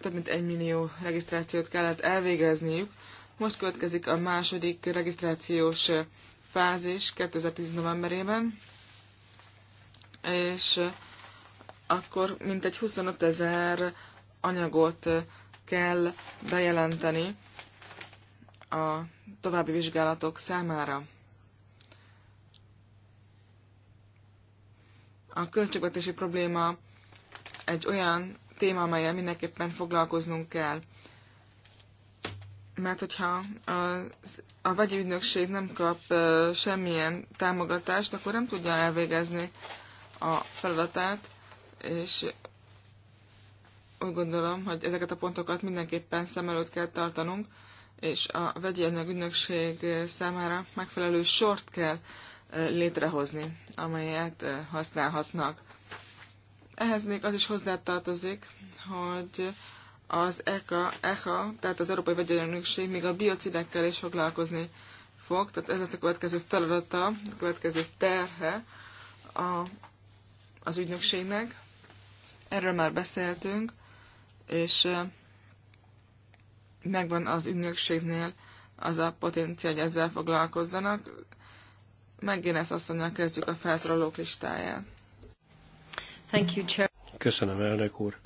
S2: több mint egy millió regisztrációt kellett elvégezniük. Most következik a második regisztrációs fázis 2010 novemberében, és akkor mintegy 25 ezer anyagot kell bejelenteni a további vizsgálatok számára. A költségvetési probléma egy olyan téma, amelyel mindenképpen foglalkoznunk kell. Mert hogyha a, a vegyi ügynökség nem kap semmilyen támogatást, akkor nem tudja elvégezni a feladatát, és úgy gondolom, hogy ezeket a pontokat mindenképpen szem előtt kell tartanunk, és a vegyi anyag ügynökség számára megfelelő sort kell létrehozni, amelyet használhatnak. Ehhez még az is hozzátartozik, hogy az ECA, ECHA, tehát az Európai Vegyi még a biocidekkel is foglalkozni fog, tehát ez lesz a következő feladata, a következő terhe a, az ügynökségnek. Erről már beszéltünk, és megvan az ügynökségnél az a potenciál, hogy ezzel foglalkozzanak. Megint ezt mondja, kezdjük a felszorolók listáját.
S3: Köszönöm, elnök úr,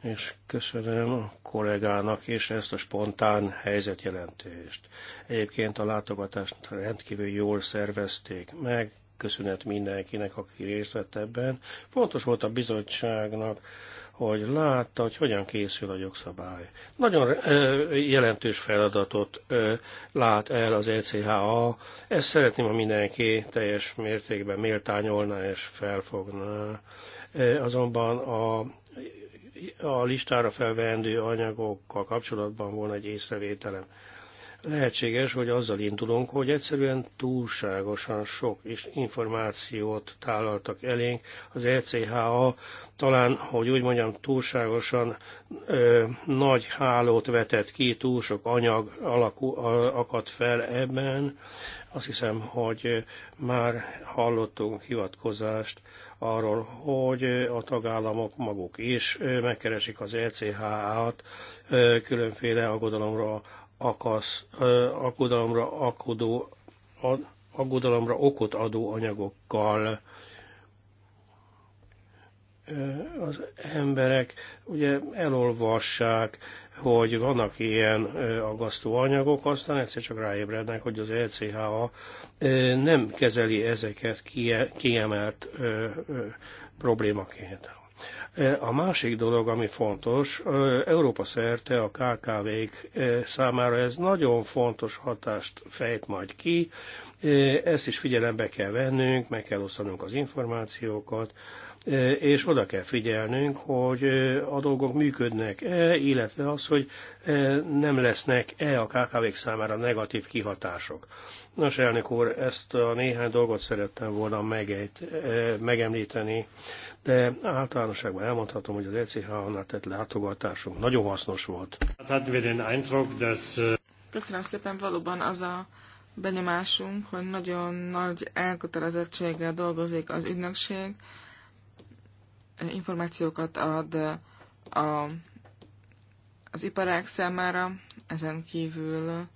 S3: és köszönöm a kollégának is ezt a spontán helyzetjelentést. Egyébként a látogatást rendkívül jól szervezték meg, köszönet mindenkinek, aki részt vett ebben. Fontos volt a bizottságnak, hogy látta, hogy hogyan készül a jogszabály. Nagyon jelentős feladatot lát el az ECHA. Ezt szeretném, ha mindenki teljes mértékben méltányolná és felfogná. E, azonban a, a listára felveendő anyagokkal kapcsolatban volna egy észrevételem. Lehetséges, hogy azzal indulunk, hogy egyszerűen túlságosan sok is információt tálaltak elénk. Az ECHA talán, hogy úgy mondjam, túlságosan ö, e, nagy hálót vetett ki, túl sok anyag alakú, a, akadt fel ebben. Azt hiszem, hogy már hallottunk hivatkozást arról, hogy a tagállamok maguk is megkeresik az ECHA-t különféle aggodalomra akasz, aggodalomra akadó, aggodalomra okot adó anyagokkal az emberek ugye elolvassák, hogy vannak ilyen aggasztó anyagok, aztán egyszer csak ráébrednek, hogy az LCHA e nem kezeli ezeket kiemelt problémaként. A másik dolog, ami fontos, Európa szerte a KKV-k számára ez nagyon fontos hatást fejt majd ki, ezt is figyelembe kell vennünk, meg kell osztanunk az információkat, Eh, és oda kell figyelnünk, hogy eh, a dolgok működnek-e, illetve az, hogy eh, nem lesznek-e a KKV-k számára negatív kihatások. Nos, elnök úr, ezt a néhány dolgot szerettem volna megejt, megemlíteni, de általánosságban elmondhatom, hogy az ech annál
S1: tett látogatásunk nagyon hasznos volt. Hát, hát,
S2: Köszönöm szépen, valóban az a benyomásunk, hogy nagyon nagy elkötelezettséggel dolgozik az ügynökség, információkat ad a, az iparák számára, ezen kívül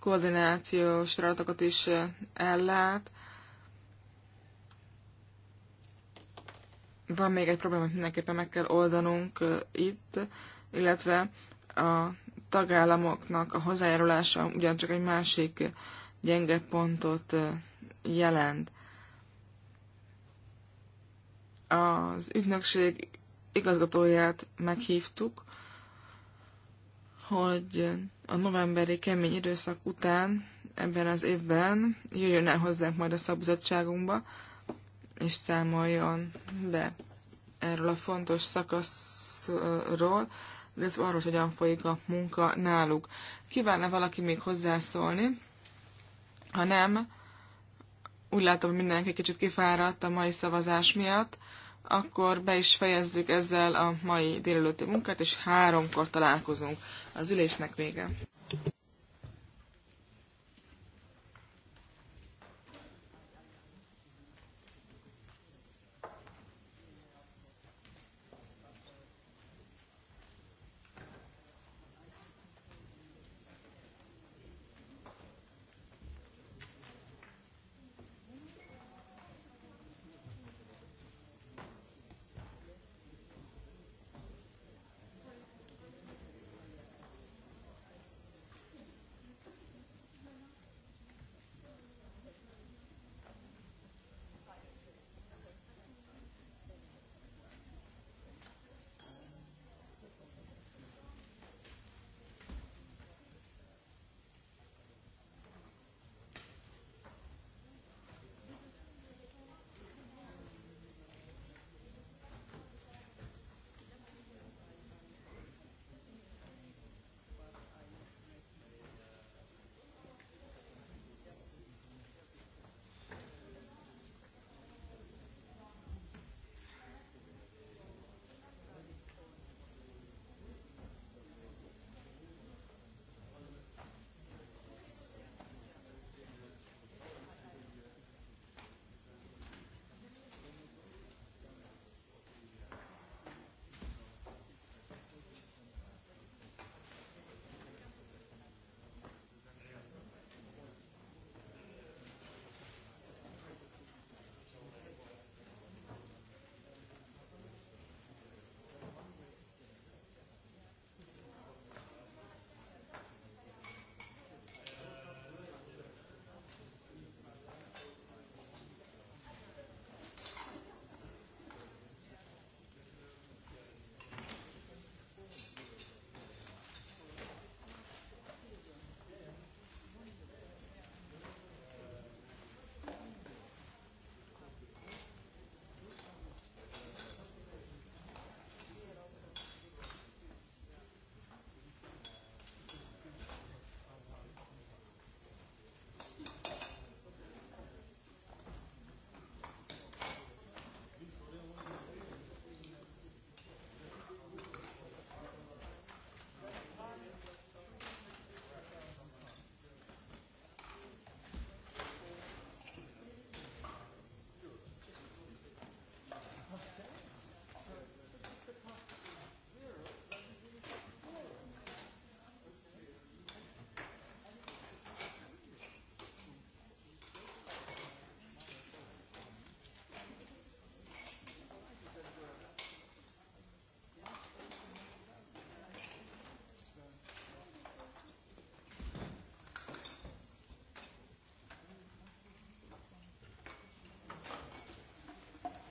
S2: koordinációs feladatokat is eh, ellát. Van még egy probléma, amit mindenképpen meg kell oldanunk eh, itt, illetve a tagállamoknak a hozzájárulása ugyancsak egy másik gyenge pontot eh, jelent. Az ügynökség igazgatóját meghívtuk, hogy a novemberi kemény időszak után ebben az évben jöjjön el hozzánk majd a szabadságunkba, és számoljon be erről a fontos szakaszról, illetve arról, hogy hogyan folyik a munka náluk. Kívánna valaki még hozzászólni? Ha nem, úgy látom, hogy mindenki kicsit kifáradt a mai szavazás miatt, akkor be is fejezzük ezzel a mai délelőtti munkát, és háromkor találkozunk. Az ülésnek vége.